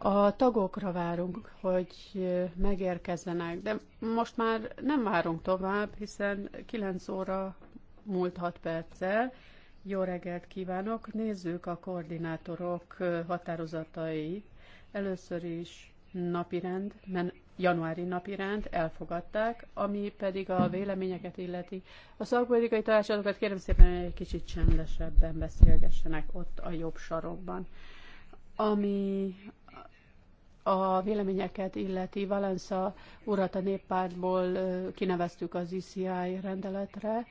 A tagokra várunk, hogy megérkezzenek, de most már nem várunk tovább, hiszen 9 óra múlt 6 perccel. Jó reggelt kívánok! Nézzük a koordinátorok határozatait. Először is napirend, januári napiránt elfogadták, ami pedig a véleményeket illeti. A szakpolitikai tanácsadókat kérem szépen, hogy egy kicsit csendesebben beszélgessenek ott a jobb sarokban. Ami a véleményeket illeti Valensa urat a néppártból kineveztük az ICI rendeletre,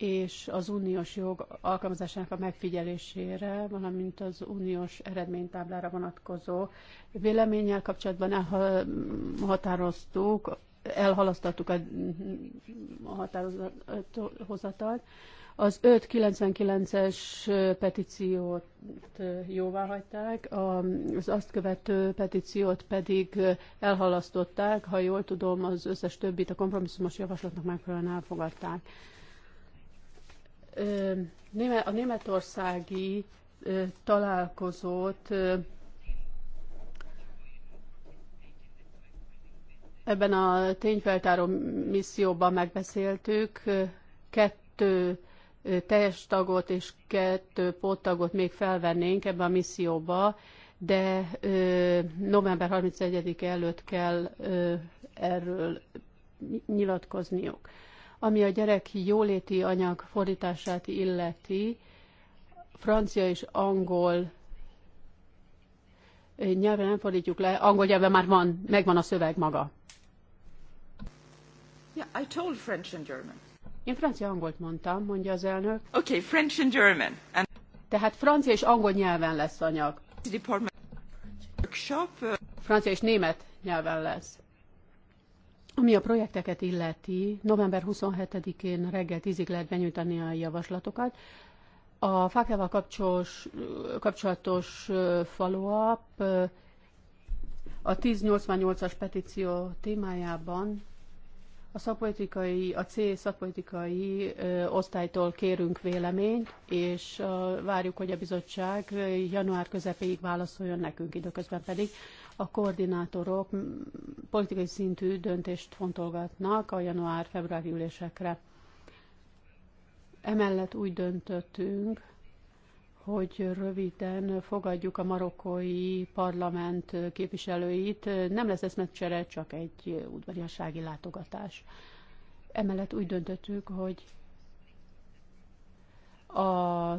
és az uniós jog alkalmazásának a megfigyelésére, valamint az uniós eredménytáblára vonatkozó véleménnyel kapcsolatban elhatároztuk, elhalasztottuk a határozathozatalt. Az 599-es petíciót jóvá hagyták, az azt követő petíciót pedig elhalasztották, ha jól tudom, az összes többit a kompromisszumos javaslatnak megfelelően elfogadták a németországi találkozót ebben a tényfeltáró misszióban megbeszéltük. Kettő teljes tagot és kettő pottagot még felvennénk ebbe a misszióba, de november 31 előtt kell erről nyilatkozniuk. Ami a gyerek jóléti anyag fordítását illeti, francia és angol nyelven nem fordítjuk le, angol nyelven már van, megvan a szöveg maga. Yeah, I told French and German. Én francia-angolt mondtam, mondja az elnök. Okay, French and German. And... Tehát francia és angol nyelven lesz anyag. Uh, francia és német nyelven lesz. Ami a projekteket illeti, november 27-én reggel 10-ig lehet benyújtani a javaslatokat. A fákjával kapcsolatos, kapcsolatos follow-up a 1088-as petíció témájában a szakpolitikai, a C szakpolitikai osztálytól kérünk véleményt, és várjuk, hogy a bizottság január közepéig válaszoljon nekünk, időközben pedig a koordinátorok politikai szintű döntést fontolgatnak a január-februári ülésekre. Emellett úgy döntöttünk, hogy röviden fogadjuk a marokkói parlament képviselőit. Nem lesz ez eszmecsere, csak egy udvariassági látogatás. Emellett úgy döntöttük, hogy a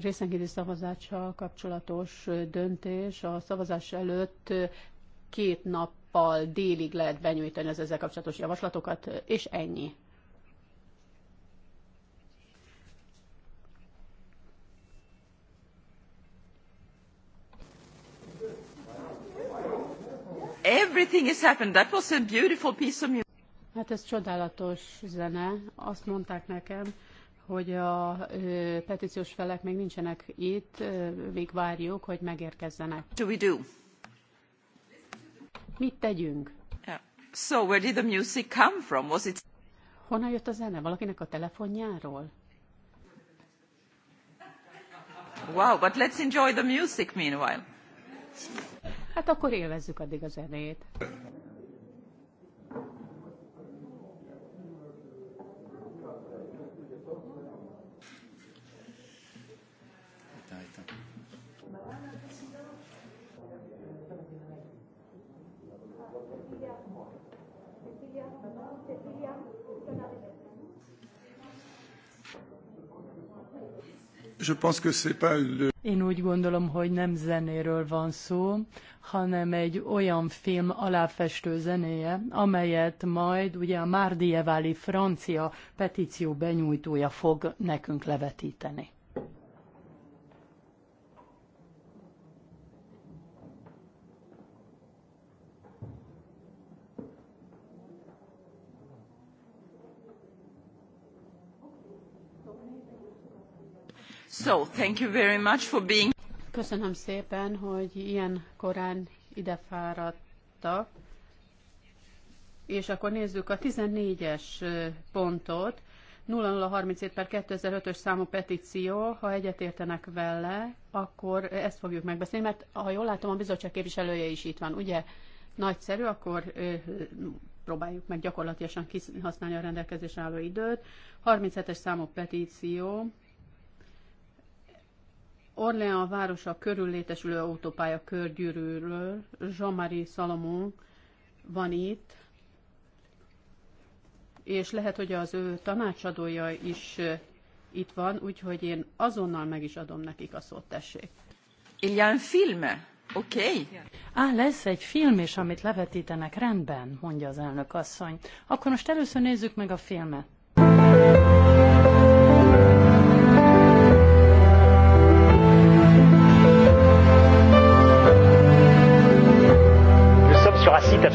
részenkénti szavazással kapcsolatos döntés a szavazás előtt két nappal délig lehet benyújtani az ezzel kapcsolatos javaslatokat, és ennyi. Everything has happened. That was a beautiful piece of music. Hát ez csodálatos zene. Azt mondták nekem, hogy a ö, petíciós felek még nincsenek itt, ö, még várjuk, hogy megérkezzenek. Do we do? Mit tegyünk? Yeah. So where did the music come from? Was it... Honnan jött a zene? Valakinek a telefonjáról? Wow, but let's enjoy the music meanwhile. Hát akkor élvezzük addig a zenét. je pense que c'est pas le... Én úgy gondolom, hogy nem zenéről van szó, hanem egy olyan film aláfestő zenéje, amelyet majd ugye a Márdieváli francia petíció benyújtója fog nekünk levetíteni. So, thank you very much for being... Köszönöm szépen, hogy ilyen korán ide fáradtak. És akkor nézzük a 14-es pontot. 0037 per 2005-ös számú petíció, ha egyetértenek vele, akkor ezt fogjuk megbeszélni, mert ha jól látom, a bizottság képviselője is itt van, ugye? Nagyszerű, akkor próbáljuk meg gyakorlatilag kihasználni a rendelkezésre álló időt. 37-es számú petíció, Orléans városa körül létesülő autópálya körgyűrűről Jean-Marie Salomon van itt, és lehet, hogy az ő tanácsadója is itt van, úgyhogy én azonnal meg is adom nekik a szót, tessék. Il y a un film. Oké. Okay. Ah, lesz egy film is, amit levetítenek, rendben, mondja az elnök asszony. Akkor most először nézzük meg a filmet.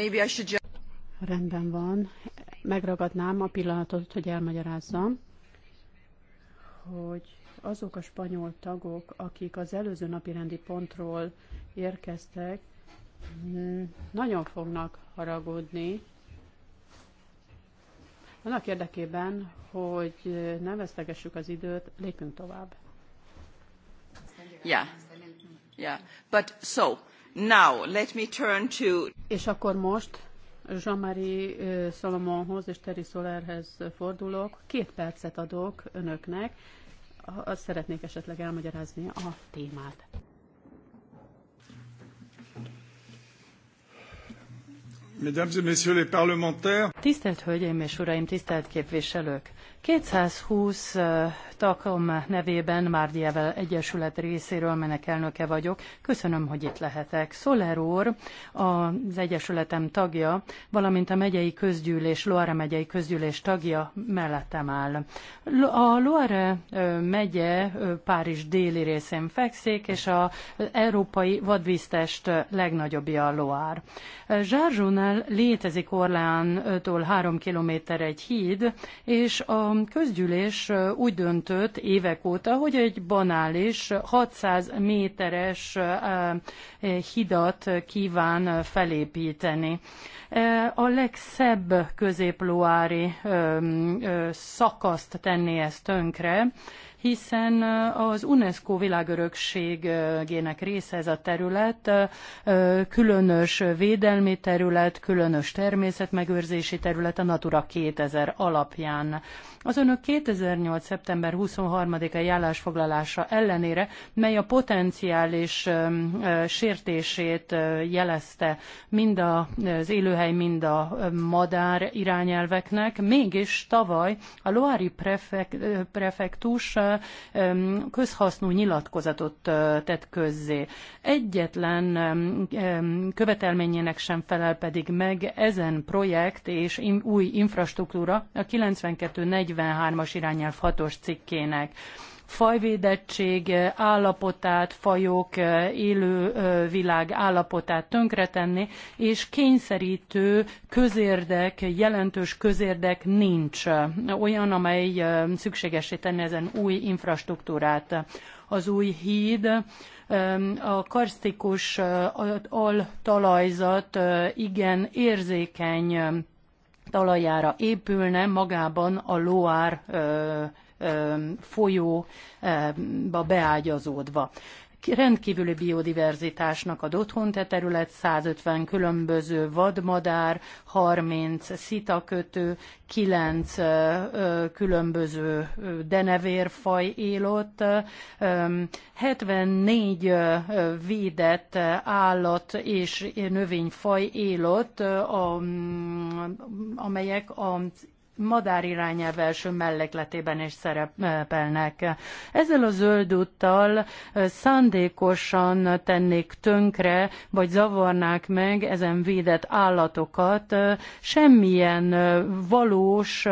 Maybe I should just... Rendben van. Megragadnám a pillanatot, hogy elmagyarázzam, hogy azok a spanyol tagok, akik az előző napi rendi pontról érkeztek, hmm, nagyon fognak haragudni. Annak érdekében, hogy ne vesztegessük az időt, lépünk tovább. Yeah. Yeah. But so, Now, let me turn to... És akkor most Jean-Marie Salomonhoz és Terry Solerhez fordulok. Két percet adok önöknek. Azt szeretnék esetleg elmagyarázni a témát. Mesdames et messieurs les parlementaires. Tisztelt Hölgyeim és Uraim, tisztelt képviselők! 220 takom nevében Márdievel Egyesület részéről, melynek elnöke vagyok. Köszönöm, hogy itt lehetek. Szoler úr, az Egyesületem tagja, valamint a megyei közgyűlés, Loare megyei közgyűlés tagja mellettem áll. A Loare megye Párizs déli részén fekszik, és az európai vadvíztest legnagyobbja a Loire. Zsárzsónál létezik Orleántól három kilométer egy híd, és a a közgyűlés úgy döntött évek óta, hogy egy banális 600 méteres hidat kíván felépíteni. A legszebb középloári szakaszt tenni ezt tönkre, hiszen az UNESCO világörökségének része ez a terület, különös védelmi terület, különös természetmegőrzési terület a Natura 2000 alapján. Az önök 2008. szeptember 23-ai állásfoglalása ellenére, mely a potenciális sértését jelezte mind az élőhely, mind a madár irányelveknek, mégis tavaly a Loári prefektus közhasznú nyilatkozatot tett közzé. Egyetlen követelményének sem felel pedig meg ezen projekt és új infrastruktúra a 9243-as irányelv 6-os cikkének fajvédettség állapotát, fajok élő világ állapotát tönkretenni, és kényszerítő közérdek, jelentős közérdek nincs olyan, amely szükségesé tenni ezen új infrastruktúrát. Az új híd, a karsztikus altalajzat igen érzékeny talajára épülne magában a Loire folyóba beágyazódva rendkívüli biodiverzitásnak ad otthont e terület, 150 különböző vadmadár, 30 szitakötő, 9 különböző denevérfaj él ott, 74 védett állat és növényfaj él ott, amelyek az madár irányelv első mellékletében is szerepelnek. Ezzel a zöld úttal szándékosan tennék tönkre, vagy zavarnák meg ezen védett állatokat semmilyen valós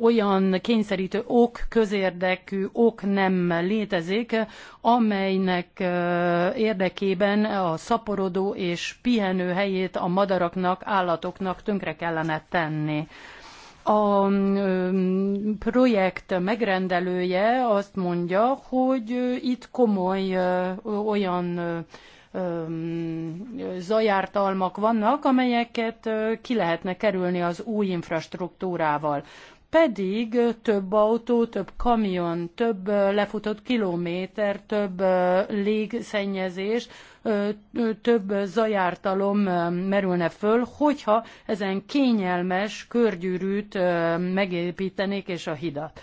olyan kényszerítő ok, közérdekű ok nem létezik, amelynek érdekében a szaporodó és pihenő helyét a madaraknak, állatoknak tönkre kellene tenni. A projekt megrendelője azt mondja, hogy itt komoly olyan zajártalmak vannak, amelyeket ki lehetne kerülni az új infrastruktúrával pedig több autó, több kamion, több lefutott kilométer, több légszennyezés, több zajártalom merülne föl, hogyha ezen kényelmes körgyűrűt megépítenék és a hidat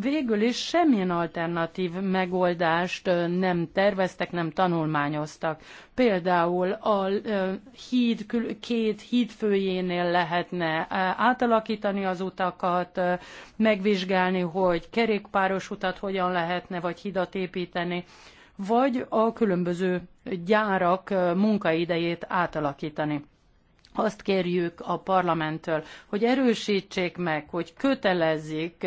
végül is semmilyen alternatív megoldást nem terveztek, nem tanulmányoztak. Például a híd, két hídfőjénél lehetne átalakítani az utakat, megvizsgálni, hogy kerékpáros utat hogyan lehetne, vagy hidat építeni vagy a különböző gyárak munkaidejét átalakítani azt kérjük a parlamenttől, hogy erősítsék meg, hogy kötelezik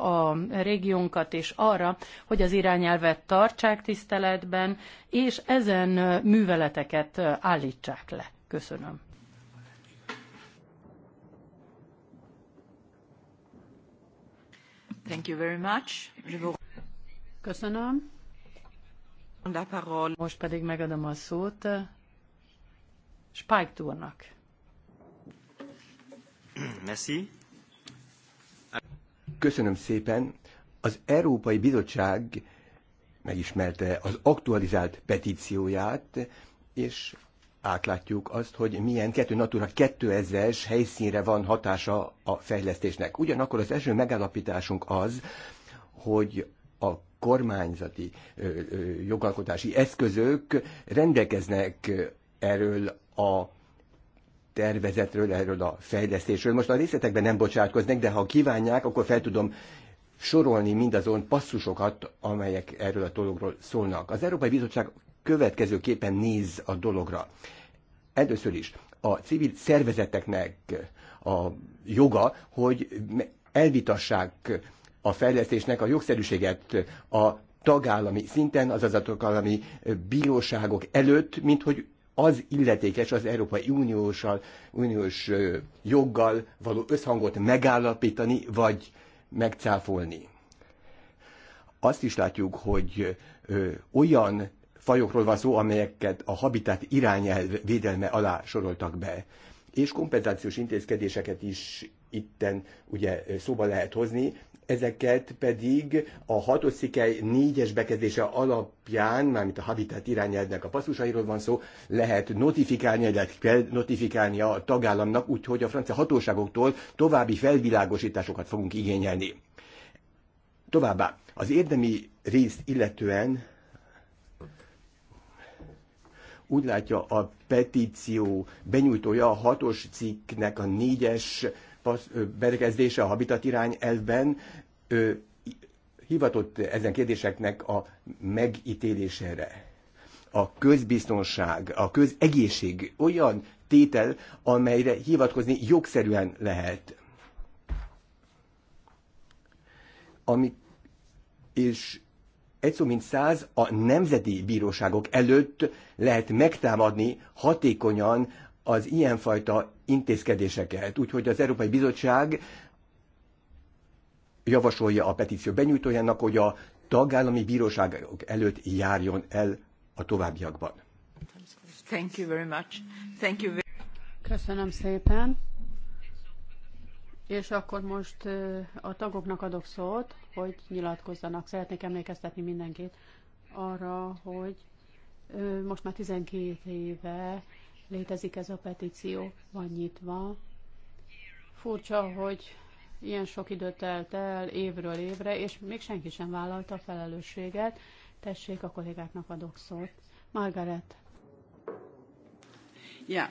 a régiónkat is arra, hogy az irányelvet tartsák tiszteletben, és ezen műveleteket állítsák le. Köszönöm. Thank you very much. Köszönöm. Most pedig megadom a szót Spike Túrnak. Merci. Köszönöm szépen. Az Európai Bizottság megismerte az aktualizált petícióját, és átlátjuk azt, hogy milyen kettő Natura 2000-es helyszínre van hatása a fejlesztésnek. Ugyanakkor az első megállapításunk az, hogy a kormányzati jogalkotási eszközök rendelkeznek erről a tervezetről, erről a fejlesztésről. Most a részletekben nem bocsátkoznék, de ha kívánják, akkor fel tudom sorolni mindazon passzusokat, amelyek erről a dologról szólnak. Az Európai Bizottság következőképpen néz a dologra. Először is a civil szervezeteknek a joga, hogy elvitassák a fejlesztésnek a jogszerűséget a tagállami szinten, azaz a tagállami bíróságok előtt, mint hogy az illetékes az Európai Uniósal, uniós joggal való összhangot megállapítani, vagy megcáfolni. Azt is látjuk, hogy olyan fajokról van szó, amelyeket a habitat irányelv védelme alá soroltak be, és kompenzációs intézkedéseket is itten ugye szóba lehet hozni, ezeket pedig a hatosszikely négyes bekezdése alapján, mármint a habitat irányelvnek a passzusairól van szó, lehet notifikálni, lehet kell notifikálni a tagállamnak, úgyhogy a francia hatóságoktól további felvilágosításokat fogunk igényelni. Továbbá, az érdemi részt illetően úgy látja a petíció benyújtója a hatos cikknek a négyes berekezdése a habitat irány elvben hivatott ezen kérdéseknek a megítélésére. A közbiztonság, a közegészség olyan tétel, amelyre hivatkozni jogszerűen lehet. Ami, és egy szó mint száz a nemzeti bíróságok előtt lehet megtámadni hatékonyan az ilyenfajta intézkedéseket, úgyhogy az Európai Bizottság javasolja a petíció benyújtójának, hogy a tagállami bíróságok előtt járjon el a továbbiakban. Thank you very much. Thank you very... Köszönöm szépen. És akkor most a tagoknak adok szót, hogy nyilatkozzanak. Szeretnék emlékeztetni mindenkit arra, hogy most már 12 éve létezik ez a petíció, van nyitva. Furcsa, hogy ilyen sok időt telt el évről évre, és még senki sem vállalta a felelősséget. Tessék, a kollégáknak adok szót. Margaret. Yeah.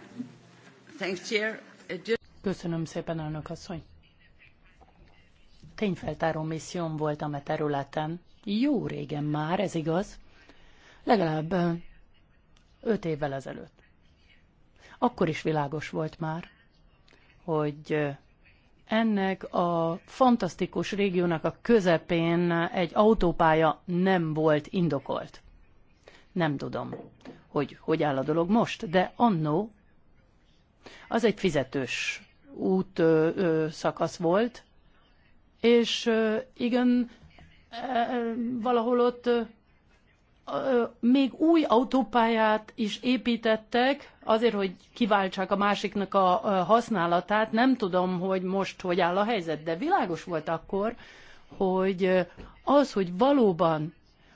Thanks, Chair. Uh, Köszönöm szépen, elnök asszony. Tényfeltáró misszióm voltam a e területen. Jó régen már, ez igaz. Legalább öt évvel ezelőtt akkor is világos volt már, hogy ennek a fantasztikus régiónak a közepén egy autópálya nem volt indokolt. Nem tudom, hogy hogy áll a dolog most, de annó az egy fizetős út ö, ö, szakasz volt, és ö, igen, e, e valahol ott még új autópályát is építettek, azért, hogy kiváltsák a másiknak a használatát. Nem tudom, hogy most hogy áll a helyzet, de világos volt akkor, hogy az, hogy valóban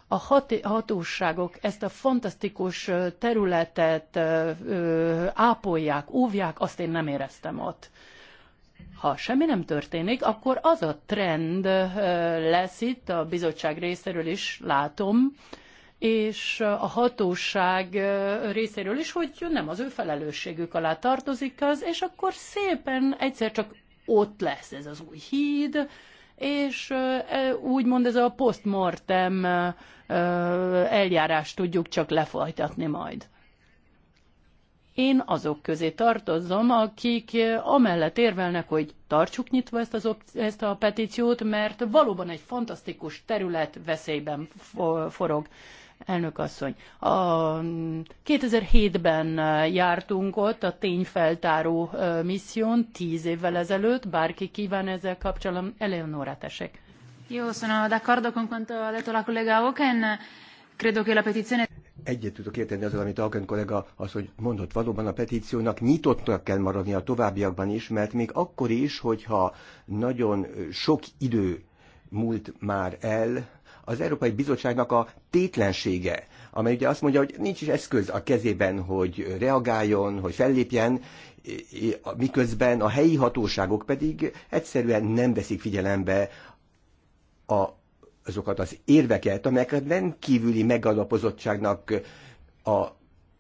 a hatóságok ezt a fantasztikus területet ápolják, óvják, azt én nem éreztem ott ha semmi nem történik, akkor az a trend lesz itt, a bizottság részéről is látom, és a hatóság részéről is, hogy nem az ő felelősségük alá tartozik az, és akkor szépen egyszer csak ott lesz ez az új híd, és e, úgymond ez a postmortem eljárást tudjuk csak lefolytatni majd. Én azok közé tartozom, akik amellett érvelnek, hogy tartsuk nyitva ezt, az ezt a petíciót, mert valóban egy fantasztikus terület veszélyben forog. Elnök asszony, a 2007-ben mm, jártunk ott a tényfeltáró misszión, tíz évvel ezelőtt, bárki kíván ezzel kapcsolatban, Eleonora tesek. Jó, sono d'accordo con quanto ha detto la collega Oken, credo che la petizione egyet tudok érteni azzal, amit Alken kollega az, hogy mondott, valóban a petíciónak nyitottnak kell maradni a továbbiakban is, mert még akkor is, hogyha nagyon sok idő múlt már el, az Európai Bizottságnak a tétlensége, amely ugye azt mondja, hogy nincs is eszköz a kezében, hogy reagáljon, hogy fellépjen, miközben a helyi hatóságok pedig egyszerűen nem veszik figyelembe a, azokat az érveket, amelyeket rendkívüli megalapozottságnak a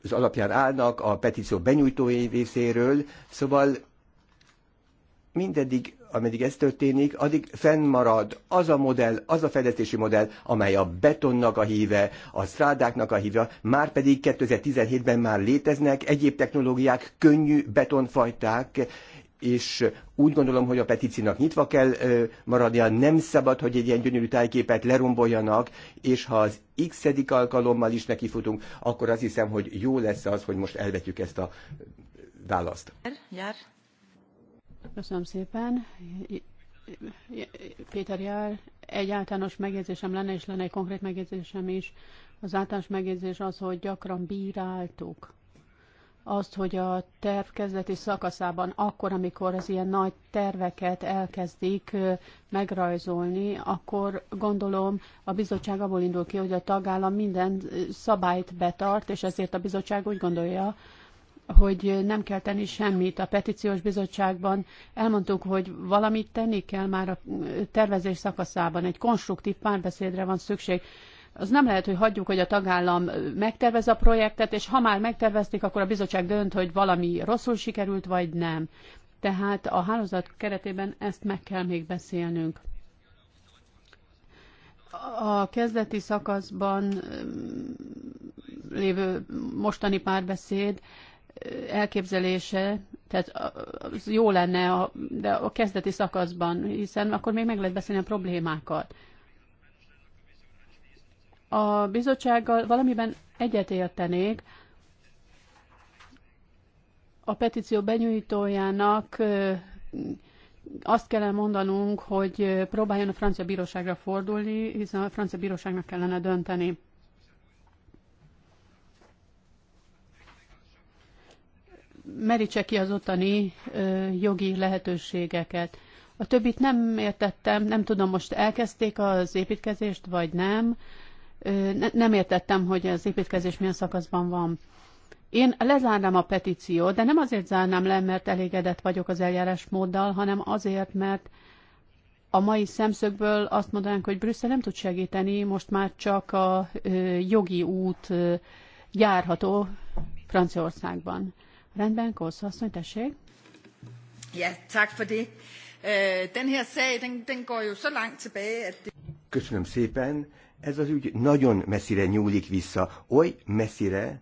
az alapján állnak a petíció benyújtói részéről, szóval mindeddig ameddig ez történik, addig fennmarad az a modell, az a fejlesztési modell, amely a betonnak a híve, a strádáknak a híve, már pedig 2017-ben már léteznek egyéb technológiák, könnyű betonfajták, és úgy gondolom, hogy a petíciónak nyitva kell ö, maradnia, nem szabad, hogy egy ilyen gyönyörű tájképet leromboljanak, és ha az x alkalommal is nekifutunk, akkor azt hiszem, hogy jó lesz az, hogy most elvetjük ezt a választ. Jár. Köszönöm szépen. Péter Jár, egy általános megjegyzésem lenne, és lenne egy konkrét megjegyzésem is. Az általános megjegyzés az, hogy gyakran bíráltuk azt, hogy a terv kezdeti szakaszában, akkor, amikor az ilyen nagy terveket elkezdik megrajzolni, akkor gondolom a bizottság abból indul ki, hogy a tagállam minden szabályt betart, és ezért a bizottság úgy gondolja, hogy nem kell tenni semmit a petíciós bizottságban. Elmondtuk, hogy valamit tenni kell már a tervezés szakaszában, egy konstruktív párbeszédre van szükség. Az nem lehet, hogy hagyjuk, hogy a tagállam megtervez a projektet, és ha már megtervezték, akkor a bizottság dönt, hogy valami rosszul sikerült, vagy nem. Tehát a hálózat keretében ezt meg kell még beszélnünk. A kezdeti szakaszban lévő mostani párbeszéd elképzelése, tehát az jó lenne, a, de a kezdeti szakaszban, hiszen akkor még meg lehet beszélni a problémákat. A bizottsággal valamiben egyetértenék, a petíció benyújtójának azt kellene mondanunk, hogy próbáljon a francia bíróságra fordulni, hiszen a francia bíróságnak kellene dönteni. merítse ki az ottani jogi lehetőségeket. A többit nem értettem, nem tudom, most elkezdték az építkezést, vagy nem. Nem értettem, hogy az építkezés milyen szakaszban van. Én lezárnám a petíciót, de nem azért zárnám le, mert elégedett vagyok az eljárásmóddal, hanem azért, mert a mai szemszögből azt mondanánk, hogy Brüsszel nem tud segíteni, most már csak a jogi út járható Franciaországban. Rendben, Kolsza asszony, tessék. Ja, tak for det. Øh, den her sag, den, den går jo så langt tilbage, at... Köszönöm szépen. Ez az ügy nagyon messzire nyúlik vissza. Oly messzire,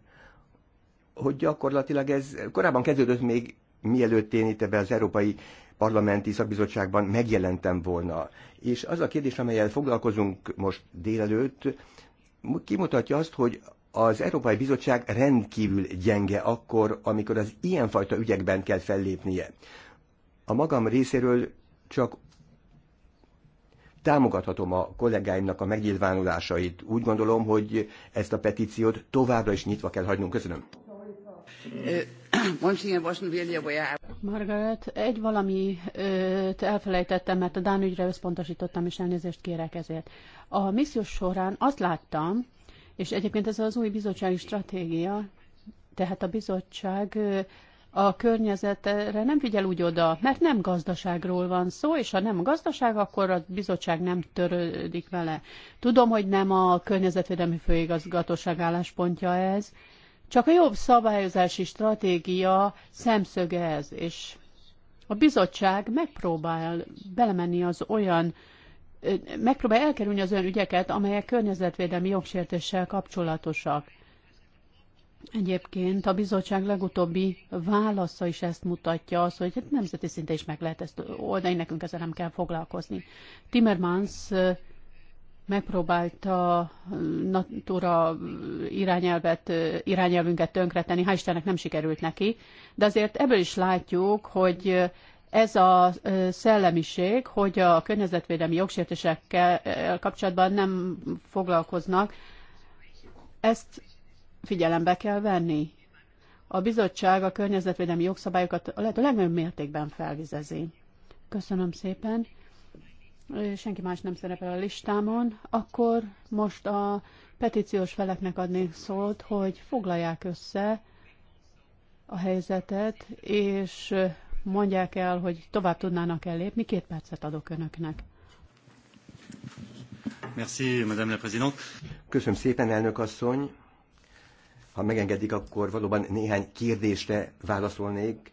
hogy gyakorlatilag ez korábban kezdődött még mielőtt én itt ebbe az Európai Parlamenti Szakbizottságban megjelentem volna. És az a kérdés, amelyel foglalkozunk most délelőtt, kimutatja azt, hogy az Európai Bizottság rendkívül gyenge akkor, amikor az ilyenfajta ügyekben kell fellépnie. A magam részéről csak támogathatom a kollégáimnak a megnyilvánulásait. Úgy gondolom, hogy ezt a petíciót továbbra is nyitva kell hagynunk. Köszönöm. Margaret, egy valamit elfelejtettem, mert a Dán ügyre összpontosítottam, és elnézést kérek ezért. A missziós során azt láttam, és egyébként ez az új bizottsági stratégia, tehát a bizottság a környezetre nem figyel úgy oda, mert nem gazdaságról van szó, és ha nem a gazdaság, akkor a bizottság nem törődik vele. Tudom, hogy nem a környezetvédelmi főigazgatóság álláspontja ez, csak a jobb szabályozási stratégia szemszöge ez, és a bizottság megpróbál belemenni az olyan megpróbál elkerülni az olyan ügyeket, amelyek környezetvédelmi jogsértéssel kapcsolatosak. Egyébként a bizottság legutóbbi válasza is ezt mutatja, az, hogy hát nemzeti szinte is meg lehet ezt oldani, nekünk ezzel nem kell foglalkozni. Timmermans megpróbálta Natura irányelvet, irányelvünket tönkretenni, ha Istennek nem sikerült neki, de azért ebből is látjuk, hogy ez a szellemiség, hogy a környezetvédelmi jogsértésekkel kapcsolatban nem foglalkoznak, ezt figyelembe kell venni. A bizottság a környezetvédelmi jogszabályokat a lehető legnagyobb mértékben felvizezi. Köszönöm szépen. Senki más nem szerepel a listámon. Akkor most a petíciós feleknek adnék szót, hogy foglalják össze a helyzetet, és mondják el, hogy tovább tudnának ellépni. Két percet adok önöknek. Merci, Madame la Présidente. Köszönöm szépen, elnök asszony. Ha megengedik, akkor valóban néhány kérdésre válaszolnék.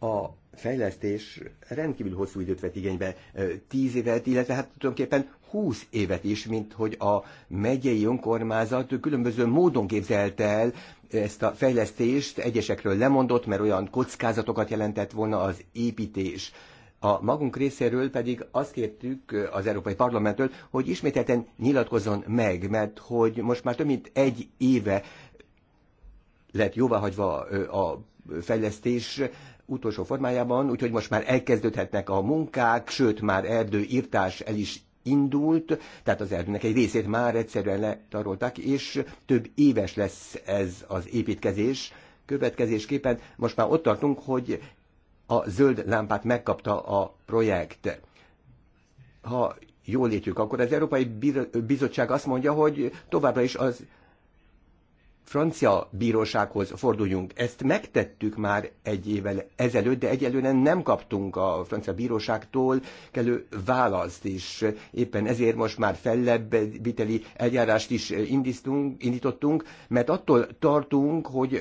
A fejlesztés rendkívül hosszú időt vett igénybe, 10 évet, illetve hát tulajdonképpen 20 évet is, mint hogy a megyei önkormányzat különböző módon képzelte el ezt a fejlesztést, egyesekről lemondott, mert olyan kockázatokat jelentett volna az építés. A magunk részéről pedig azt kértük az Európai Parlamenttől, hogy ismételten nyilatkozzon meg, mert hogy most már több mint egy éve lett jóváhagyva a fejlesztés, utolsó formájában, úgyhogy most már elkezdődhetnek a munkák, sőt már erdőírtás el is indult, tehát az erdőnek egy részét már egyszerűen letarolták, és több éves lesz ez az építkezés. Következésképpen most már ott tartunk, hogy a zöld lámpát megkapta a projekt. Ha jól létjük, akkor az Európai Bizottság azt mondja, hogy továbbra is az francia bírósághoz forduljunk. Ezt megtettük már egy évvel ezelőtt, de egyelőre nem kaptunk a francia bíróságtól kellő választ is. Éppen ezért most már fellebbviteli eljárást is indítottunk, mert attól tartunk, hogy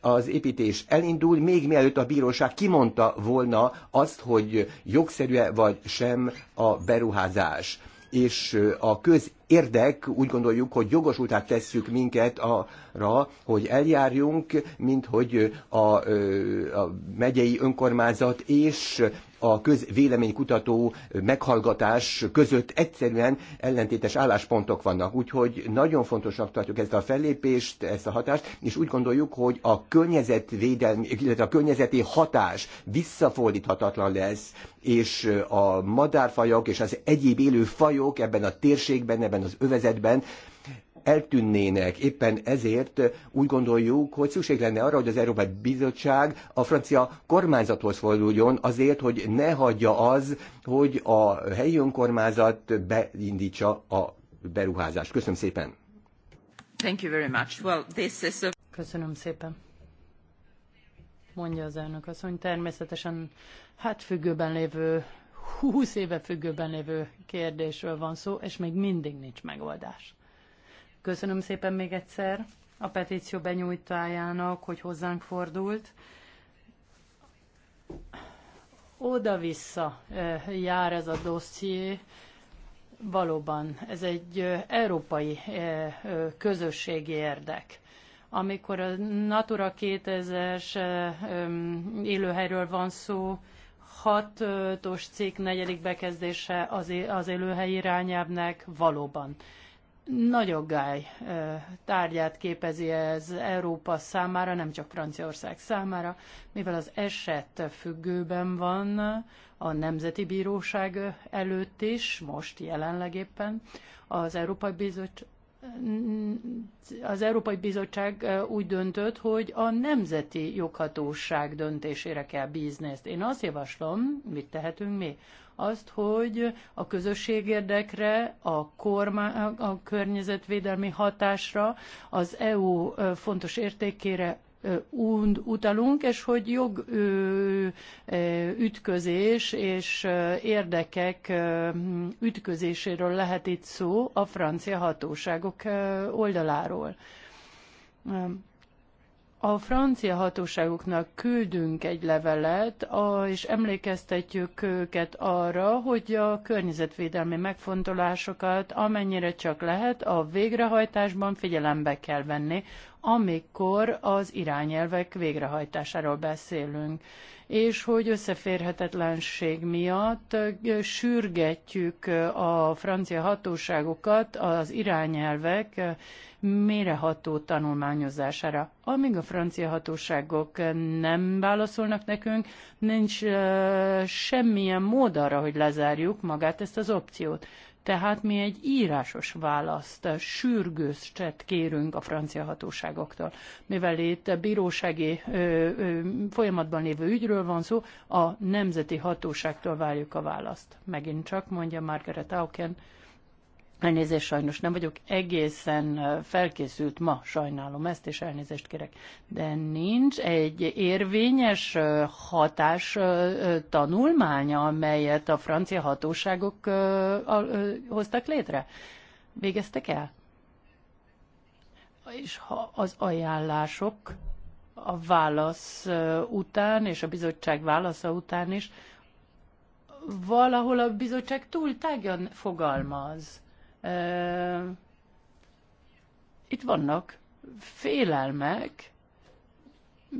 az építés elindul, még mielőtt a bíróság kimondta volna azt, hogy jogszerű-e vagy sem a beruházás és a közérdek úgy gondoljuk, hogy jogosultát tesszük minket arra, hogy eljárjunk, mint hogy a, a megyei önkormányzat és a közvéleménykutató meghallgatás között egyszerűen ellentétes álláspontok vannak. Úgyhogy nagyon fontosnak tartjuk ezt a fellépést, ezt a hatást, és úgy gondoljuk, hogy a környezetvédelmi, illetve a környezeti hatás visszafordíthatatlan lesz, és a madárfajok és az egyéb élő fajok ebben a térségben, ebben az övezetben eltűnnének. Éppen ezért úgy gondoljuk, hogy szükség lenne arra, hogy az Európai Bizottság a francia kormányzathoz forduljon azért, hogy ne hagyja az, hogy a helyi önkormányzat beindítsa a beruházást. Köszönöm szépen! Thank you very much. Well, this is a... Köszönöm szépen! Mondja az elnök asszony, természetesen hát függőben lévő 20 éve függőben lévő kérdésről van szó, és még mindig nincs megoldás. Köszönöm szépen még egyszer a petíció benyújtájának, hogy hozzánk fordult. Oda-vissza jár ez a dosszié. Valóban, ez egy európai közösségi érdek amikor a Natura 2000-es élőhelyről van szó, hatos cikk negyedik bekezdése az, élőhely irányelvnek valóban nagy aggály tárgyát képezi ez Európa számára, nem csak Franciaország számára, mivel az eset függőben van a Nemzeti Bíróság előtt is, most jelenleg éppen az Európai Bizottság az Európai Bizottság úgy döntött, hogy a nemzeti joghatóság döntésére kell bízni ezt. Én azt javaslom, mit tehetünk mi? Azt, hogy a érdekre, a, kormá- a környezetvédelmi hatásra, az EU fontos értékére utalunk, és hogy jog ütközés és érdekek ütközéséről lehet itt szó a francia hatóságok oldaláról. A francia hatóságoknak küldünk egy levelet, és emlékeztetjük őket arra, hogy a környezetvédelmi megfontolásokat amennyire csak lehet a végrehajtásban figyelembe kell venni amikor az irányelvek végrehajtásáról beszélünk, és hogy összeférhetetlenség miatt sürgetjük a francia hatóságokat az irányelvek méreható tanulmányozására. Amíg a francia hatóságok nem válaszolnak nekünk, nincs semmilyen mód arra, hogy lezárjuk magát ezt az opciót. Tehát mi egy írásos választ, sürgőset kérünk a francia hatóságoktól. Mivel itt bírósági ö, ö, folyamatban lévő ügyről van szó, a nemzeti hatóságtól várjuk a választ. Megint csak, mondja Margaret Auken, Elnézést sajnos nem vagyok egészen felkészült ma, sajnálom ezt, és elnézést kérek. De nincs egy érvényes hatás tanulmánya, amelyet a francia hatóságok hoztak létre? Végeztek el? És ha az ajánlások a válasz után, és a bizottság válasza után is, valahol a bizottság túl tágyan fogalmaz itt vannak félelmek,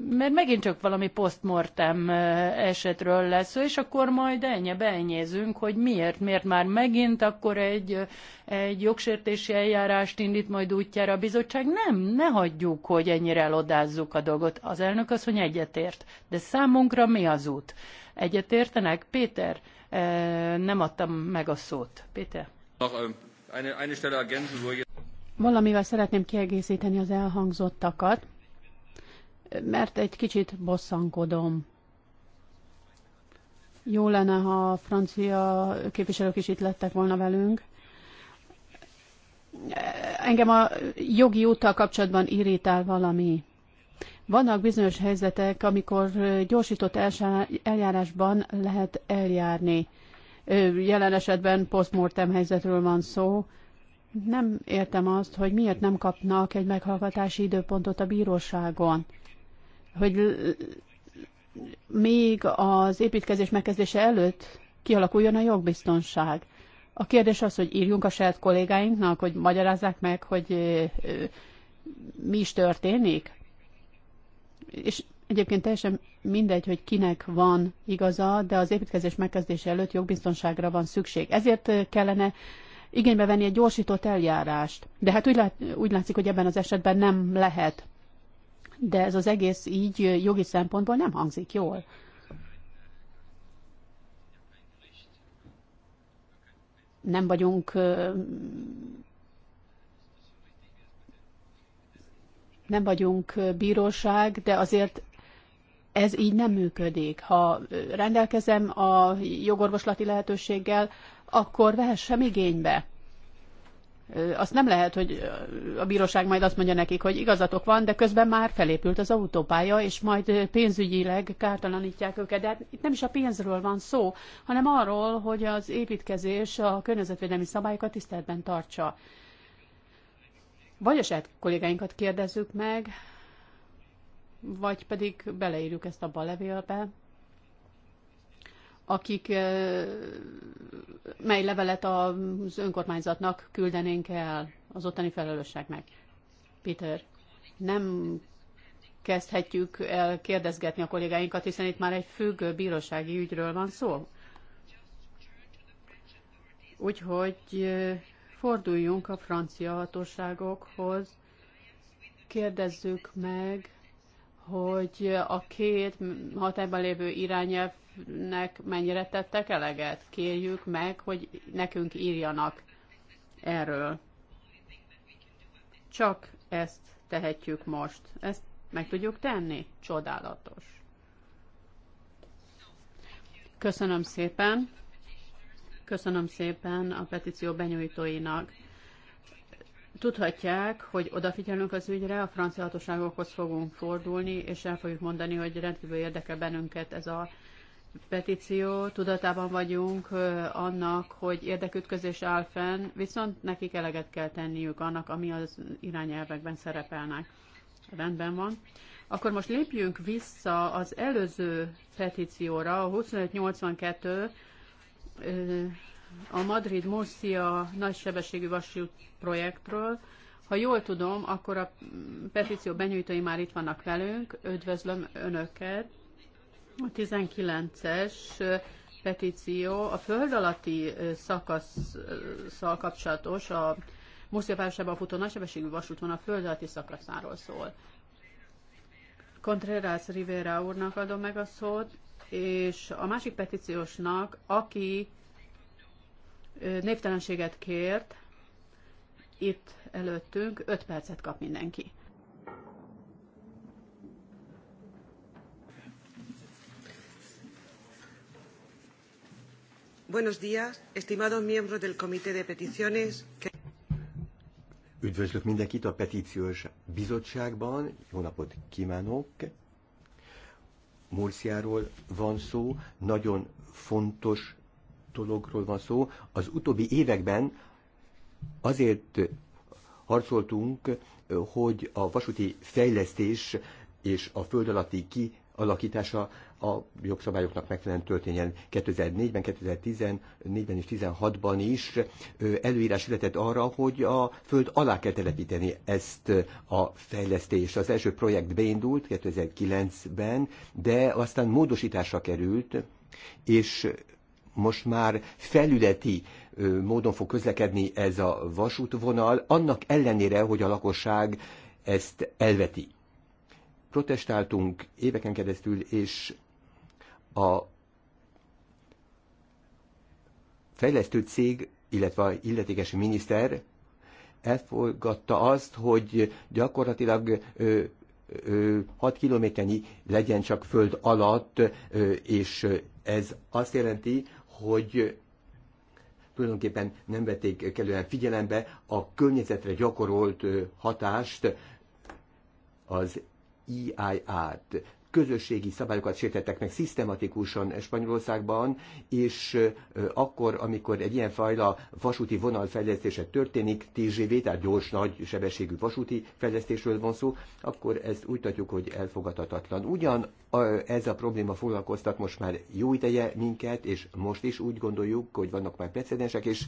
mert megint csak valami postmortem esetről lesz, és akkor majd ennyi beenyézünk, hogy miért, miért már megint akkor egy, egy jogsértési eljárást indít majd útjára a bizottság. Nem, ne hagyjuk, hogy ennyire elodázzuk a dolgot. Az elnök az, hogy egyetért. De számunkra mi az út? Egyetértenek? Péter, nem adtam meg a szót. Péter? Valamivel szeretném kiegészíteni az elhangzottakat, mert egy kicsit bosszankodom. Jó lenne, ha a francia képviselők is itt lettek volna velünk. Engem a jogi úttal kapcsolatban irítál valami. Vannak bizonyos helyzetek, amikor gyorsított eljárásban lehet eljárni jelen esetben postmortem helyzetről van szó. Nem értem azt, hogy miért nem kapnak egy meghallgatási időpontot a bíróságon. Hogy még az építkezés megkezdése előtt kialakuljon a jogbiztonság. A kérdés az, hogy írjunk a saját kollégáinknak, hogy magyarázzák meg, hogy mi is történik. És Egyébként teljesen mindegy, hogy kinek van igaza, de az építkezés megkezdése előtt jogbiztonságra van szükség. Ezért kellene igénybe venni egy gyorsított eljárást. De hát úgy, lát, úgy látszik, hogy ebben az esetben nem lehet. De ez az egész így jogi szempontból nem hangzik jól. Nem vagyunk nem vagyunk bíróság, de azért ez így nem működik. Ha rendelkezem a jogorvoslati lehetőséggel, akkor vehessem igénybe. Azt nem lehet, hogy a bíróság majd azt mondja nekik, hogy igazatok van, de közben már felépült az autópálya, és majd pénzügyileg kártalanítják őket. De hát itt nem is a pénzről van szó, hanem arról, hogy az építkezés a környezetvédelmi szabályokat tiszteletben tartsa. Vagy a saját kollégáinkat kérdezzük meg, vagy pedig beleírjuk ezt abba a levélbe, akik, mely levelet az önkormányzatnak küldenénk el az ottani felelősségnek. Peter, nem kezdhetjük el kérdezgetni a kollégáinkat, hiszen itt már egy függő bírósági ügyről van szó. Úgyhogy forduljunk a francia hatóságokhoz, kérdezzük meg, hogy a két hatályban lévő irányelvnek mennyire tettek eleget. Kérjük meg, hogy nekünk írjanak erről. Csak ezt tehetjük most. Ezt meg tudjuk tenni? Csodálatos. Köszönöm szépen. Köszönöm szépen a petíció benyújtóinak. Tudhatják, hogy odafigyelünk az ügyre, a francia hatóságokhoz fogunk fordulni, és el fogjuk mondani, hogy rendkívül érdekel bennünket ez a petíció. Tudatában vagyunk annak, hogy érdekütközés áll fenn, viszont nekik eleget kell tenniük annak, ami az irányelvekben szerepelnek. Rendben van. Akkor most lépjünk vissza az előző petícióra, a 2582 a Madrid-Murcia nagysebességű vasút projektről. Ha jól tudom, akkor a petíció benyújtói már itt vannak velünk. Üdvözlöm Önöket. A 19-es petíció a föld alatti szakaszsal kapcsolatos, a Murcia városában futó nagysebességű a föld alatti szakaszáról szól. Contreras Rivera úrnak adom meg a szót, és a másik petíciósnak, aki névtelenséget kért, itt előttünk, 5 percet kap mindenki. Buenos días, estimados miembros del Comité de Peticiones. Üdvözlök mindenkit a petíciós bizottságban, jó napot kívánok! Murciáról van szó, nagyon fontos dologról van szó. Az utóbbi években azért harcoltunk, hogy a vasúti fejlesztés és a föld alatti kialakítása a jogszabályoknak megfelelően történjen 2004-ben, 2014-ben és 2016-ban is előírás született arra, hogy a föld alá kell telepíteni ezt a fejlesztést. Az első projekt beindult 2009-ben, de aztán módosításra került, és most már felületi módon fog közlekedni ez a vasútvonal, annak ellenére, hogy a lakosság ezt elveti. Protestáltunk éveken keresztül, és a fejlesztő cég, illetve a illetékes miniszter elfogadta azt, hogy gyakorlatilag 6 kilométernyi legyen csak föld alatt, és ez azt jelenti, hogy tulajdonképpen nem vették kellően figyelembe a környezetre gyakorolt hatást, az EIR-t közösségi szabályokat sértettek meg szisztematikusan Spanyolországban, és akkor, amikor egy ilyen fajla vasúti vonal fejlesztése történik, TGV, tehát gyors, nagy sebességű vasúti fejlesztésről van szó, akkor ezt úgy tartjuk, hogy elfogadhatatlan. Ugyan ez a probléma foglalkoztat most már jó ideje minket, és most is úgy gondoljuk, hogy vannak már precedensek, és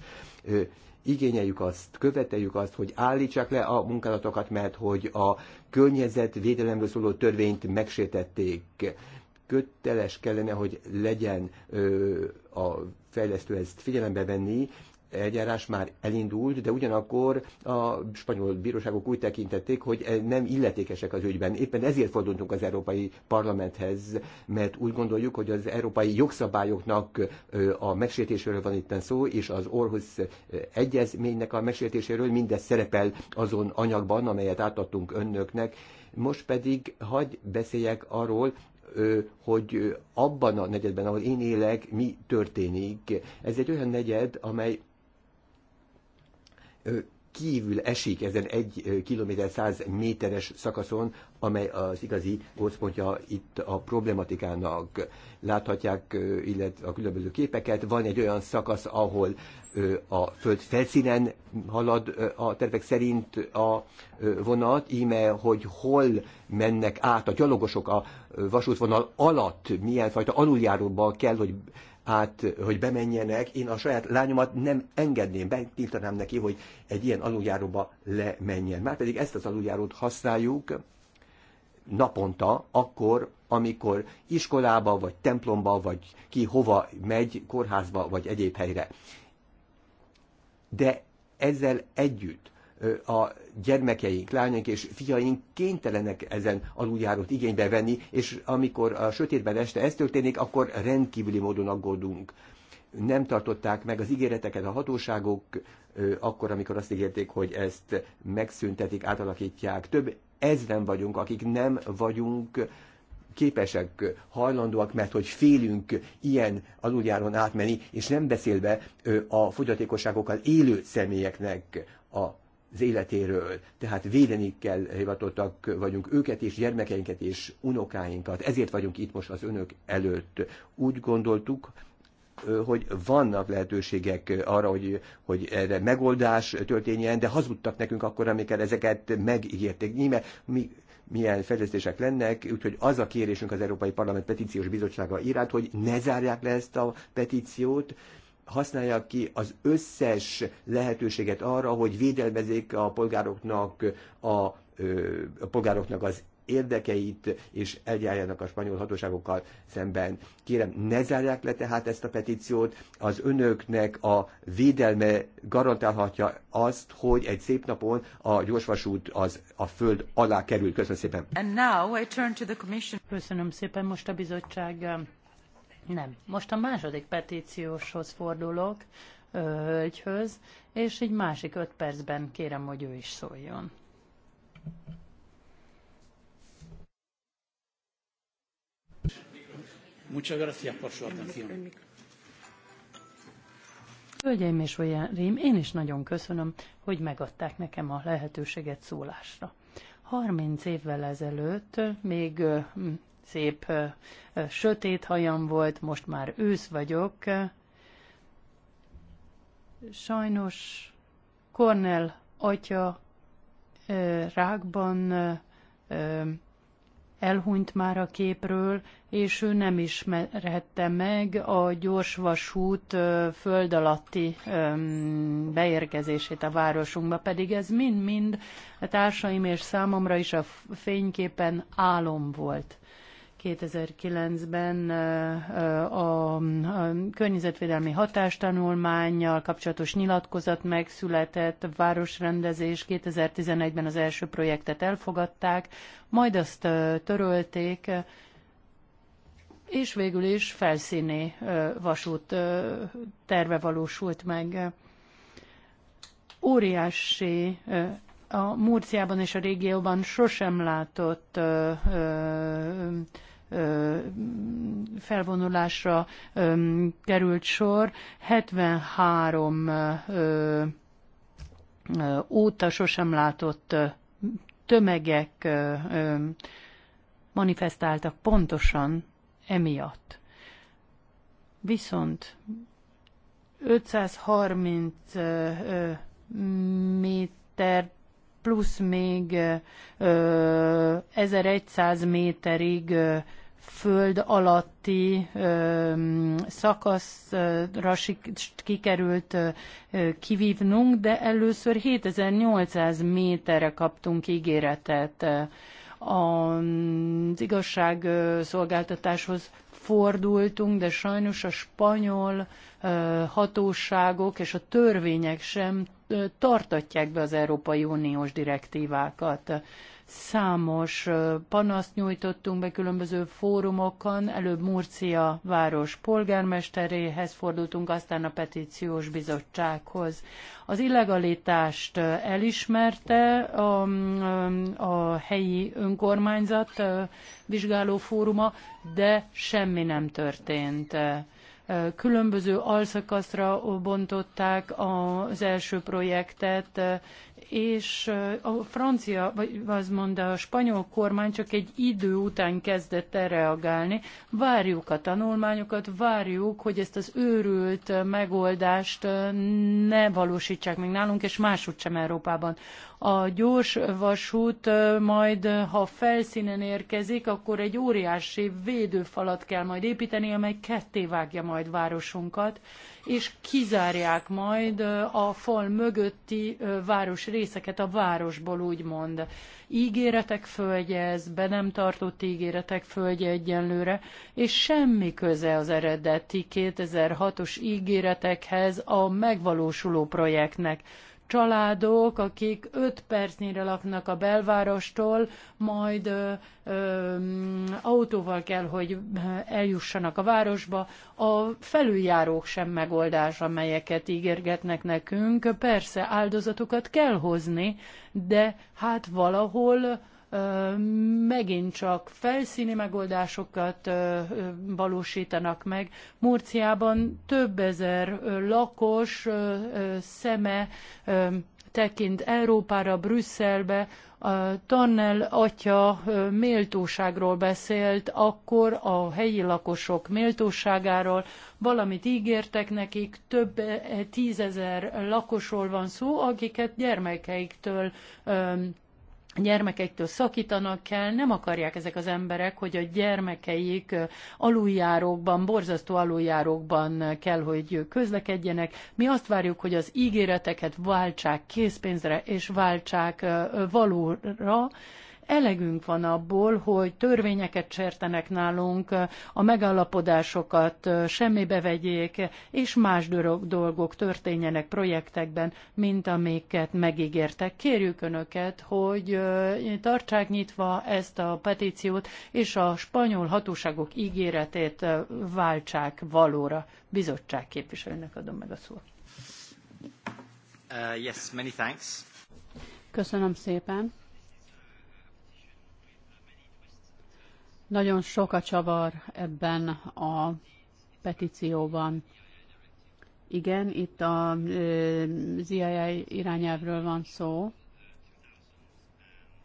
igényeljük azt, követeljük azt, hogy állítsák le a munkálatokat, mert hogy a környezetvédelemről szóló törvényt megsértették. Köteles kellene, hogy legyen ö, a fejlesztő ezt figyelembe venni, eljárás már elindult, de ugyanakkor a spanyol bíróságok úgy tekintették, hogy e, nem illetékesek az ügyben. Éppen ezért fordultunk az Európai Parlamenthez, mert úgy gondoljuk, hogy az európai jogszabályoknak a megsértéséről van itt szó, és az Orhoz egyezménynek a megsértéséről mindez szerepel azon anyagban, amelyet átadtunk önöknek. Most pedig hagy beszéljek arról, hogy abban a negyedben, ahol én élek, mi történik. Ez egy olyan negyed, amely kívül esik ezen egy kilométer száz méteres szakaszon, amely az igazi gócpontja itt a problematikának. Láthatják illetve a különböző képeket. Van egy olyan szakasz, ahol a föld felszínen halad a tervek szerint a vonat, íme, hogy hol mennek át a gyalogosok a vasútvonal alatt, milyen fajta aluljáróba kell, hogy hát hogy bemenjenek, én a saját lányomat nem engedném, betiltanám neki, hogy egy ilyen aluljáróba lemenjen. Márpedig ezt az aluljárót használjuk naponta, akkor, amikor iskolába, vagy templomba, vagy ki hova megy, kórházba, vagy egyéb helyre. De ezzel együtt a gyermekeink, lányaink és fiaink kénytelenek ezen aluljárót igénybe venni, és amikor a sötétben este ez történik, akkor rendkívüli módon aggódunk. Nem tartották meg az ígéreteket a hatóságok, akkor, amikor azt ígérték, hogy ezt megszüntetik, átalakítják. Több ezren vagyunk, akik nem vagyunk képesek, hajlandóak, mert hogy félünk ilyen aluljáron átmenni, és nem beszélve a fogyatékosságokkal élő személyeknek a az életéről, tehát védeni kell hivatottak vagyunk őket és gyermekeinket és unokáinkat. Ezért vagyunk itt most az önök előtt. Úgy gondoltuk, hogy vannak lehetőségek arra, hogy, hogy erre megoldás történjen, de hazudtak nekünk akkor, amikor ezeket megígérték. Nyilván mi milyen fejlesztések lennek, úgyhogy az a kérésünk az Európai Parlament Petíciós Bizottsága iránt, hogy ne zárják le ezt a petíciót, használják ki az összes lehetőséget arra, hogy védelmezzék a polgároknak a, a polgároknak az érdekeit, és eljárjanak a spanyol hatóságokkal szemben. Kérem, ne zárják le tehát ezt a petíciót, az önöknek a védelme garantálhatja azt, hogy egy szép napon a gyorsvasút az a föld alá kerül. Köszönöm szépen. And now I turn to the commission. Köszönöm szépen, most a bizottság nem. Most a második petícióshoz fordulok, hölgyhöz, és így másik öt percben kérem, hogy ő is szóljon. Hölgyeim és uraim, én is nagyon köszönöm, hogy megadták nekem a lehetőséget szólásra. 30 évvel ezelőtt még szép sötét hajam volt, most már ősz vagyok. Sajnos Cornell atya rákban elhunyt már a képről, és ő nem ismerhette meg a gyorsvasút föld alatti beérkezését a városunkba, pedig ez mind-mind a társaim és számomra is a fényképen álom volt. 2009-ben a környezetvédelmi hatástanulmányjal kapcsolatos nyilatkozat megszületett, városrendezés 2011-ben az első projektet elfogadták, majd azt törölték, és végül is felszíni vasút terve valósult meg. Óriási a Murciában és a régióban sosem látott ö, ö, felvonulásra került sor. 73 óta sosem látott tömegek manifestáltak pontosan emiatt. Viszont 530 méter plusz még 1100 méterig föld alatti ö, szakaszra kikerült ö, kivívnunk, de először 7800 méterre kaptunk ígéretet az igazságszolgáltatáshoz fordultunk, de sajnos a spanyol hatóságok és a törvények sem tartatják be az Európai Uniós direktívákat. Számos panaszt nyújtottunk be különböző fórumokon, előbb Murcia város polgármesteréhez fordultunk, aztán a petíciós bizottsághoz. Az illegalitást elismerte a, um, um, a helyi önkormányzat vizsgáló fóruma, de semmi nem történt különböző alszakaszra bontották az első projektet, és a francia, vagy az mondta a spanyol kormány csak egy idő után kezdett erre reagálni. Várjuk a tanulmányokat, várjuk, hogy ezt az őrült megoldást ne valósítsák meg nálunk, és máshogy sem Európában. A gyors vasút majd, ha felszínen érkezik, akkor egy óriási védőfalat kell majd építeni, amely ketté vágja majd városunkat és kizárják majd a fal mögötti város részeket a városból, úgymond. Ígéretek földje ez, be nem tartott ígéretek földje egyenlőre, és semmi köze az eredeti 2006-os ígéretekhez a megvalósuló projektnek családok, akik 5 percnyire laknak a belvárostól, majd ö, ö, autóval kell, hogy eljussanak a városba. A felüljárók sem megoldás, amelyeket ígérgetnek nekünk. Persze áldozatokat kell hozni, de hát valahol megint csak felszíni megoldásokat valósítanak meg. Murciában több ezer lakos szeme tekint Európára, Brüsszelbe, Tannel atya méltóságról beszélt, akkor a helyi lakosok méltóságáról, valamit ígértek nekik, több tízezer lakosról van szó, akiket gyermekeiktől gyermekektől szakítanak kell, nem akarják ezek az emberek, hogy a gyermekeik aluljárókban, borzasztó aluljárókban kell, hogy közlekedjenek. Mi azt várjuk, hogy az ígéreteket váltsák készpénzre és váltsák valóra, Elegünk van abból, hogy törvényeket sértenek nálunk, a megállapodásokat semmibe vegyék, és más dolgok történjenek projektekben, mint amiket megígértek. Kérjük Önöket, hogy tartsák nyitva ezt a petíciót, és a spanyol hatóságok ígéretét váltsák valóra. Bizottság képviselőnek adom meg a szót. Uh, yes, many thanks. Köszönöm szépen. Nagyon sok a csavar ebben a petícióban. Igen, itt a ZIA irányelvről van szó.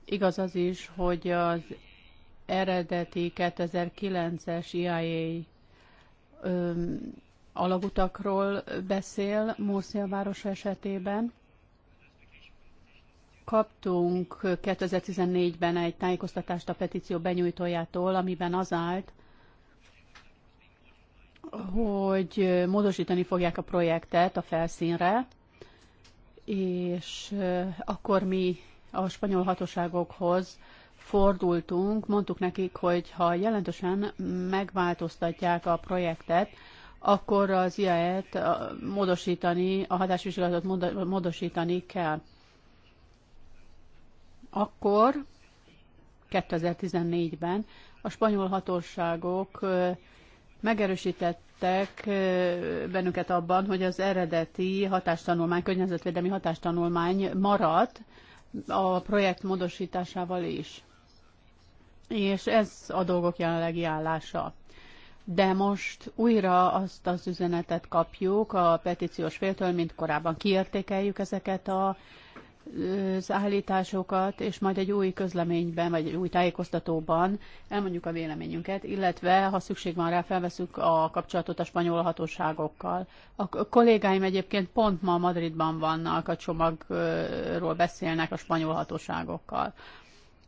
Igaz az is, hogy az eredeti 2009-es IA alagutakról beszél Murcia városa esetében, kaptunk 2014-ben egy tájékoztatást a petíció benyújtójától, amiben az állt, hogy módosítani fogják a projektet a felszínre, és akkor mi a spanyol hatóságokhoz fordultunk, mondtuk nekik, hogy ha jelentősen megváltoztatják a projektet, akkor az IAE-t módosítani, a hatásvizsgálatot módosítani kell. Akkor 2014-ben a spanyol hatóságok megerősítettek bennünket abban, hogy az eredeti hatástanulmány, környezetvédelmi hatástanulmány maradt a projekt módosításával is. És ez a dolgok jelenlegi állása. De most újra azt az üzenetet kapjuk a petíciós féltől, mint korábban kiértékeljük ezeket a az állításokat, és majd egy új közleményben, vagy egy új tájékoztatóban elmondjuk a véleményünket, illetve, ha szükség van rá, felveszünk a kapcsolatot a spanyol hatóságokkal. A kollégáim egyébként pont ma Madridban vannak, a csomagról beszélnek a spanyol hatóságokkal.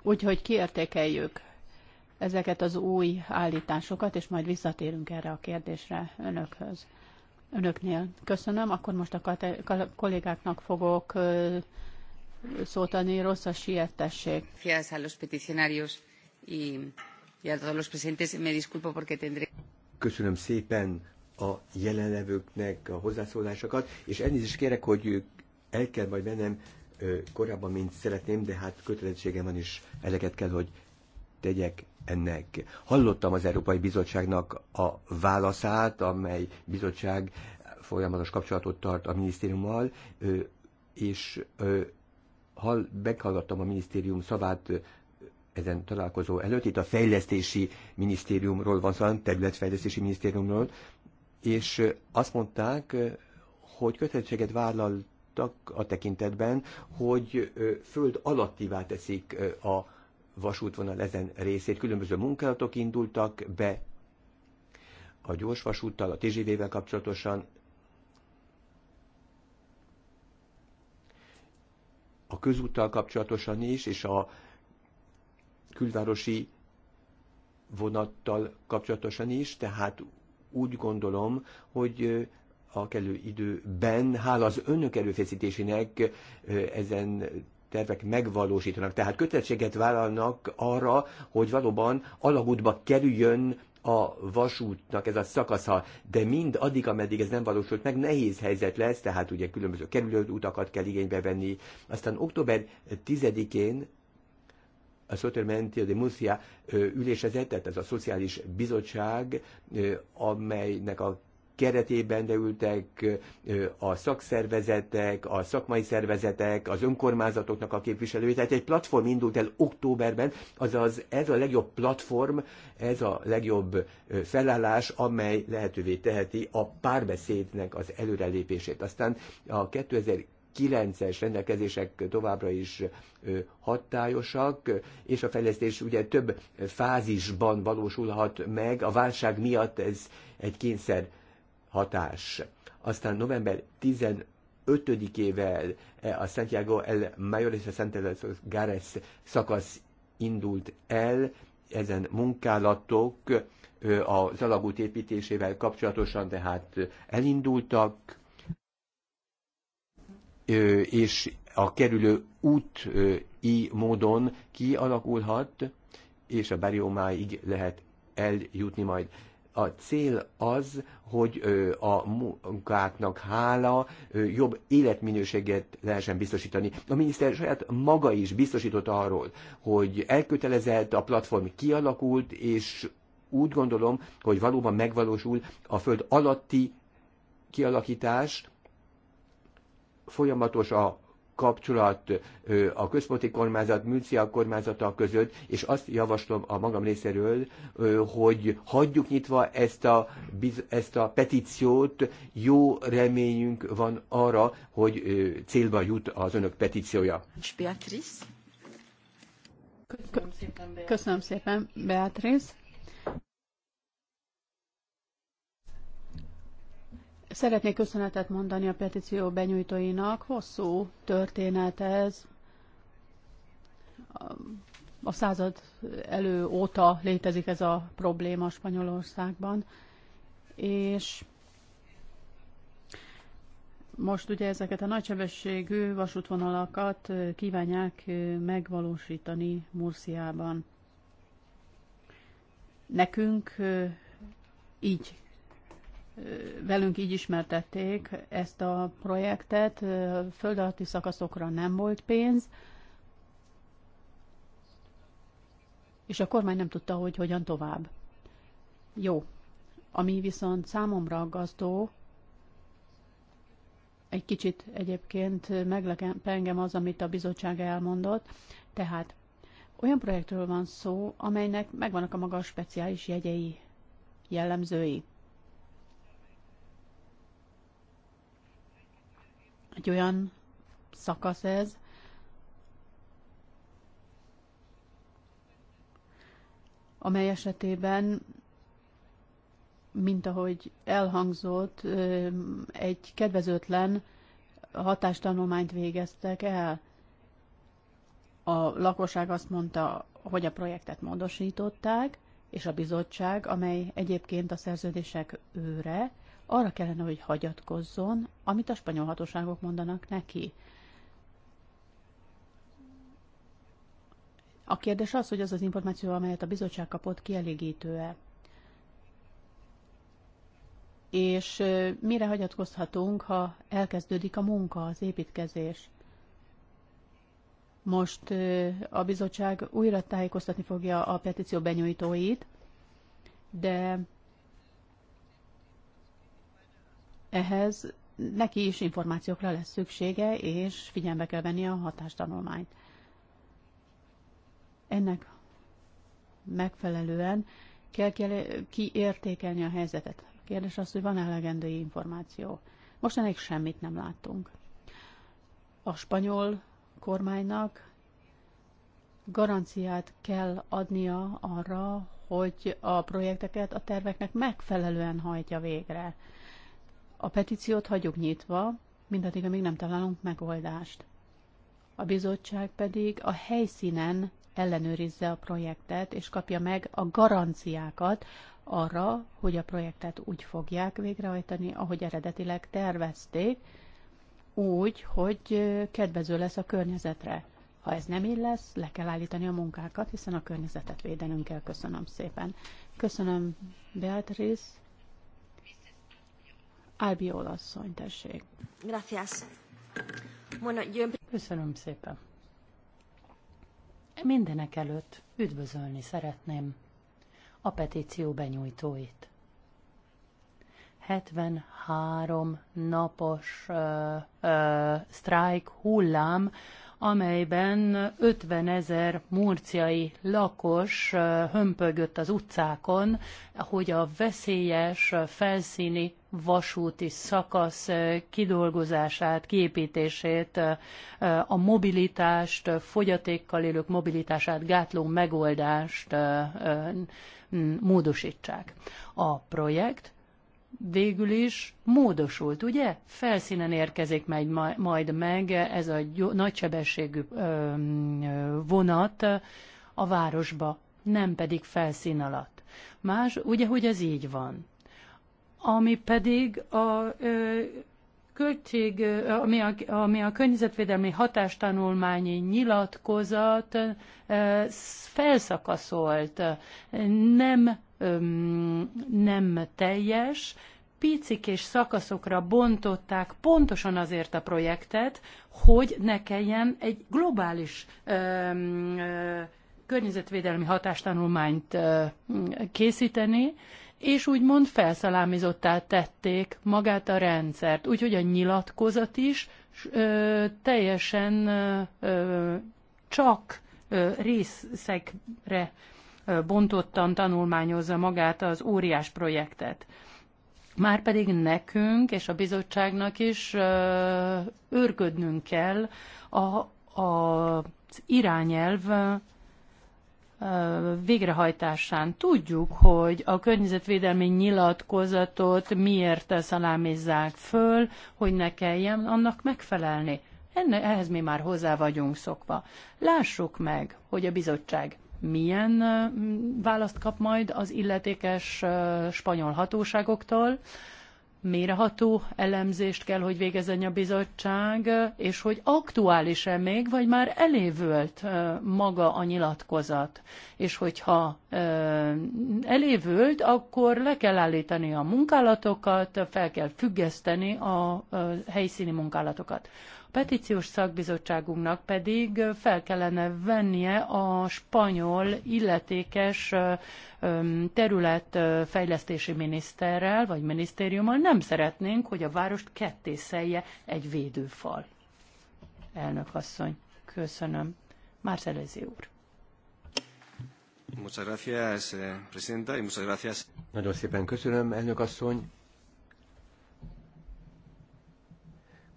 Úgyhogy kiértékeljük ezeket az új állításokat, és majd visszatérünk erre a kérdésre önökhöz. Önöknél. Köszönöm, akkor most a kollégáknak fogok szót rossz a siettesség. Köszönöm szépen a jelenlevőknek a hozzászólásokat, és elnézést kérek, hogy el kell majd mennem korábban, mint szeretném, de hát kötelezettségem van is, eleget kell, hogy tegyek ennek. Hallottam az Európai Bizottságnak a válaszát, amely bizottság folyamatos kapcsolatot tart a minisztériummal, és hall, meghallgattam a minisztérium szavát ezen találkozó előtt, itt a fejlesztési minisztériumról van szó, a területfejlesztési minisztériumról, és azt mondták, hogy kötelezettséget vállaltak a tekintetben, hogy föld alattivá teszik a vasútvonal ezen részét. Különböző munkálatok indultak be a gyorsvasúttal, a TGV-vel kapcsolatosan, a közúttal kapcsolatosan is, és a külvárosi vonattal kapcsolatosan is, tehát úgy gondolom, hogy a kellő időben, hála az önök erőfeszítésének ezen tervek megvalósítanak. Tehát kötelezettséget vállalnak arra, hogy valóban alagútba kerüljön a vasútnak ez a szakasza, de mind addig, ameddig ez nem valósult meg, nehéz helyzet lesz, tehát ugye különböző kerülő utakat kell igénybe venni. Aztán október 10-én a Sotermentio de Murcia ülésezett, tehát ez a Szociális Bizottság, amelynek a keretében deültek a szakszervezetek, a szakmai szervezetek, az önkormányzatoknak a képviselői. Tehát egy platform indult el októberben, azaz ez a legjobb platform, ez a legjobb felállás, amely lehetővé teheti a párbeszédnek az előrelépését. Aztán a 2000 9-es rendelkezések továbbra is hatályosak, és a fejlesztés ugye több fázisban valósulhat meg, a válság miatt ez egy kényszer hatás. Aztán november 15-ével eh, a Santiago el Mayor és a Santiago Gares szakasz indult el, ezen munkálatok eh, az alagút építésével kapcsolatosan tehát elindultak, eh, és a kerülő út i módon kialakulhat, és a Bariomáig lehet eljutni majd a cél az, hogy a munkáknak hála jobb életminőséget lehessen biztosítani. A miniszter saját maga is biztosított arról, hogy elkötelezett, a platform kialakult, és úgy gondolom, hogy valóban megvalósul a föld alatti kialakítás, folyamatos a kapcsolat a központi kormányzat, Műcia kormányzata között, és azt javaslom a magam részéről, hogy hagyjuk nyitva ezt a, ezt a petíciót, jó reményünk van arra, hogy célba jut az önök petíciója. Beatrice? Köszönöm szépen, Beatrice. Köszönöm szépen, Beatrice. Szeretnék köszönetet mondani a petíció benyújtóinak. Hosszú történet ez. A század elő óta létezik ez a probléma Spanyolországban. És most ugye ezeket a nagysebességű vasútvonalakat kívánják megvalósítani Murciában. Nekünk így velünk így ismertették ezt a projektet, föld alatti szakaszokra nem volt pénz, és a kormány nem tudta, hogy hogyan tovább. Jó. Ami viszont számomra aggasztó, egy kicsit egyébként meglep engem az, amit a bizottság elmondott, tehát olyan projektről van szó, amelynek megvannak a maga speciális jegyei, jellemzői. Egy olyan szakasz ez, amely esetében, mint ahogy elhangzott, egy kedvezőtlen hatástanulmányt végeztek el. A lakosság azt mondta, hogy a projektet módosították, és a bizottság, amely egyébként a szerződések őre, arra kellene, hogy hagyatkozzon, amit a spanyol hatóságok mondanak neki. A kérdés az, hogy az az információ, amelyet a bizottság kapott, kielégítő-e. És mire hagyatkozhatunk, ha elkezdődik a munka, az építkezés? Most a bizottság újra tájékoztatni fogja a petíció benyújtóit, de ehhez neki is információkra lesz szüksége, és figyelme kell venni a hatástanulmányt. Ennek megfelelően kell, kiértékelni a helyzetet. A kérdés az, hogy van elegendő információ. Most ennek semmit nem láttunk. A spanyol kormánynak garanciát kell adnia arra, hogy a projekteket a terveknek megfelelően hajtja végre. A petíciót hagyjuk nyitva, mindaddig, amíg nem találunk megoldást. A bizottság pedig a helyszínen ellenőrizze a projektet, és kapja meg a garanciákat arra, hogy a projektet úgy fogják végrehajtani, ahogy eredetileg tervezték, úgy, hogy kedvező lesz a környezetre. Ha ez nem így lesz, le kell állítani a munkákat, hiszen a környezetet védenünk kell. Köszönöm szépen. Köszönöm, Beatrice. Albiol asszony, tessék. Gracias. Bueno, yo... Köszönöm szépen. Mindenek előtt üdvözölni szeretném a petíció benyújtóit. 73 napos uh, uh, sztrájk hullám amelyben 50 ezer murciai lakos hömpögött az utcákon, hogy a veszélyes felszíni vasúti szakasz kidolgozását, kiépítését, a mobilitást, fogyatékkal élők mobilitását gátló megoldást módosítsák. A projekt végül is módosult, ugye? Felszínen érkezik meg, majd meg ez a nagysebességű vonat a városba, nem pedig felszín alatt. Más, ugye, hogy ez így van. Ami pedig a ö, költség, ami a, ami a környezetvédelmi hatástanulmányi nyilatkozat felszakaszolt, nem, nem teljes, picik és szakaszokra bontották pontosan azért a projektet, hogy ne kelljen egy globális környezetvédelmi hatástanulmányt készíteni, és úgymond felszalámizottá tették magát a rendszert. Úgyhogy a nyilatkozat is ö, teljesen ö, csak ö, részekre ö, bontottan tanulmányozza magát az óriás projektet. Márpedig nekünk és a bizottságnak is ö, őrködnünk kell a, a, az irányelv végrehajtásán. Tudjuk, hogy a környezetvédelmi nyilatkozatot miért szalámizzák föl, hogy ne kelljen annak megfelelni. Enne, ehhez mi már hozzá vagyunk szokva. Lássuk meg, hogy a bizottság milyen választ kap majd az illetékes spanyol hatóságoktól, méreható elemzést kell, hogy végezzen a bizottság, és hogy aktuális-e még, vagy már elévült maga a nyilatkozat. És hogyha elévült, akkor le kell állítani a munkálatokat, fel kell függeszteni a helyszíni munkálatokat petíciós szakbizottságunknak pedig fel kellene vennie a spanyol illetékes területfejlesztési miniszterrel vagy minisztériummal. Nem szeretnénk, hogy a várost kettészelje egy védőfal. Elnök asszony, köszönöm. Márcelezi úr. Muchas gracias, eh, Presidenta, y muchas gracias. Nagyon szépen köszönöm, elnök asszony.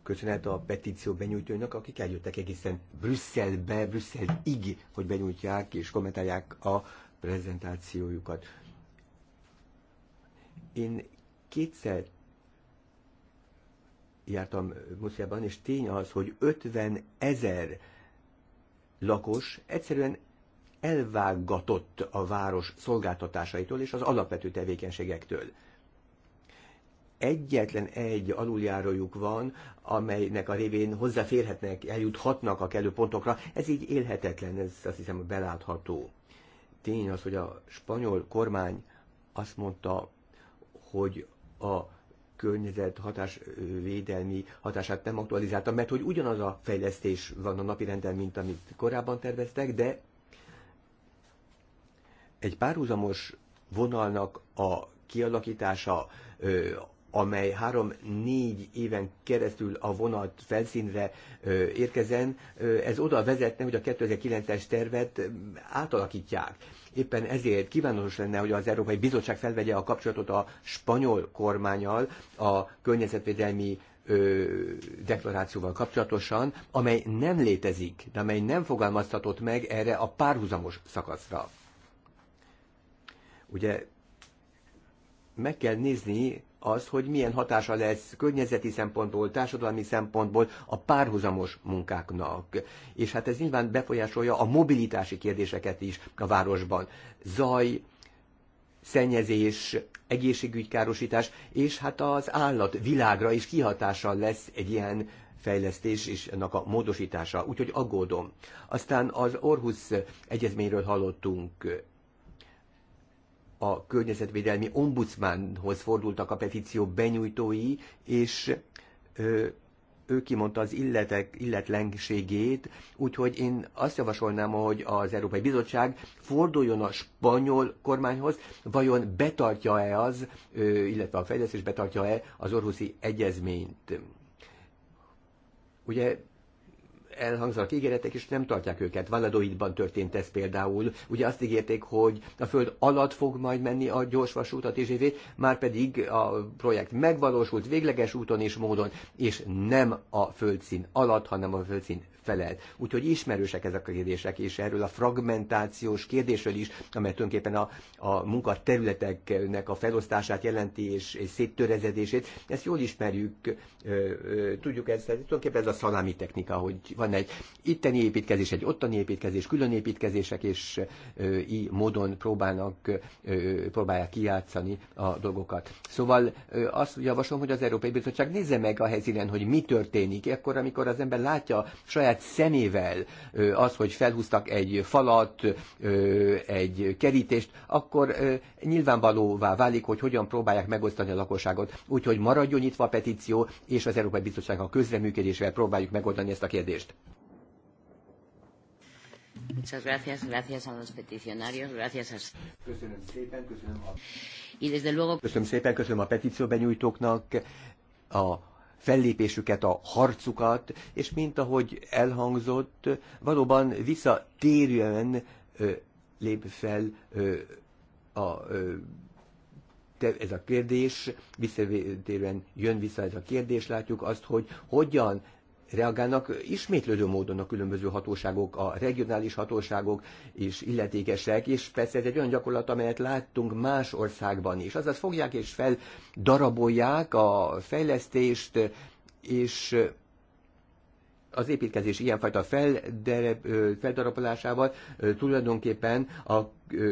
köszönet a petíció benyújtóinak, akik eljöttek egészen Brüsszelbe, Brüsszelig, hogy benyújtják és kommentálják a prezentációjukat. Én kétszer jártam Musziában, és tény az, hogy 50 ezer lakos egyszerűen elvágatott a város szolgáltatásaitól és az alapvető tevékenységektől egyetlen egy aluljárójuk van, amelynek a révén hozzáférhetnek, eljuthatnak a kellő pontokra. Ez így élhetetlen, ez azt hiszem belátható. Tény az, hogy a spanyol kormány azt mondta, hogy a környezet hatásvédelmi hatását nem aktualizálta, mert hogy ugyanaz a fejlesztés van a napirenden, mint amit korábban terveztek, de egy párhuzamos vonalnak a kialakítása amely három-négy éven keresztül a vonat felszínre érkezen, ez oda vezetne, hogy a 2009-es tervet átalakítják. Éppen ezért kívánatos lenne, hogy az Európai Bizottság felvegye a kapcsolatot a spanyol kormányal a környezetvédelmi ö, deklarációval kapcsolatosan, amely nem létezik, de amely nem fogalmaztatott meg erre a párhuzamos szakaszra. Ugye meg kell nézni az, hogy milyen hatása lesz környezeti szempontból, társadalmi szempontból a párhuzamos munkáknak. És hát ez nyilván befolyásolja a mobilitási kérdéseket is a városban. Zaj, szennyezés, egészségügykárosítás, és hát az állat világra is kihatással lesz egy ilyen fejlesztés és ennek a módosítása, úgyhogy aggódom. Aztán az Orhus egyezményről hallottunk a környezetvédelmi ombudsmanhoz fordultak a petíció benyújtói, és ö, ő kimondta az illetek, illetlenségét, úgyhogy én azt javasolnám, hogy az Európai Bizottság forduljon a spanyol kormányhoz, vajon betartja-e az, illetve a fejlesztés betartja-e az orhuszi egyezményt. Ugye elhangzanak ígéretek, és nem tartják őket. Valadóidban történt ez például. Ugye azt ígérték, hogy a föld alatt fog majd menni a gyorsvasút, a TGV, már pedig a projekt megvalósult végleges úton és módon, és nem a földszín alatt, hanem a földszín felelt. Úgyhogy ismerősek ezek a kérdések, és erről a fragmentációs kérdésről is, amely tulajdonképpen a, a munkaterületeknek a felosztását jelenti, és, és széttörezedését, ezt jól ismerjük, ö, ö, tudjuk ezt, tulajdonképpen ez a szalámi technika, hogy van egy itteni építkezés, egy ottani építkezés, külön építkezések, és ö, így módon próbálnak, ö, próbálják kijátszani a dolgokat. Szóval ö, azt javaslom, hogy az Európai Bizottság nézze meg a helyszínen, hogy mi történik, akkor, amikor az ember látja saját saját szemével az, hogy felhúztak egy falat, egy kerítést, akkor nyilvánvalóvá válik, hogy hogyan próbálják megosztani a lakosságot. Úgyhogy maradjon nyitva a petíció, és az Európai Bizottság a közreműködésével próbáljuk megoldani ezt a kérdést. Muchas gracias, gracias a los peticionarios, gracias a... Köszönöm szépen, köszönöm a... Y desde luego... Köszönöm szépen, köszönöm a petíció benyújtóknak, a fellépésüket, a harcukat, és mint ahogy elhangzott, valóban visszatérően ö, lép fel ö, a ö, te, ez a kérdés, visszatérően jön vissza ez a kérdés, látjuk azt, hogy hogyan reagálnak ismétlődő módon a különböző hatóságok, a regionális hatóságok is illetékesek, és persze ez egy olyan gyakorlat, amelyet láttunk más országban is. Azaz fogják és fel darabolják a fejlesztést, és az építkezés ilyenfajta feldarabolásával tulajdonképpen a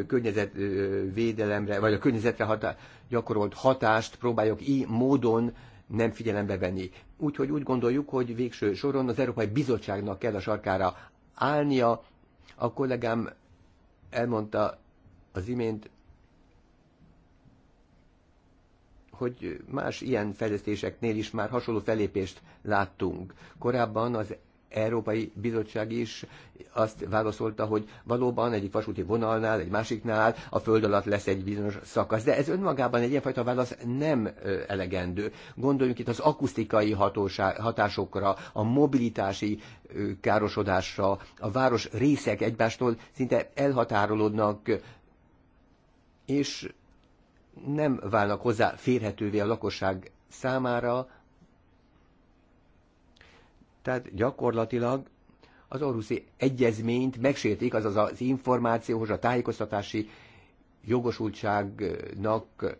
környezetvédelemre, vagy a környezetre hatá, gyakorolt hatást próbáljuk így módon nem figyelembe venni. Úgyhogy úgy gondoljuk, hogy végső soron az Európai Bizottságnak kell a sarkára állnia. A kollégám elmondta az imént, hogy más ilyen fejlesztéseknél is már hasonló felépést láttunk. Korábban az Európai Bizottság is azt válaszolta, hogy valóban egyik vasúti vonalnál, egy másiknál a föld alatt lesz egy bizonyos szakasz. De ez önmagában egy ilyenfajta válasz nem elegendő. Gondoljunk itt az akusztikai hatóság, hatásokra, a mobilitási károsodásra, a város részek egymástól szinte elhatárolódnak, és nem válnak hozzá férhetővé a lakosság számára, tehát gyakorlatilag az oruszi egyezményt megsértik, azaz az információhoz, a tájékoztatási jogosultságnak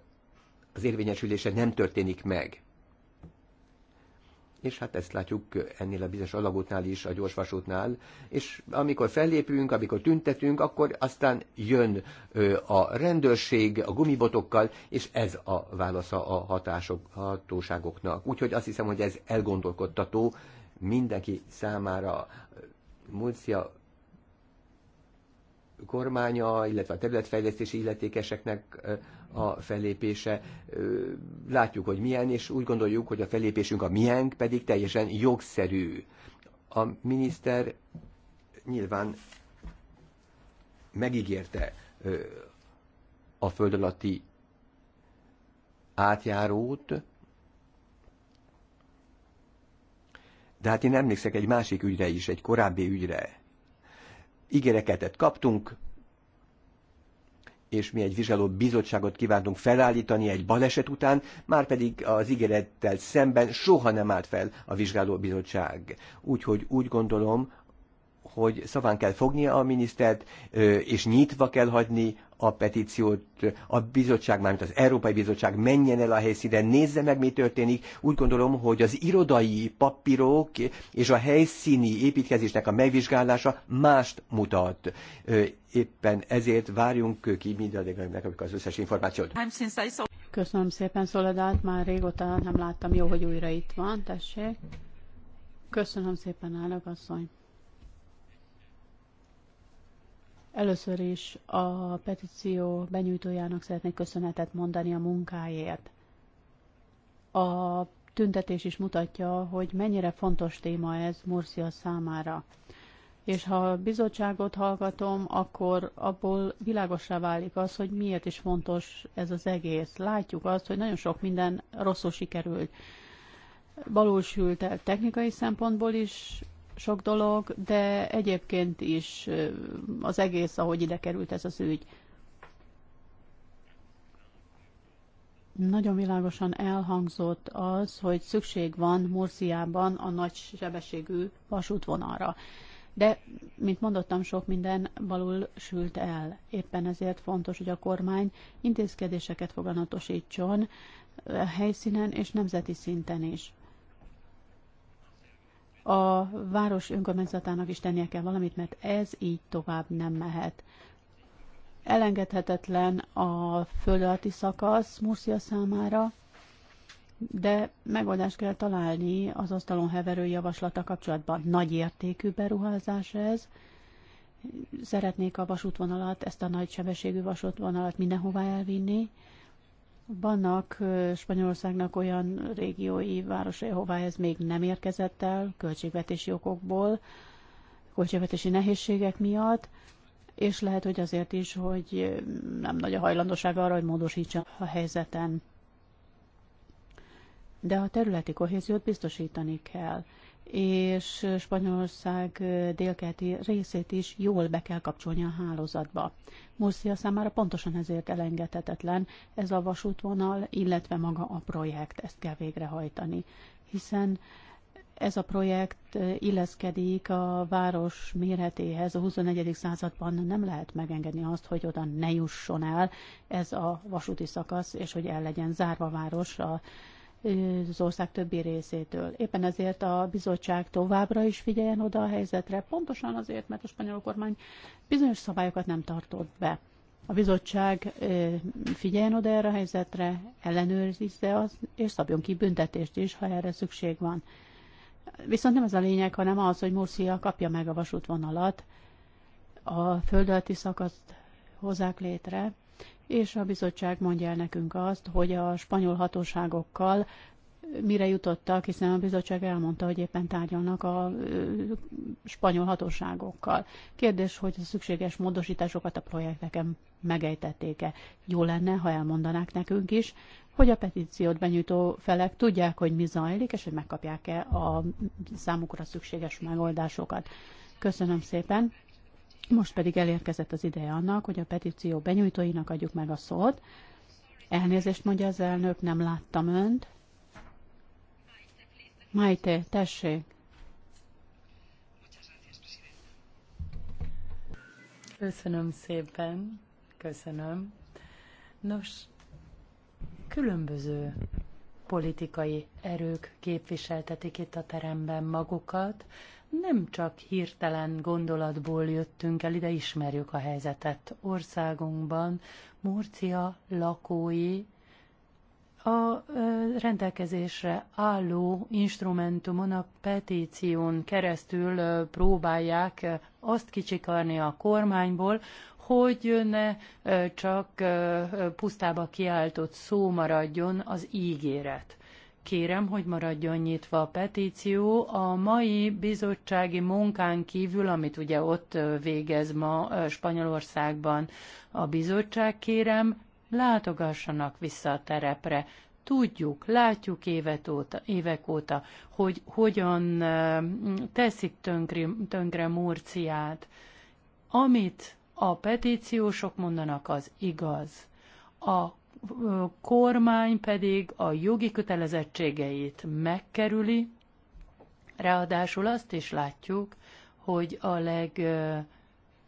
az érvényesülése nem történik meg. És hát ezt látjuk ennél a bizonyos alagútnál is, a gyorsvasútnál. És amikor fellépünk, amikor tüntetünk, akkor aztán jön a rendőrség a gumibotokkal, és ez a válasza a hatások, hatóságoknak. Úgyhogy azt hiszem, hogy ez elgondolkodtató, mindenki számára. Murcia kormánya, illetve a területfejlesztési illetékeseknek a felépése Látjuk, hogy milyen, és úgy gondoljuk, hogy a felépésünk a miénk pedig teljesen jogszerű. A miniszter nyilván megígérte a föld alatti átjárót, De hát én emlékszek egy másik ügyre is, egy korábbi ügyre. Ígéreketet kaptunk, és mi egy vizsgáló bizottságot kívántunk felállítani egy baleset után, már pedig az ígérettel szemben soha nem állt fel a vizsgáló bizottság. Úgyhogy úgy gondolom, hogy szaván kell fognia a minisztert, és nyitva kell hagyni a petíciót, a bizottság, mármint az Európai Bizottság menjen el a helyszínre, nézze meg, mi történik. Úgy gondolom, hogy az irodai papírok és a helyszíni építkezésnek a megvizsgálása mást mutat. Éppen ezért várjunk ki mindaddig, amikor az összes információt. Köszönöm szépen, Szoledát, már régóta nem láttam, jó, hogy újra itt van, tessék. Köszönöm szépen, állagasszony. asszony. Először is a petíció benyújtójának szeretnék köszönetet mondani a munkáért. A tüntetés is mutatja, hogy mennyire fontos téma ez Murcia számára. És ha a bizottságot hallgatom, akkor abból világosra válik az, hogy miért is fontos ez az egész. Látjuk azt, hogy nagyon sok minden rosszul sikerült. Balulsült el technikai szempontból is, sok dolog, de egyébként is az egész, ahogy ide került ez az ügy. Nagyon világosan elhangzott az, hogy szükség van Murciában a nagy sebességű vasútvonalra. De, mint mondottam, sok minden balul sült el. Éppen ezért fontos, hogy a kormány intézkedéseket foganatosítson helyszínen és nemzeti szinten is a város önkormányzatának is tennie kell valamit, mert ez így tovább nem mehet. Elengedhetetlen a föld alatti szakasz Murcia számára, de megoldást kell találni az asztalon heverő javaslata kapcsolatban. Nagy értékű beruházás ez. Szeretnék a vasútvonalat, ezt a nagy sebességű vasútvonalat mindenhová elvinni, vannak Spanyolországnak olyan régiói, városai, hová ez még nem érkezett el, költségvetési okokból, költségvetési nehézségek miatt, és lehet, hogy azért is, hogy nem nagy a hajlandóság arra, hogy módosítsa a helyzeten. De a területi kohéziót biztosítani kell és Spanyolország délkeleti részét is jól be kell kapcsolni a hálózatba. Murcia számára pontosan ezért elengedhetetlen ez a vasútvonal, illetve maga a projekt, ezt kell végrehajtani, hiszen ez a projekt illeszkedik a város méretéhez. A 21. században nem lehet megengedni azt, hogy oda ne jusson el ez a vasúti szakasz, és hogy el legyen zárva a város a az ország többi részétől. Éppen ezért a bizottság továbbra is figyeljen oda a helyzetre, pontosan azért, mert a spanyol kormány bizonyos szabályokat nem tartott be. A bizottság figyeljen oda erre a helyzetre, ellenőrizze az, és szabjon ki büntetést is, ha erre szükség van. Viszont nem ez a lényeg, hanem az, hogy Murcia kapja meg a vasútvonalat, a földölti szakaszt hozzák létre, és a bizottság mondja el nekünk azt, hogy a spanyol hatóságokkal mire jutottak, hiszen a bizottság elmondta, hogy éppen tárgyalnak a spanyol hatóságokkal. Kérdés, hogy a szükséges módosításokat a projekteken megejtették-e. Jó lenne, ha elmondanák nekünk is, hogy a petíciót benyújtó felek tudják, hogy mi zajlik, és hogy megkapják-e a számukra szükséges megoldásokat. Köszönöm szépen. Most pedig elérkezett az ideje annak, hogy a petíció benyújtóinak adjuk meg a szót. Elnézést mondja az elnök, nem láttam önt. Majte, tessék. Köszönöm szépen, köszönöm. Nos, különböző politikai erők képviseltetik itt a teremben magukat, nem csak hirtelen gondolatból jöttünk el, ide ismerjük a helyzetet. Országunkban Murcia lakói a rendelkezésre álló instrumentumon, a petíción keresztül próbálják azt kicsikarni a kormányból, hogy ne csak pusztába kiáltott szó maradjon az ígéret. Kérem, hogy maradjon nyitva a petíció. A mai bizottsági munkán kívül, amit ugye ott végez ma Spanyolországban a bizottság, kérem, látogassanak vissza a terepre. Tudjuk, látjuk évet óta, évek óta, hogy hogyan teszik tönkre, tönkre Murciát. Amit a petíciósok mondanak, az igaz. A kormány pedig a jogi kötelezettségeit megkerüli, ráadásul azt is látjuk, hogy a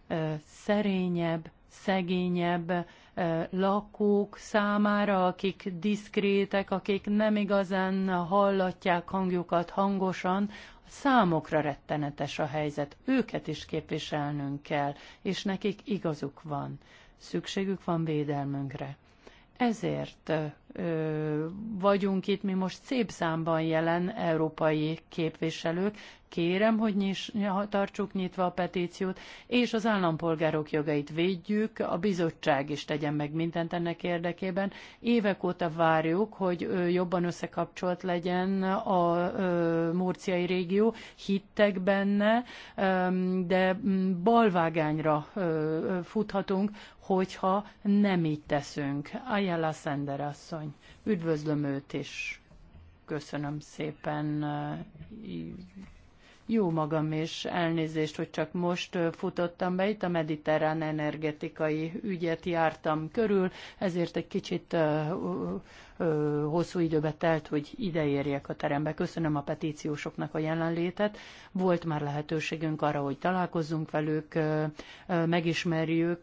legszerényebb, szegényebb lakók számára, akik diszkrétek, akik nem igazán hallatják hangjukat hangosan, számokra rettenetes a helyzet. Őket is képviselnünk kell, és nekik igazuk van. Szükségük van védelmünkre. Ezért vagyunk itt mi most szép számban jelen európai képviselők. Kérem, hogy nyis, tartsuk nyitva a petíciót, és az állampolgárok jogait védjük, a bizottság is tegyen meg mindent ennek érdekében. Évek óta várjuk, hogy jobban összekapcsolt legyen a murciai régió, hittek benne, de balvágányra futhatunk, hogyha nem így teszünk. Ayala Szender asszony. Üdvözlöm őt, és köszönöm szépen. Uh, jó magam is, elnézést, hogy csak most uh, futottam be, itt a mediterrán energetikai ügyet jártam körül, ezért egy kicsit uh, hosszú időbe telt, hogy ide érjek a terembe. Köszönöm a petíciósoknak a jelenlétet. Volt már lehetőségünk arra, hogy találkozzunk velük, megismerjük,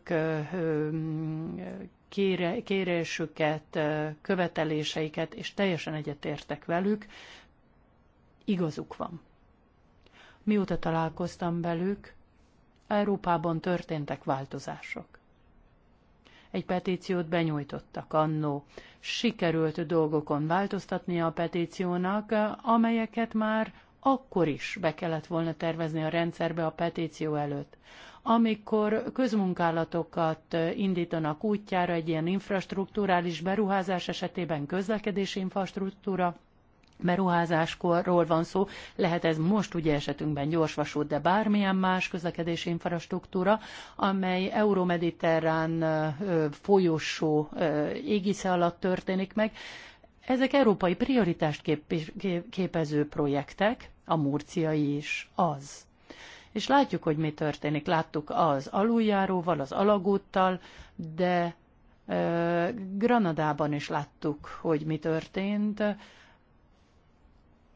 um, kérésüket, követeléseiket, és teljesen egyetértek velük, igazuk van. Mióta találkoztam velük, Európában történtek változások. Egy petíciót benyújtottak annó. Sikerült dolgokon változtatni a petíciónak, amelyeket már akkor is be kellett volna tervezni a rendszerbe a petíció előtt amikor közmunkálatokat indítanak útjára egy ilyen infrastruktúrális beruházás esetében közlekedési infrastruktúra, beruházáskorról van szó, lehet ez most ugye esetünkben gyorsvasút, de bármilyen más közlekedési infrastruktúra, amely euromediterrán folyosó égisze alatt történik meg. Ezek európai prioritást képező projektek, a murciai is az. És látjuk, hogy mi történik. Láttuk az aluljáróval, az alagúttal, de Granadában is láttuk, hogy mi történt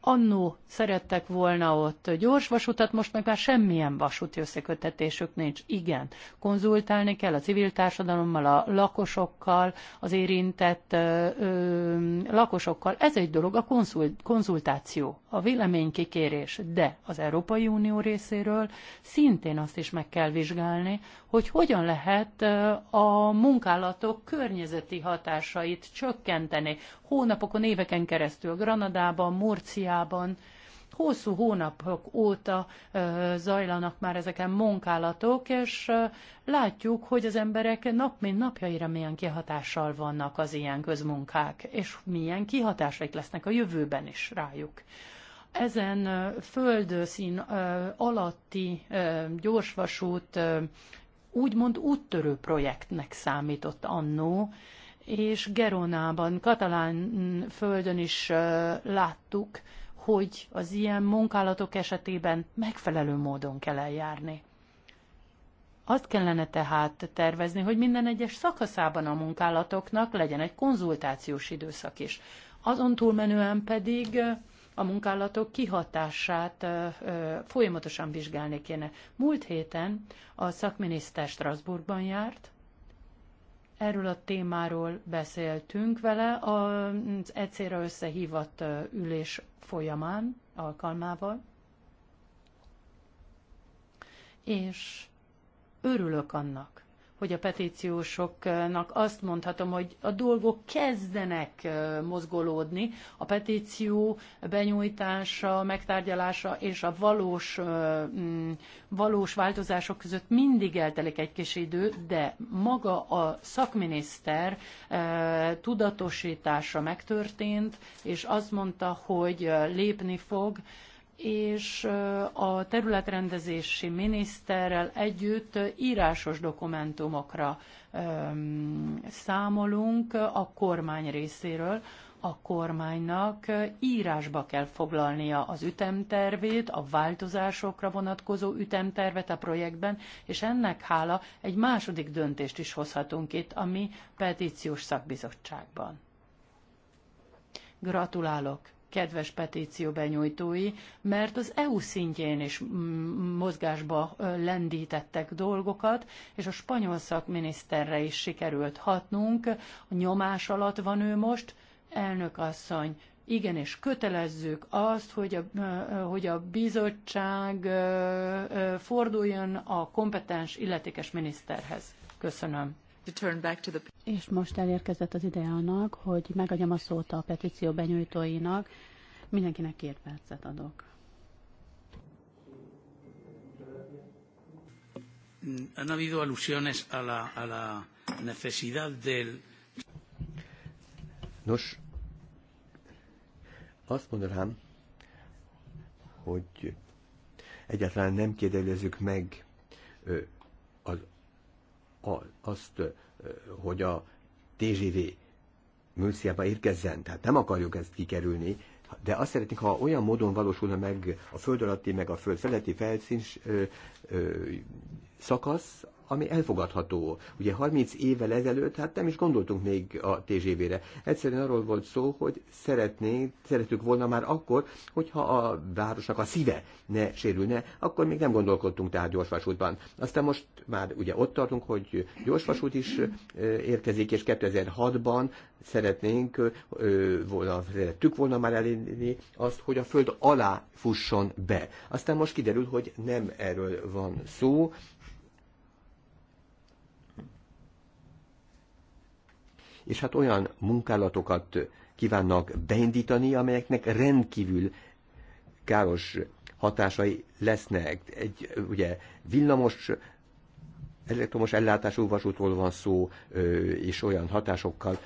annó szerettek volna ott gyors vasutat, most meg már semmilyen vasúti összekötetésük nincs. Igen, konzultálni kell a civil társadalommal, a lakosokkal, az érintett ö, ö, lakosokkal. Ez egy dolog, a konzult, konzultáció, a véleménykikérés, de az Európai Unió részéről szintén azt is meg kell vizsgálni, hogy hogyan lehet a munkálatok környezeti hatásait csökkenteni. Hónapokon, éveken keresztül Granadában, Murciában, hosszú hónapok óta zajlanak már ezeken munkálatok, és látjuk, hogy az emberek nap mint napjaira milyen kihatással vannak az ilyen közmunkák, és milyen kihatásaik lesznek a jövőben is rájuk ezen földszín alatti gyorsvasút úgymond úttörő projektnek számított annó, és Geronában, Katalán földön is láttuk, hogy az ilyen munkálatok esetében megfelelő módon kell eljárni. Azt kellene tehát tervezni, hogy minden egyes szakaszában a munkálatoknak legyen egy konzultációs időszak is. Azon túlmenően pedig a munkálatok kihatását folyamatosan vizsgálni kéne. Múlt héten a szakminiszter Strasbourgban járt, Erről a témáról beszéltünk vele az egyszerre összehívott ülés folyamán, alkalmával. És örülök annak, hogy a petíciósoknak azt mondhatom, hogy a dolgok kezdenek mozgolódni. A petíció benyújtása, megtárgyalása és a valós, mm, valós változások között mindig eltelik egy kis idő, de maga a szakminiszter tudatosítása megtörtént, és azt mondta, hogy lépni fog, és a területrendezési miniszterrel együtt írásos dokumentumokra számolunk a kormány részéről. A kormánynak írásba kell foglalnia az ütemtervét, a változásokra vonatkozó ütemtervet a projektben, és ennek hála egy második döntést is hozhatunk itt a mi petíciós szakbizottságban. Gratulálok kedves petíció benyújtói, mert az EU szintjén is mm, mozgásba lendítettek dolgokat, és a spanyol szakminiszterre is sikerült hatnunk. A nyomás alatt van ő most, elnök asszony, és kötelezzük azt, hogy a, hogy a bizottság forduljon a kompetens illetékes miniszterhez. Köszönöm. És most elérkezett az ideje annak, hogy megadjam a szót a petíció benyújtóinak. Mindenkinek két percet adok. Han habido alusiones a la, a la necesidad del... Nos, azt mondanám, hogy egyáltalán nem kérdezzük meg az azt, hogy a TGV Murciába érkezzen, tehát nem akarjuk ezt kikerülni, de azt szeretnénk, ha olyan módon valósulna meg a föld alatti, meg a föld feletti felszín szakasz, ami elfogadható. Ugye 30 évvel ezelőtt hát nem is gondoltunk még a TGV-re. Egyszerűen arról volt szó, hogy szeretnénk, szeretük volna már akkor, hogyha a városnak a szíve ne sérülne, akkor még nem gondolkodtunk tehát gyorsvasútban. Aztán most már ugye ott tartunk, hogy gyorsvasút is érkezik, és 2006-ban szeretnénk volna, szerettük volna már elérni azt, hogy a föld alá fusson be. Aztán most kiderül, hogy nem erről van szó, és hát olyan munkálatokat kívánnak beindítani, amelyeknek rendkívül káros hatásai lesznek. Egy ugye villamos elektromos ellátású vasútról van szó, és olyan hatásokkal,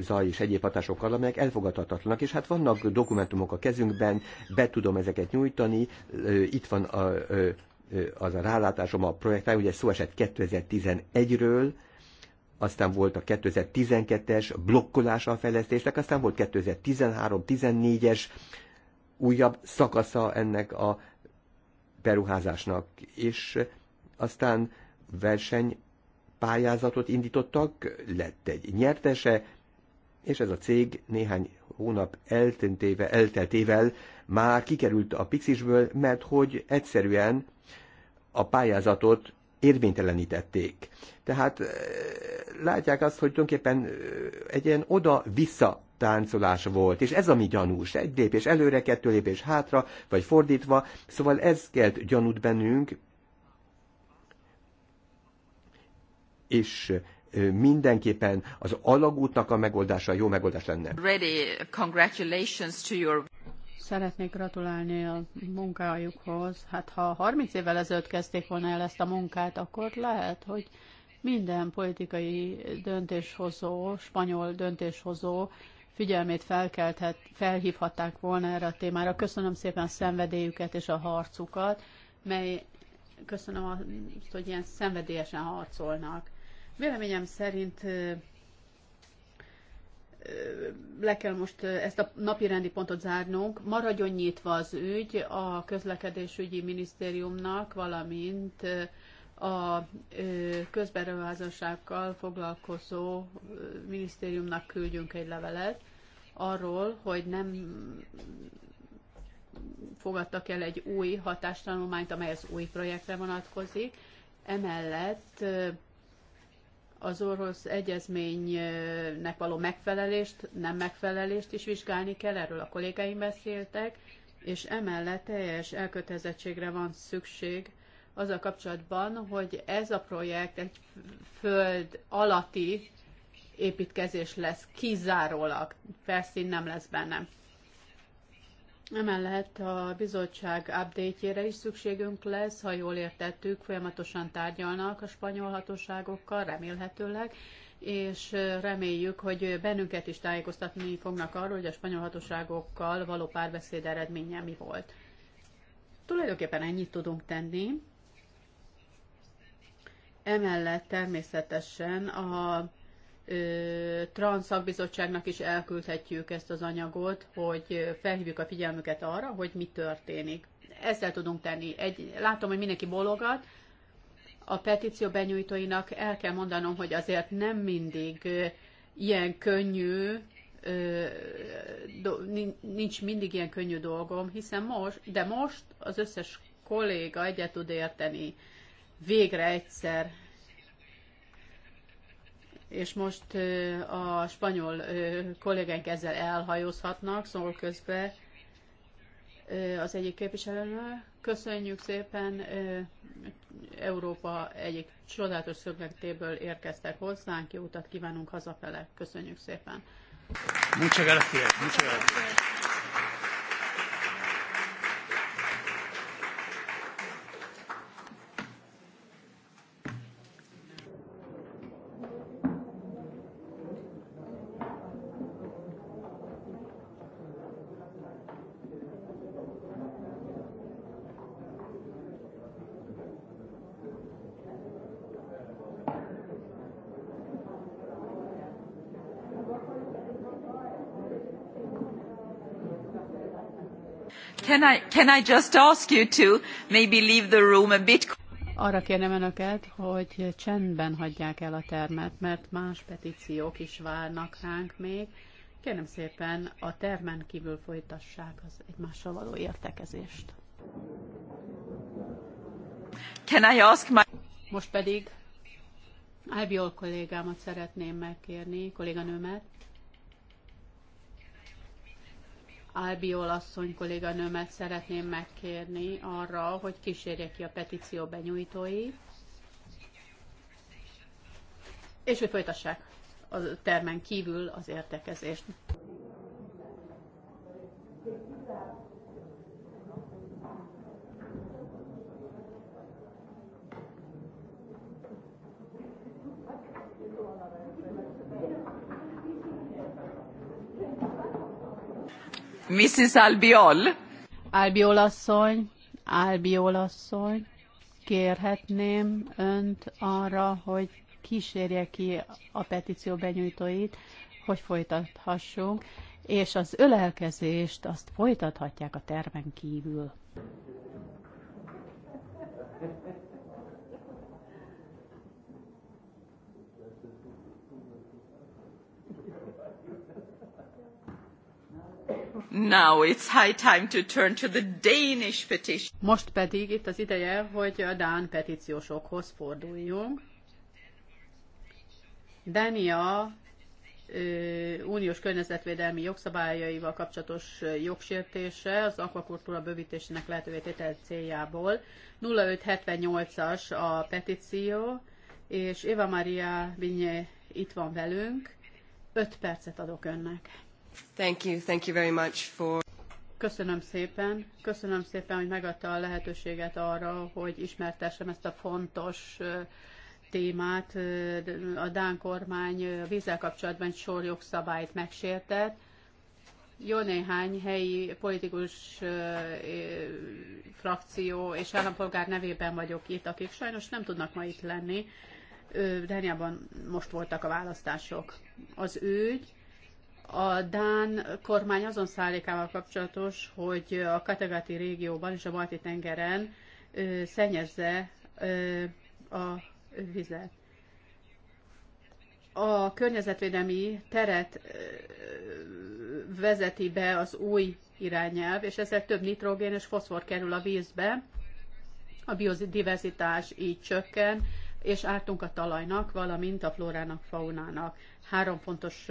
zaj és egyéb hatásokkal, amelyek elfogadhatatlanak, és hát vannak dokumentumok a kezünkben, be tudom ezeket nyújtani, itt van a, az a rálátásom a projektre, ugye szó esett 2011-ről, aztán volt a 2012-es blokkolása a fejlesztésnek, aztán volt 2013-14-es újabb szakasza ennek a beruházásnak, és aztán versenypályázatot indítottak, lett egy nyertese, és ez a cég néhány hónap eltentéve, elteltével már kikerült a Pixisből, mert hogy egyszerűen a pályázatot érvénytelenítették. Tehát eh, látják azt, hogy tulajdonképpen eh, egy ilyen oda-vissza táncolás volt, és ez a mi gyanús, egy lépés előre, kettő lépés hátra, vagy fordítva, szóval ez kelt gyanút bennünk, és mindenképpen az alagútnak a megoldása jó megoldás lenne. Ready, congratulations to your... Szeretnék gratulálni a munkájukhoz. Hát ha 30 évvel ezelőtt kezdték volna el ezt a munkát, akkor lehet, hogy minden politikai döntéshozó, spanyol döntéshozó figyelmét felkelthet, felhívhatták volna erre a témára. Köszönöm szépen a szenvedélyüket és a harcukat, mely köszönöm azt, hogy ilyen szenvedélyesen harcolnak. Véleményem szerint le kell most ezt a napi rendi pontot zárnunk. Maradjon nyitva az ügy a közlekedésügyi minisztériumnak, valamint a közberuházásokkal foglalkozó minisztériumnak küldjünk egy levelet arról, hogy nem fogadtak el egy új hatástanulmányt, amely az új projektre vonatkozik. Emellett az orosz egyezménynek való megfelelést, nem megfelelést is vizsgálni kell, erről a kollégáim beszéltek, és emellett teljes elkötelezettségre van szükség az a kapcsolatban, hogy ez a projekt egy föld alatti építkezés lesz, kizárólag felszín nem lesz benne. Emellett a bizottság update-jére is szükségünk lesz, ha jól értettük, folyamatosan tárgyalnak a spanyol hatóságokkal, remélhetőleg, és reméljük, hogy bennünket is tájékoztatni fognak arról, hogy a spanyol hatóságokkal való párbeszéd eredménye mi volt. Tulajdonképpen ennyit tudunk tenni. Emellett természetesen a Transzakbizottságnak is elküldhetjük ezt az anyagot, hogy felhívjuk a figyelmüket arra, hogy mi történik. Ezzel tudunk tenni. Egy, látom, hogy mindenki bologat. A petíció benyújtóinak el kell mondanom, hogy azért nem mindig ilyen könnyű, nincs mindig ilyen könnyű dolgom, hiszen most, de most az összes kolléga egyet tud érteni végre egyszer és most a spanyol kollégánk ezzel elhajózhatnak, szóval közbe az egyik képviselőnő. Köszönjük szépen, Európa egyik csodálatos szögletéből érkeztek hozzánk, jó utat kívánunk hazafele. Köszönjük szépen. Muchas gracias, muchas gracias. can I, can I just ask you to maybe leave the room a bit... Arra kérnem önöket, hogy csendben hagyják el a termet, mert más petíciók is várnak ránk még. Kérem szépen, a termen kívül folytassák az egymással való értekezést. Can I ask my... Most pedig Albiol kollégámat szeretném megkérni, kolléganőmet, Albi olasszony kolléganőmet szeretném megkérni arra, hogy kísérje ki a petíció benyújtói, és hogy folytassák a termen kívül az értekezést. Thank you. Mrs. Albiol. Albiol asszony, Albiol asszony, kérhetném önt arra, hogy kísérje ki a petíció benyújtóit, hogy folytathassunk, és az ölelkezést azt folytathatják a termen kívül. Thank you. Now it's high time to turn to the Danish petition. Most pedig itt az ideje, hogy a Dán petíciósokhoz forduljunk. Dánia uniós környezetvédelmi jogszabályaival kapcsolatos jogsértése az akvakultúra bővítésének lehetővé tétel céljából. 0578-as a petíció, és Eva Maria Vinyé itt van velünk. 5 percet adok önnek. Thank you, thank you very much for... Köszönöm szépen, köszönöm szépen, hogy megadta a lehetőséget arra, hogy ismertessem ezt a fontos témát. A Dán kormány a vízzel kapcsolatban egy sor jogszabályt megsértett. Jó néhány helyi politikus frakció és állampolgár nevében vagyok itt, akik sajnos nem tudnak ma itt lenni. Dániában most voltak a választások. Az ügy a Dán kormány azon szállékával kapcsolatos, hogy a Kategati régióban és a Balti tengeren ö, szennyezze ö, a vizet. A környezetvédelmi teret ö, vezeti be az új irányelv, és ezzel több nitrogén és foszfor kerül a vízbe, a biodiverzitás így csökken, és ártunk a talajnak, valamint a flórának, faunának. Három fontos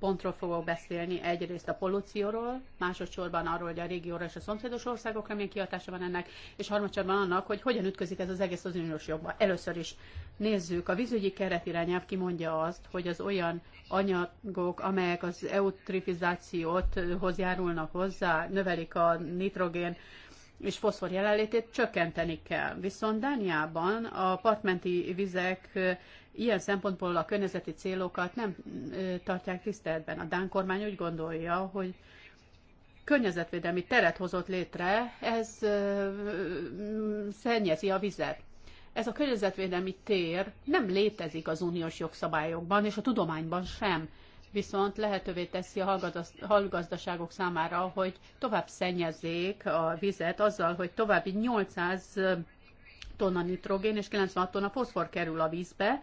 pontról fogok beszélni, egyrészt a pollúcióról, másodszorban arról, hogy a régióra és a szomszédos országokra milyen kihatása van ennek, és harmadsorban annak, hogy hogyan ütközik ez az egész az uniós jogba. Először is nézzük, a vízügyi keretirányelv kimondja azt, hogy az olyan anyagok, amelyek az eutrifizációt járulnak hozzá, növelik a nitrogén és foszfor jelenlétét csökkenteni kell. Viszont Dániában a partmenti vizek ilyen szempontból a környezeti célokat nem tartják tiszteletben. A Dán kormány úgy gondolja, hogy környezetvédelmi teret hozott létre, ez szennyezi a vizet. Ez a környezetvédelmi tér nem létezik az uniós jogszabályokban, és a tudományban sem viszont lehetővé teszi a hallgazdaságok számára, hogy tovább szennyezzék a vizet azzal, hogy további 800 tonna nitrogén és 96 tonna foszfor kerül a vízbe.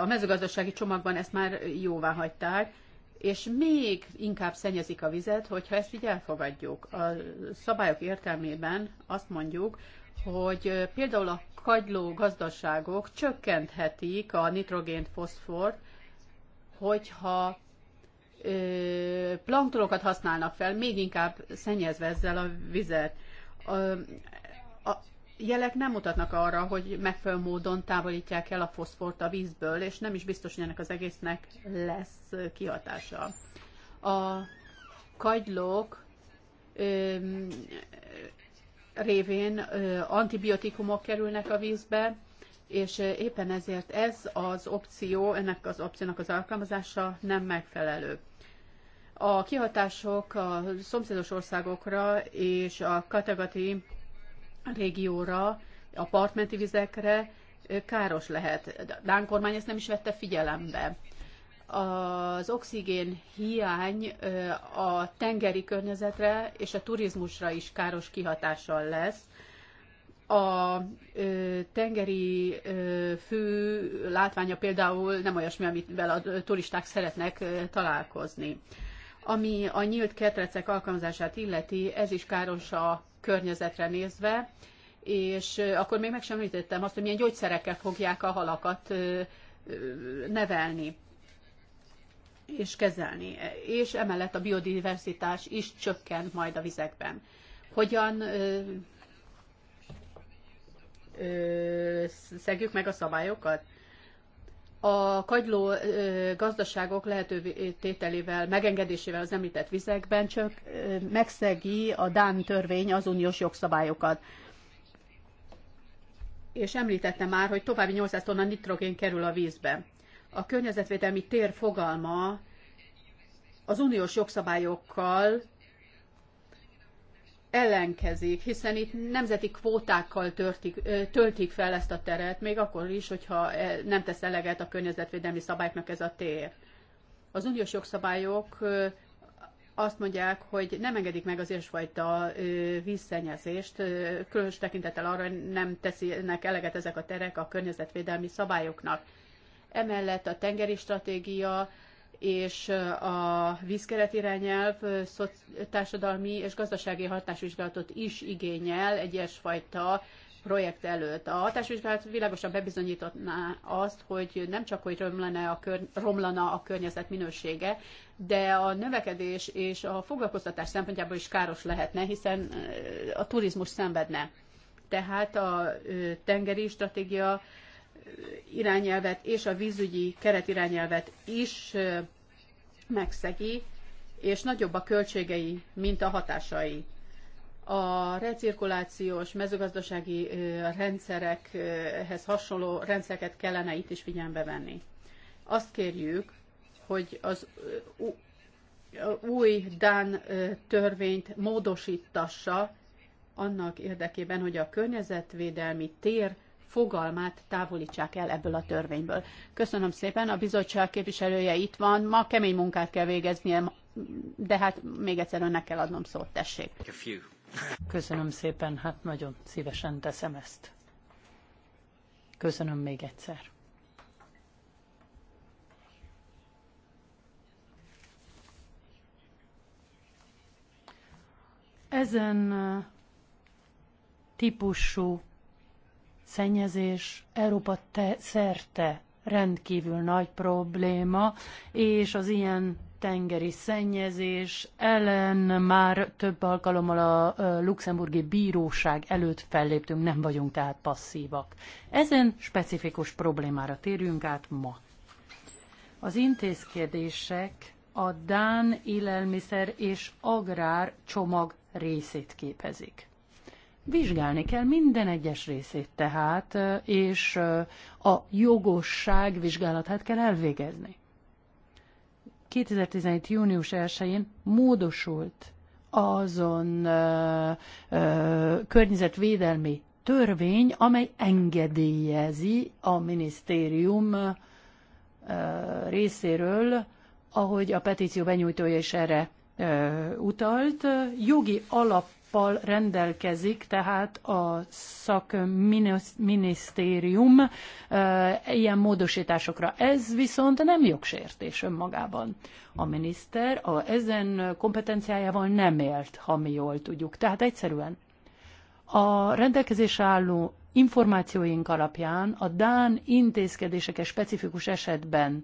A mezőgazdasági csomagban ezt már jóvá hagyták, és még inkább szennyezik a vizet, hogyha ezt így elfogadjuk. A szabályok értelmében azt mondjuk, hogy például a kagyló gazdaságok csökkenthetik a nitrogént, foszfort, hogyha planktonokat használnak fel, még inkább szennyezve ezzel a vizet. A, a, jelek nem mutatnak arra, hogy megfelelő módon távolítják el a foszfort a vízből, és nem is biztos, hogy ennek az egésznek lesz kihatása. A kagylók ö, révén ö, antibiotikumok kerülnek a vízbe, és éppen ezért ez az opció, ennek az opciónak az alkalmazása nem megfelelő. A kihatások a szomszédos országokra és a kategati régióra, apartmenti vizekre káros lehet. A Dán kormány ezt nem is vette figyelembe. Az oxigén hiány a tengeri környezetre és a turizmusra is káros kihatással lesz. A tengeri fő látványa például nem olyasmi, amivel a turisták szeretnek találkozni. Ami a nyílt ketrecek alkalmazását illeti, ez is káros a környezetre nézve, és akkor még meg sem említettem azt, hogy milyen gyógyszerekkel fogják a halakat nevelni és kezelni. És emellett a biodiverzitás is csökkent majd a vizekben. Hogyan ö, ö, szegjük meg a szabályokat? a kagyló gazdaságok lehetővé tételével, megengedésével az említett vizekben csak megszegi a Dán törvény az uniós jogszabályokat. És említettem már, hogy további 800 tonna nitrogén kerül a vízbe. A környezetvédelmi tér fogalma az uniós jogszabályokkal ellenkezik, hiszen itt nemzeti kvótákkal törtik, töltik fel ezt a teret, még akkor is, hogyha e, nem tesz eleget a környezetvédelmi szabályoknak ez a tér. Az uniós jogszabályok azt mondják, hogy nem engedik meg az ilyesfajta vízszennyezést, különös tekintettel arra, hogy nem tesznek eleget ezek a terek a környezetvédelmi szabályoknak. Emellett a tengeri stratégia és a vízkeret irányelv társadalmi és gazdasági hatásvizsgálatot is igényel egyes fajta projekt előtt. A hatásvizsgálat világosan bebizonyítaná azt, hogy nem csak, hogy romlana a, kör, romlana a környezet minősége, de a növekedés és a foglalkoztatás szempontjából is káros lehetne, hiszen a turizmus szenvedne. Tehát a tengeri stratégia irányelvet és a vízügyi keretirányelvet is megszegi, és nagyobb a költségei, mint a hatásai. A recirkulációs mezőgazdasági rendszerekhez hasonló rendszereket kellene itt is figyelembe venni. Azt kérjük, hogy az új Dán törvényt módosítassa annak érdekében, hogy a környezetvédelmi tér fogalmát távolítsák el ebből a törvényből. Köszönöm szépen, a bizottság képviselője itt van, ma kemény munkát kell végeznie, de hát még egyszer önnek kell adnom szót, tessék. Köszönöm szépen, hát nagyon szívesen teszem ezt. Köszönöm még egyszer. Ezen uh, típusú szennyezés Európa te- szerte rendkívül nagy probléma, és az ilyen tengeri szennyezés ellen már több alkalommal a luxemburgi bíróság előtt felléptünk, nem vagyunk tehát passzívak. Ezen specifikus problémára térjünk át ma. Az intézkedések a Dán élelmiszer és agrár csomag részét képezik. Vizsgálni kell minden egyes részét tehát, és a jogosság vizsgálatát kell elvégezni. 2017. június 1-én módosult azon ö, ö, környezetvédelmi törvény, amely engedélyezi a minisztérium ö, részéről, ahogy a petíció benyújtója is erre ö, utalt, jogi alap fal rendelkezik, tehát a szakminisztérium eh, ilyen módosításokra. Ez viszont nem jogsértés önmagában. A miniszter a ezen kompetenciájával nem élt, ha mi jól tudjuk. Tehát egyszerűen a rendelkezés álló információink alapján a Dán intézkedések specifikus esetben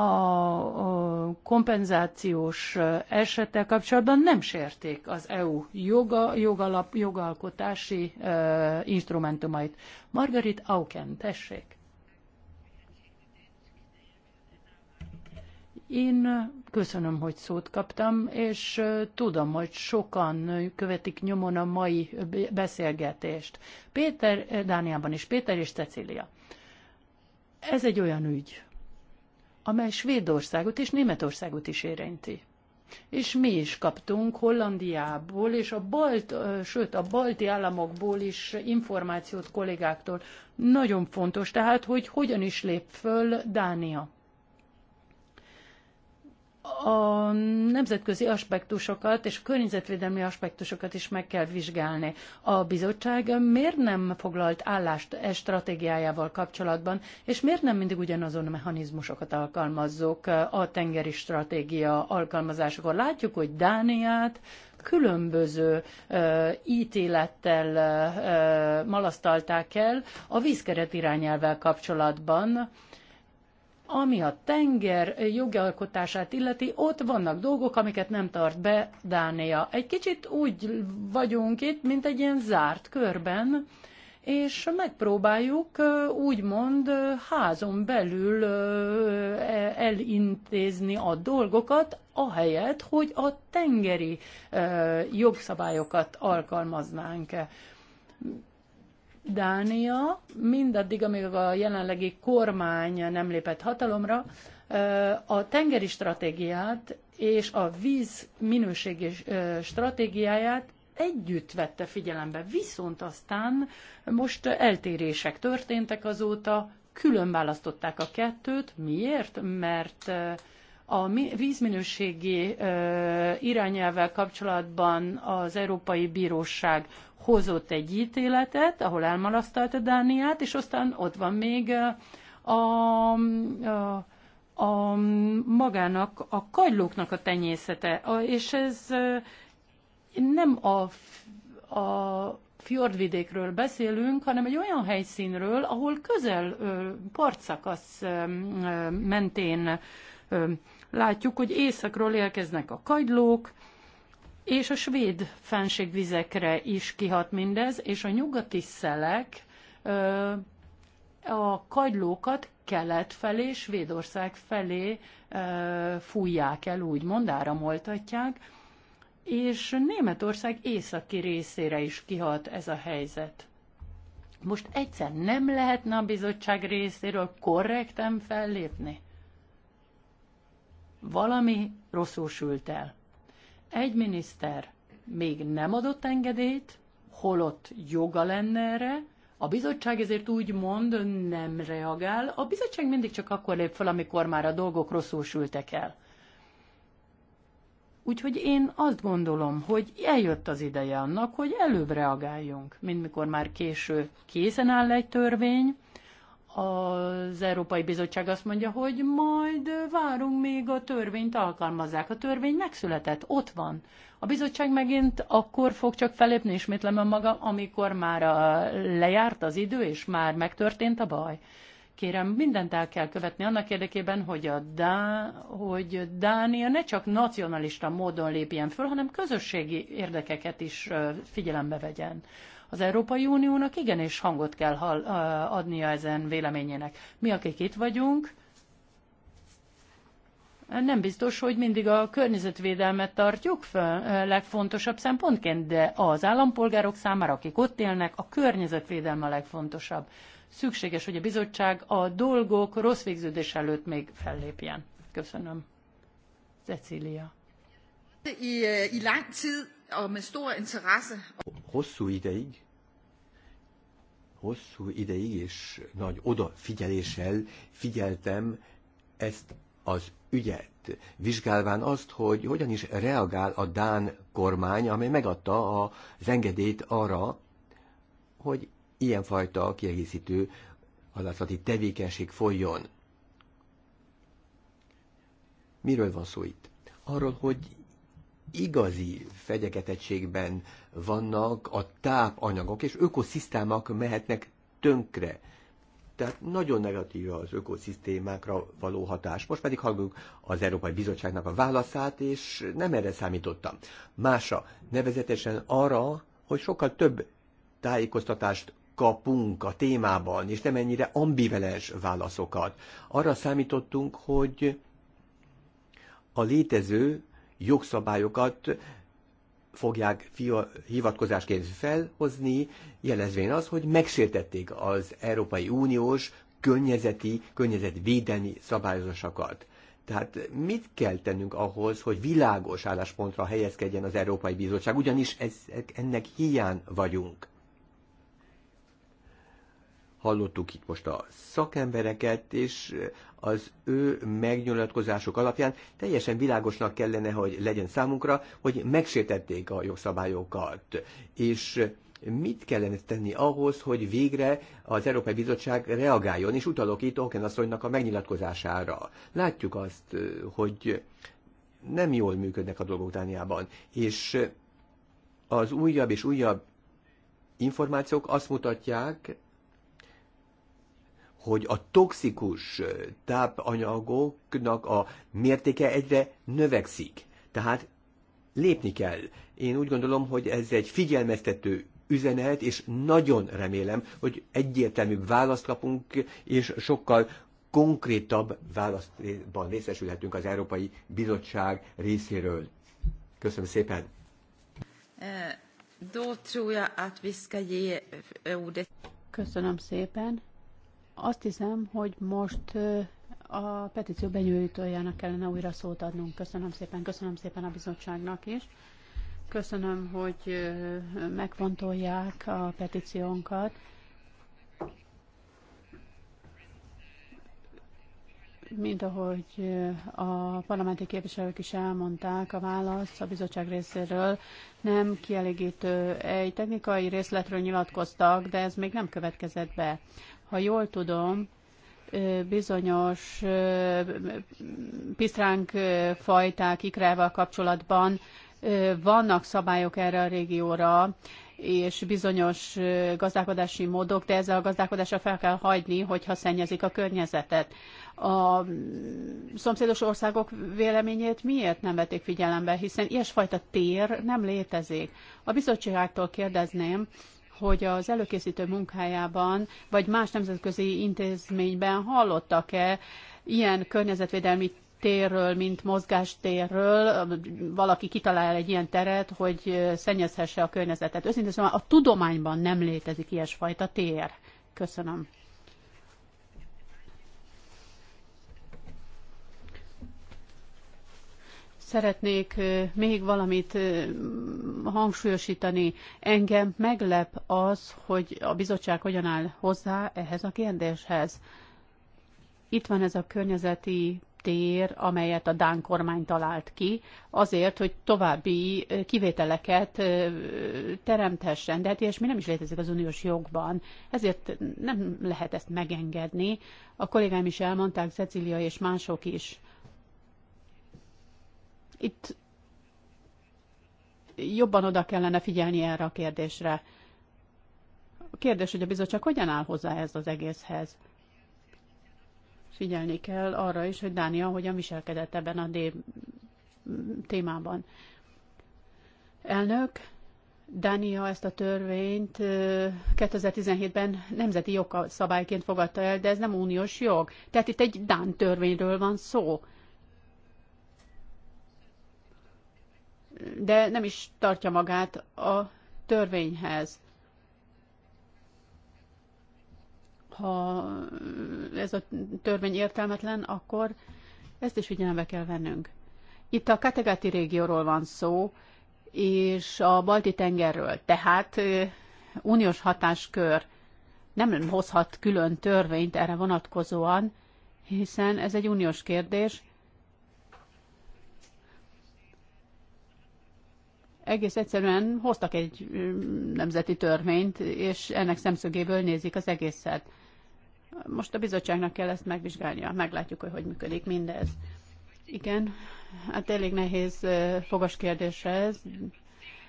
a kompenzációs esettel kapcsolatban nem sérték az EU joga, jogalap, jogalkotási instrumentumait. Margarit Auken, tessék! Én köszönöm, hogy szót kaptam, és tudom, hogy sokan követik nyomon a mai beszélgetést. Péter, Dániában is, Péter és Cecília. Ez egy olyan ügy, amely Svédországot és Németországot is érinti. És mi is kaptunk Hollandiából és a balt, sőt a balti államokból is információt kollégáktól. Nagyon fontos tehát, hogy hogyan is lép föl Dánia a nemzetközi aspektusokat és a környezetvédelmi aspektusokat is meg kell vizsgálni. A bizottság miért nem foglalt állást e stratégiájával kapcsolatban, és miért nem mindig ugyanazon mechanizmusokat alkalmazzuk a tengeri stratégia alkalmazásakor? Látjuk, hogy Dániát különböző uh, ítélettel uh, malasztalták el a vízkeret irányelvvel kapcsolatban ami a tenger jogalkotását illeti, ott vannak dolgok, amiket nem tart be Dánia. Egy kicsit úgy vagyunk itt, mint egy ilyen zárt körben, és megpróbáljuk úgymond házon belül e, elintézni a dolgokat, ahelyett, hogy a tengeri jogszabályokat alkalmaznánk. Dánia mindaddig, amíg a jelenlegi kormány nem lépett hatalomra, a tengeri stratégiát és a víz minőségi stratégiáját együtt vette figyelembe, viszont aztán most eltérések történtek azóta, külön választották a kettőt. Miért? Mert a vízminőségi irányelvvel kapcsolatban az Európai Bíróság hozott egy ítéletet, ahol elmarasztalta Dániát, és aztán ott van még a, a a magának, a kagylóknak a tenyészete, és ez nem a, a fjordvidékről beszélünk, hanem egy olyan helyszínről, ahol közel partszakasz mentén látjuk, hogy északról érkeznek a kagylók, és a svéd fenségvizekre is kihat mindez, és a nyugati szelek ö, a kagylókat kelet felé, Svédország felé ö, fújják el, úgymond áramoltatják, és Németország északi részére is kihat ez a helyzet. Most egyszer nem lehetne a bizottság részéről korrekten fellépni? Valami rosszul sült el egy miniszter még nem adott engedélyt, holott joga lenne erre, a bizottság ezért úgy mond, nem reagál. A bizottság mindig csak akkor lép fel, amikor már a dolgok rosszul sültek el. Úgyhogy én azt gondolom, hogy eljött az ideje annak, hogy előbb reagáljunk, mint mikor már késő készen áll egy törvény, az Európai Bizottság azt mondja, hogy majd várunk, még a törvényt alkalmazzák. A törvény megszületett, ott van. A bizottság megint akkor fog csak felépni, ismétlem a maga, amikor már a, lejárt az idő, és már megtörtént a baj. Kérem, mindent el kell követni annak érdekében, hogy, a Dá, hogy Dánia ne csak nacionalista módon lépjen föl, hanem közösségi érdekeket is figyelembe vegyen. Az Európai Uniónak igenis hangot kell adnia ezen véleményének. Mi, akik itt vagyunk, nem biztos, hogy mindig a környezetvédelmet tartjuk föl legfontosabb szempontként, de az állampolgárok számára, akik ott élnek, a környezetvédelme a legfontosabb. Szükséges, hogy a bizottság a dolgok rossz végződés előtt még fellépjen. Köszönöm. Cecília. I, i lang tid og med stor interesse. Hosszú ideig, hosszú ideig és nagy odafigyeléssel figyeltem ezt az ügyet, vizsgálván azt, hogy hogyan is reagál a Dán kormány, amely megadta az engedélyt arra, hogy ilyenfajta kiegészítő halászati tevékenység folyjon. Miről van szó itt? Arról, hogy igazi fegyegetettségben vannak a tápanyagok, és ökoszisztémák mehetnek tönkre. Tehát nagyon negatív az ökoszisztémákra való hatás. Most pedig halljuk az Európai Bizottságnak a válaszát, és nem erre számítottam. Másra, nevezetesen arra, hogy sokkal több tájékoztatást kapunk a témában, és nem ennyire ambivalens válaszokat. Arra számítottunk, hogy a létező jogszabályokat fogják hivatkozásként felhozni, jelezvén az, hogy megsértették az Európai Uniós környezeti, környezetvédelmi szabályozásokat. Tehát mit kell tennünk ahhoz, hogy világos álláspontra helyezkedjen az Európai Bizottság, ugyanis ez, ennek hiány vagyunk hallottuk itt most a szakembereket, és az ő megnyilatkozások alapján teljesen világosnak kellene, hogy legyen számunkra, hogy megsértették a jogszabályokat. És mit kellene tenni ahhoz, hogy végre az Európai Bizottság reagáljon, és utalok itt Oken asszonynak a megnyilatkozására. Látjuk azt, hogy nem jól működnek a dolgok Dániában, és az újabb és újabb információk azt mutatják, hogy a toxikus tápanyagoknak a mértéke egyre növekszik. Tehát lépni kell. Én úgy gondolom, hogy ez egy figyelmeztető üzenet, és nagyon remélem, hogy egyértelműbb választ kapunk, és sokkal konkrétabb választban részesülhetünk az Európai Bizottság részéről. Köszönöm szépen! Köszönöm szépen. Azt hiszem, hogy most a petíció benyújtójának kellene újra szót adnunk. Köszönöm szépen, köszönöm szépen a bizottságnak is. Köszönöm, hogy megfontolják a petíciónkat. Mint ahogy a parlamenti képviselők is elmondták, a válasz a bizottság részéről nem kielégítő. Egy technikai részletről nyilatkoztak, de ez még nem következett be. Ha jól tudom, bizonyos pisztránk fajták ikrával kapcsolatban vannak szabályok erre a régióra, és bizonyos gazdálkodási módok, de ezzel a gazdálkodással fel kell hagyni, hogyha szennyezik a környezetet. A szomszédos országok véleményét miért nem vették figyelembe, hiszen ilyesfajta tér nem létezik. A bizottságtól kérdezném, hogy az előkészítő munkájában, vagy más nemzetközi intézményben hallottak-e ilyen környezetvédelmi térről, mint mozgástérről, valaki kitalál egy ilyen teret, hogy szennyezhesse a környezetet. Őszintén szóval a tudományban nem létezik ilyesfajta tér. Köszönöm. Szeretnék még valamit hangsúlyosítani. Engem meglep az, hogy a bizottság hogyan áll hozzá ehhez a kérdéshez. Itt van ez a környezeti tér, amelyet a Dán kormány talált ki, azért, hogy további kivételeket teremtessen. De hát ilyesmi nem is létezik az uniós jogban, ezért nem lehet ezt megengedni. A kollégám is elmondták, Cecília és mások is. Itt jobban oda kellene figyelni erre a kérdésre. A kérdés, hogy a bizottság hogyan áll hozzá ez az egészhez. Figyelni kell arra is, hogy Dánia hogyan viselkedett ebben a témában. Elnök, Dánia ezt a törvényt 2017-ben nemzeti jogszabályként fogadta el, de ez nem uniós jog. Tehát itt egy Dán törvényről van szó. de nem is tartja magát a törvényhez. Ha ez a törvény értelmetlen, akkor ezt is figyelembe kell vennünk. Itt a Kategáti régióról van szó, és a Balti tengerről, tehát uniós hatáskör nem hozhat külön törvényt erre vonatkozóan, hiszen ez egy uniós kérdés, egész egyszerűen hoztak egy nemzeti törvényt, és ennek szemszögéből nézik az egészet. Most a bizottságnak kell ezt megvizsgálnia, meglátjuk, hogy hogy működik mindez. Igen, hát elég nehéz fogas kérdés ez.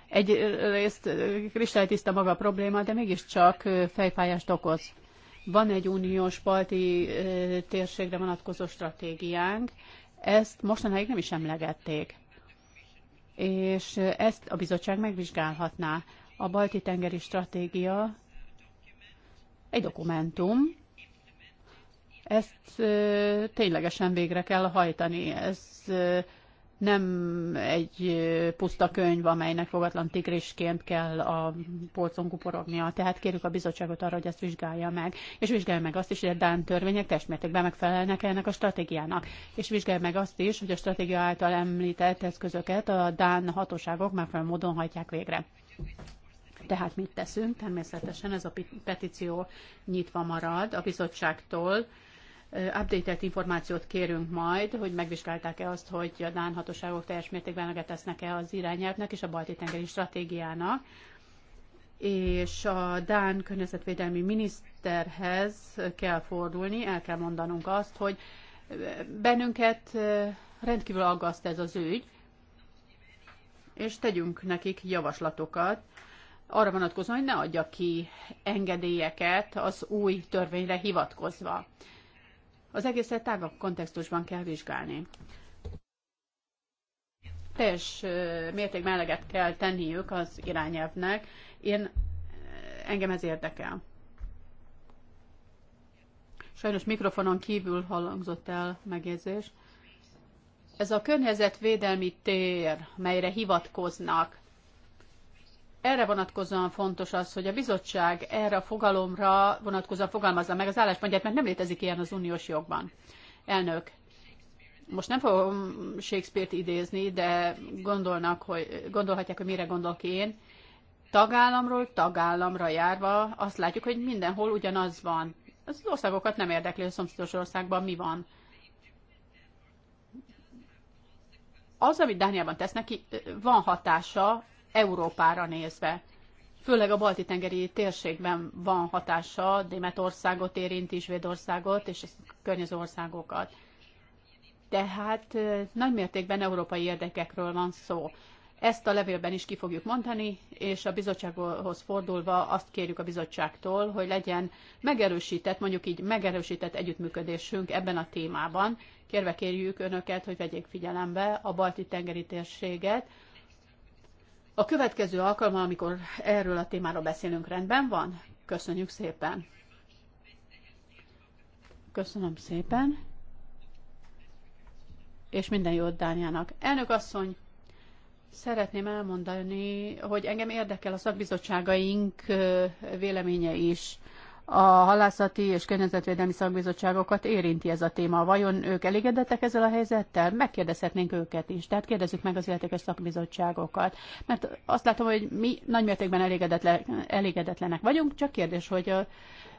Egyrészt kristálytiszta maga a probléma, de mégiscsak fejfájást okoz. Van egy uniós balti térségre vonatkozó stratégiánk, ezt mostanáig nem is emlegették és ezt a bizottság megvizsgálhatná. A balti tengeri stratégia egy dokumentum, ezt ténylegesen végre kell hajtani. Ez nem egy puszta könyv, amelynek fogatlan tigrisként kell a polcon kuporognia. Tehát kérjük a bizottságot arra, hogy ezt vizsgálja meg, és vizsgálja meg azt is, hogy a Dán törvények testmértékben megfelelnek ennek a stratégiának, és vizsgálja meg azt is, hogy a stratégia által említett eszközöket a Dán hatóságok megfelelő módon hajtják végre. Tehát mit teszünk? Természetesen ez a petíció nyitva marad a bizottságtól, updated információt kérünk majd, hogy megvizsgálták-e azt, hogy a Dán hatóságok teljes mértékben megetesznek-e az irányelvnek és a balti tengeri stratégiának. És a Dán környezetvédelmi miniszterhez kell fordulni, el kell mondanunk azt, hogy bennünket rendkívül aggaszt ez az ügy, és tegyünk nekik javaslatokat, arra vonatkozóan, hogy ne adja ki engedélyeket az új törvényre hivatkozva. Az egészet tágabb kontextusban kell vizsgálni. Teljes mérték eleget kell tenniük az irányelvnek. Én, engem ez érdekel. Sajnos mikrofonon kívül hallangzott el megjegyzés. Ez a környezetvédelmi tér, melyre hivatkoznak, erre vonatkozóan fontos az, hogy a bizottság erre a fogalomra vonatkozóan fogalmazza meg az álláspontját, mert nem létezik ilyen az uniós jogban. Elnök, most nem fogom Shakespeare-t idézni, de gondolnak, hogy, gondolhatják, hogy mire gondolok én. Tagállamról tagállamra járva azt látjuk, hogy mindenhol ugyanaz van. Az országokat nem érdekli, hogy a szomszédos országban mi van. Az, amit Dániában tesznek, van hatása Európára nézve. Főleg a balti-tengeri térségben van hatása, Németországot érinti, Svédországot és a környező országokat. Tehát nagymértékben európai érdekekről van szó. Ezt a levélben is ki fogjuk mondani, és a bizottsághoz fordulva azt kérjük a bizottságtól, hogy legyen megerősített, mondjuk így megerősített együttműködésünk ebben a témában. Kérve kérjük önöket, hogy vegyék figyelembe a balti tengeri térséget, a következő alkalma, amikor erről a témáról beszélünk, rendben van? Köszönjük szépen! Köszönöm szépen! És minden jót Dániának! Elnök asszony, szeretném elmondani, hogy engem érdekel a szakbizottságaink véleménye is a halászati és környezetvédelmi szakbizottságokat érinti ez a téma. Vajon ők elégedettek ezzel a helyzettel? Megkérdezhetnénk őket is. Tehát kérdezzük meg az illetékes szakbizottságokat. Mert azt látom, hogy mi nagymértékben elégedetlenek, elégedetlenek vagyunk, csak kérdés, hogy a,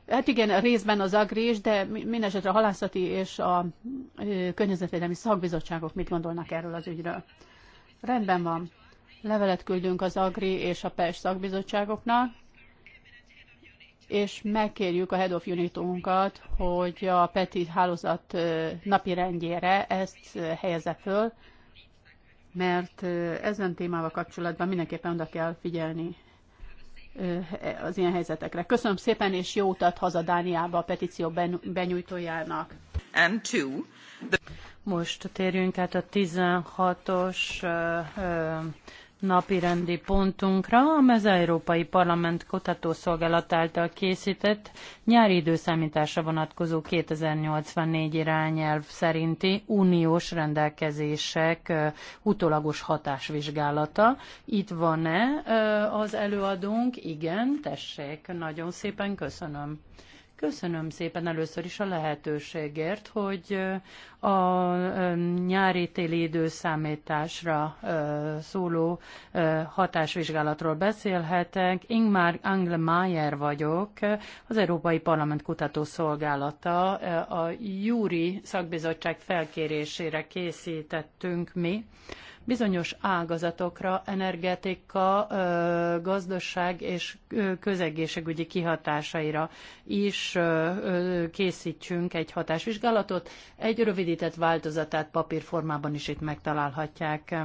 Hát igen, részben az agrés, de mindesetre a halászati és a környezetvédelmi szakbizottságok mit gondolnak erről az ügyről. Rendben van. Levelet küldünk az agri és a PES szakbizottságoknak, és megkérjük a Head of Unitunkat, hogy a PETI hálózat napi rendjére ezt helyezze föl, mert ezen témával kapcsolatban mindenképpen oda kell figyelni e, az ilyen helyzetekre. Köszönöm szépen, és jó utat haza Dániába a petíció benyújtójának. And two, the... Most térjünk át a 16-os napi rendi pontunkra, amely az Európai Parlament Kutatószolgálat által készített nyári időszámításra vonatkozó 2084 irányelv szerinti uniós rendelkezések utólagos hatásvizsgálata. Itt van-e az előadónk? Igen, tessék, nagyon szépen köszönöm. Köszönöm szépen először is a lehetőségért, hogy a nyári-téli időszámításra szóló hatásvizsgálatról beszélhetek. Ingmar Mayer vagyok, az Európai Parlament Kutatószolgálata. A Júri Szakbizottság felkérésére készítettünk mi bizonyos ágazatokra energetika, gazdaság és közegészségügyi kihatásaira is készítsünk egy hatásvizsgálatot. Egy rövidített változatát papírformában is itt megtalálhatják.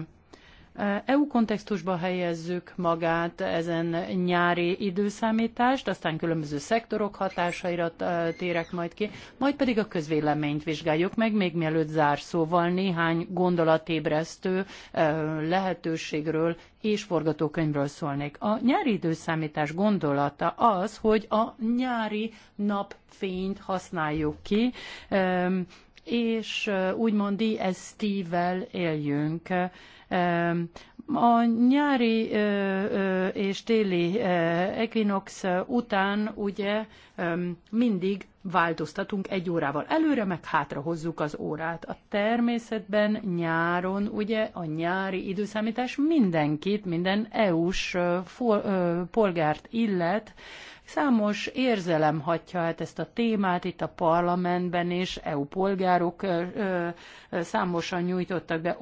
E, EU kontextusba helyezzük magát ezen nyári időszámítást, aztán különböző szektorok hatásaira e, térek majd ki, majd pedig a közvéleményt vizsgáljuk meg, még mielőtt zárszóval néhány gondolatébresztő e, lehetőségről és forgatókönyvről szólnék. A nyári időszámítás gondolata az, hogy a nyári napfényt használjuk ki, és úgymond DST-vel éljünk. A nyári és téli equinox után ugye mindig változtatunk egy órával előre, meg hátra hozzuk az órát. A természetben nyáron, ugye a nyári időszámítás mindenkit, minden EU-s polgárt illet, Számos érzelem hatja hát ezt a témát itt a parlamentben, és EU polgárok ö, ö, számosan nyújtottak be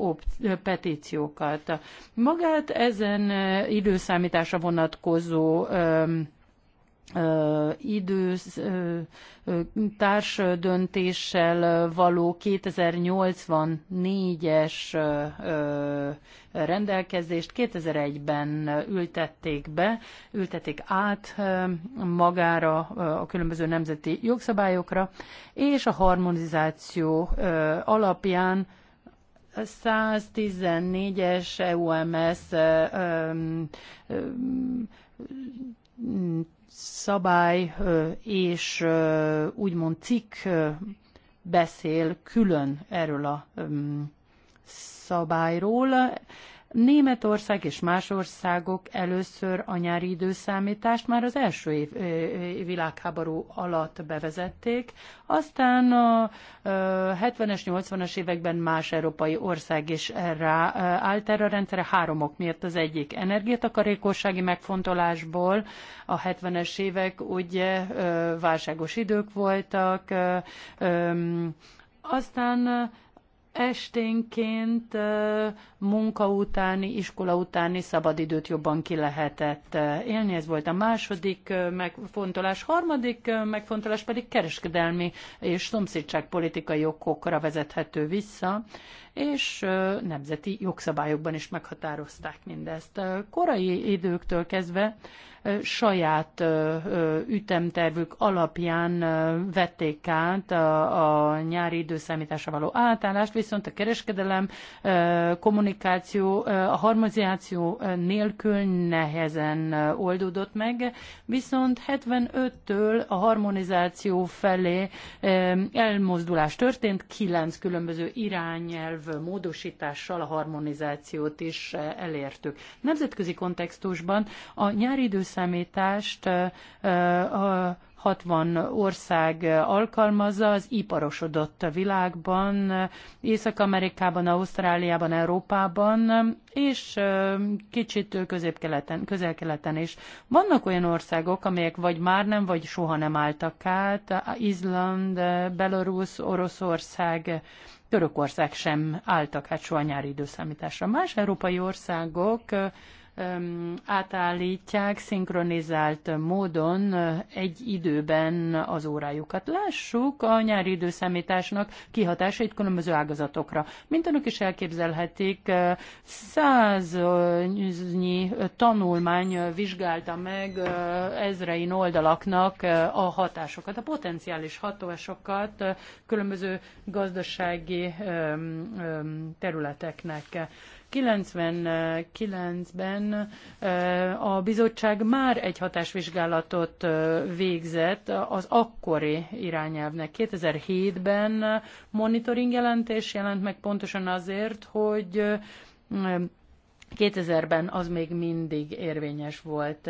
petíciókat. Magát ezen időszámításra vonatkozó ö, idős társ döntéssel való 2084-es rendelkezést 2001-ben ültették be, ültették át magára a különböző nemzeti jogszabályokra, és a harmonizáció alapján 114-es EUMS szabály és úgymond cikk beszél külön erről a szabályról. Németország és más országok először a nyári időszámítást már az első év, világháború alatt bevezették, aztán a 70-es, 80-as években más európai ország is ráállt erre a rendszerre, három ok miatt az egyik energiatakarékossági megfontolásból, a 70-es évek ugye válságos idők voltak, aztán esténként munka utáni, iskola utáni szabadidőt jobban ki lehetett élni. Ez volt a második megfontolás. Harmadik megfontolás pedig kereskedelmi és szomszédságpolitikai okokra vezethető vissza és nemzeti jogszabályokban is meghatározták mindezt. Korai időktől kezdve saját ütemtervük alapján vették át a nyári időszámításra való átállást, viszont a kereskedelem, kommunikáció, a harmonizáció nélkül nehezen oldódott meg, viszont 75-től a harmonizáció felé elmozdulás történt, kilenc különböző irányelv irányelv módosítással a harmonizációt is eh, elértük. Nemzetközi kontextusban a nyári időszámítást eh, eh, a 60 ország alkalmazza az iparosodott világban, Észak-Amerikában, Ausztráliában, Európában, és kicsit közép-keleten, közel-keleten is. Vannak olyan országok, amelyek vagy már nem, vagy soha nem álltak át, Izland, Belarus, Oroszország, Törökország sem álltak hát soha nyári időszámításra. Más európai országok átállítják szinkronizált módon egy időben az órájukat. Lássuk a nyári időszámításnak kihatásait különböző ágazatokra. Mint önök is elképzelhetik, száznyi tanulmány vizsgálta meg ezrein oldalaknak a hatásokat, a potenciális hatásokat különböző gazdasági területeknek. 99-ben eh, a bizottság már egy hatásvizsgálatot eh, végzett az akkori irányelvnek. 2007-ben monitoring jelentés jelent meg pontosan azért, hogy 2000-ben eh, az még mindig érvényes volt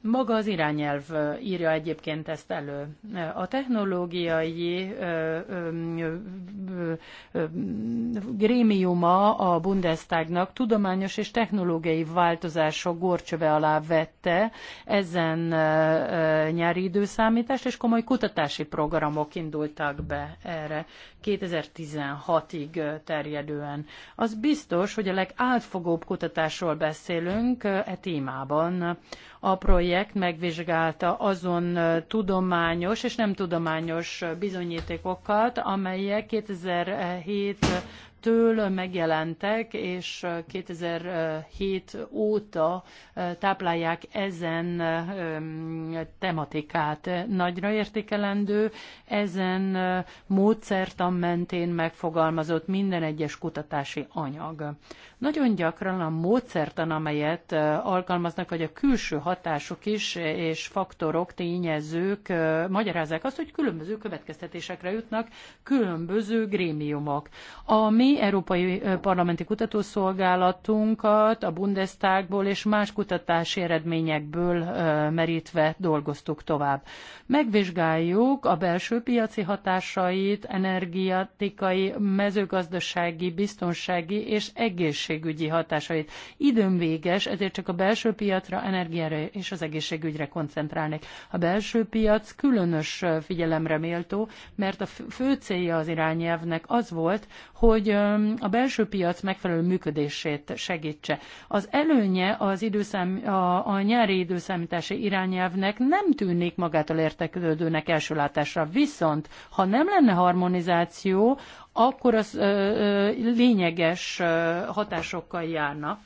maga az irányelv írja egyébként ezt elő. A technológiai grémiuma a Bundestagnak tudományos és technológiai változások gorcsöve alá vette ezen nyári időszámítást, és komoly kutatási programok indultak be erre 2016-ig terjedően. Az biztos, hogy a legátfogóbb kutatásról beszélünk e témában a projekt megvizsgálta azon tudományos és nem tudományos bizonyítékokat, amelyek 2007-től megjelentek, és 2007 óta táplálják ezen tematikát. Nagyra értékelendő, ezen módszertan mentén megfogalmazott minden egyes kutatási anyag. Nagyon gyakran a módszertan, amelyet alkalmaznak, vagy a külső hatások is, és faktorok, tényezők magyarázzák azt, hogy különböző következtetésekre jutnak különböző grémiumok. A mi Európai Parlamenti Kutatószolgálatunkat a Bundestagból és más kutatási eredményekből merítve dolgoztuk tovább. Megvizsgáljuk a belső piaci hatásait, energiatikai, mezőgazdasági, biztonsági és egészségügyi egészségügyi hatásait. Időn véges, ezért csak a belső piacra, energiára és az egészségügyre koncentrálnék. A belső piac különös figyelemre méltó, mert a fő célja az irányelvnek az volt, hogy a belső piac megfelelő működését segítse. Az előnye az időszám, a, a nyári időszámítási irányelvnek nem tűnik magától értekedődőnek első látásra, viszont ha nem lenne harmonizáció, akkor az lényeges hatásokkal járna.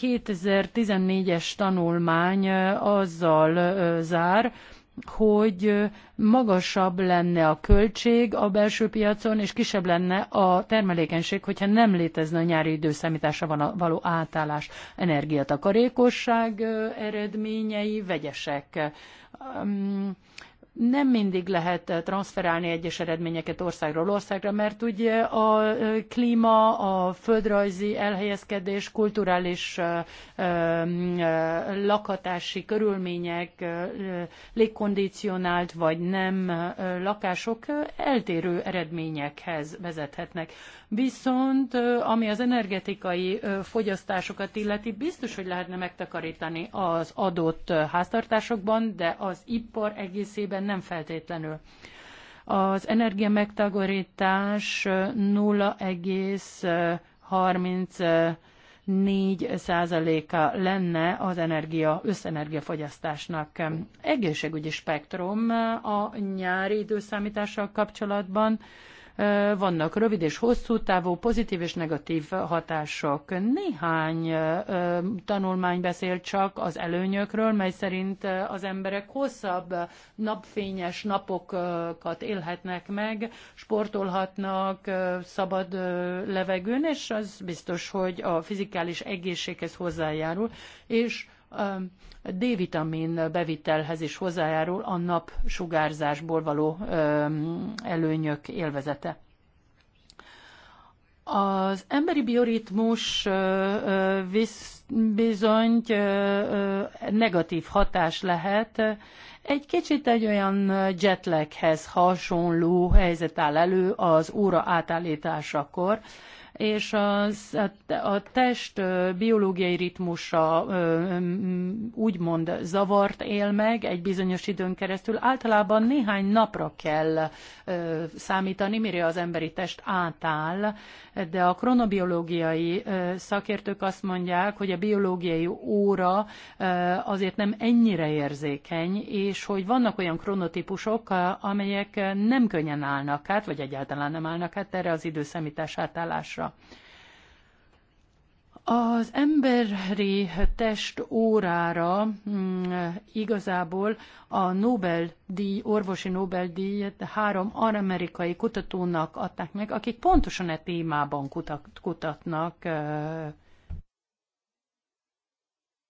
2014-es tanulmány azzal zár, hogy magasabb lenne a költség a belső piacon, és kisebb lenne a termelékenység, hogyha nem létezne a nyári időszámításra való átállás. Energiatakarékosság eredményei vegyesek nem mindig lehet eh, transferálni egyes eredményeket országról országra, mert ugye a eh, klíma, a földrajzi elhelyezkedés, kulturális eh, lakhatási körülmények, légkondicionált vagy nem lakások eltérő eredményekhez vezethetnek viszont ami az energetikai fogyasztásokat illeti, biztos, hogy lehetne megtakarítani az adott háztartásokban, de az ipar egészében nem feltétlenül. Az energia megtakarítás 0,30 4%-a lenne az energia, összenergiafogyasztásnak. Egészségügyi spektrum a nyári időszámítással kapcsolatban vannak rövid és hosszú távú pozitív és negatív hatások. Néhány tanulmány beszél csak az előnyökről, mely szerint az emberek hosszabb napfényes napokat élhetnek meg, sportolhatnak szabad levegőn, és az biztos, hogy a fizikális egészséghez hozzájárul, és D-vitamin bevitelhez is hozzájárul a nap sugárzásból való előnyök élvezete. Az emberi bioritmus bizony negatív hatás lehet. Egy kicsit egy olyan jetlaghez hasonló helyzet áll elő az óra átállításakor, és az, a test biológiai ritmusa úgymond zavart él meg egy bizonyos időn keresztül. Általában néhány napra kell számítani, mire az emberi test átáll, de a kronobiológiai szakértők azt mondják, hogy a biológiai óra azért nem ennyire érzékeny, és hogy vannak olyan kronotípusok, amelyek nem könnyen állnak át, vagy egyáltalán nem állnak át erre az időszemítás átállásra óra. Az emberi test órára mm, igazából a Nobel-díj, orvosi Nobel-díjat három amerikai kutatónak adták meg, akik pontosan e témában kutat, kutatnak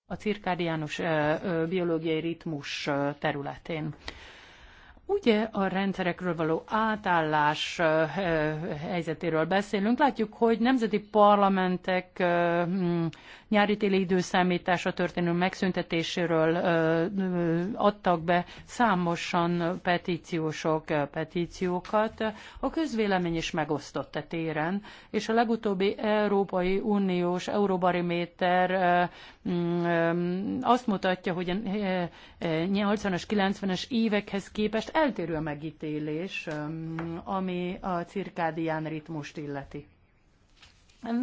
a cirkádiánus biológiai ritmus területén. Ugye a rendszerekről való átállás helyzetéről beszélünk. Látjuk, hogy nemzeti parlamentek nyári-téli időszámításra történő megszüntetéséről adtak be számosan petíciósok petíciókat. A közvélemény is megosztott a e téren, és a legutóbbi Európai Uniós Euróbariméter mm, azt mutatja, hogy a 80-as, e, 90-es évekhez képest eltérő a megítélés, ami a cirkádián ritmust illeti.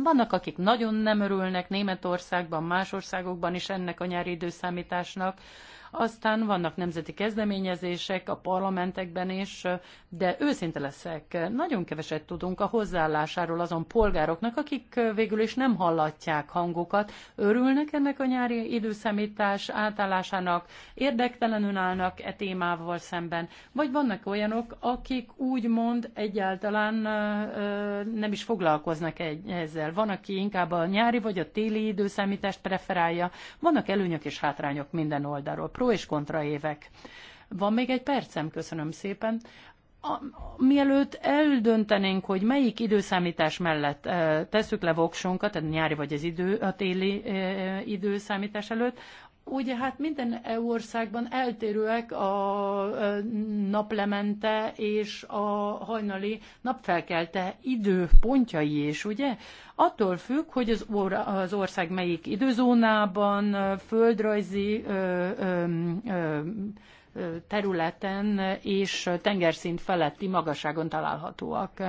Vannak, akik nagyon nem örülnek Németországban, más országokban is ennek a nyári időszámításnak, aztán vannak nemzeti kezdeményezések a parlamentekben is, de őszinte leszek, nagyon keveset tudunk a hozzáállásáról azon polgároknak, akik végül is nem hallatják hangukat, örülnek ennek a nyári időszemítás átállásának, érdektelenül állnak e témával szemben, vagy vannak olyanok, akik úgymond egyáltalán nem is foglalkoznak ezzel. Van, aki inkább a nyári vagy a téli időszámítást preferálja, vannak előnyök és hátrányok minden oldalról pro és kontra évek. Van még egy percem, köszönöm szépen. A, mielőtt eldöntenénk, hogy melyik időszámítás mellett e, tesszük le voksunkat, a nyári vagy az idő, a téli e, időszámítás előtt, Ugye hát minden EU országban eltérőek a naplemente és a hajnali napfelkelte időpontjai is, ugye? Attól függ, hogy az, or- az ország melyik időzónában, földrajzi ö, ö, ö, területen és tengerszint feletti magasságon találhatóak.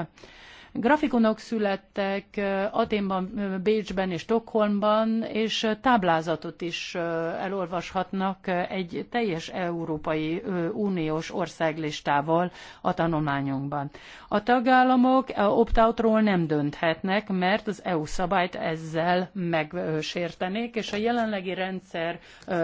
Grafikonok születtek Aténban, Bécsben és Stockholmban, és táblázatot is elolvashatnak egy teljes Európai Uniós országlistával a tanulmányunkban. A tagállamok opt-outról nem dönthetnek, mert az EU szabályt ezzel megsértenék, és a jelenlegi rendszer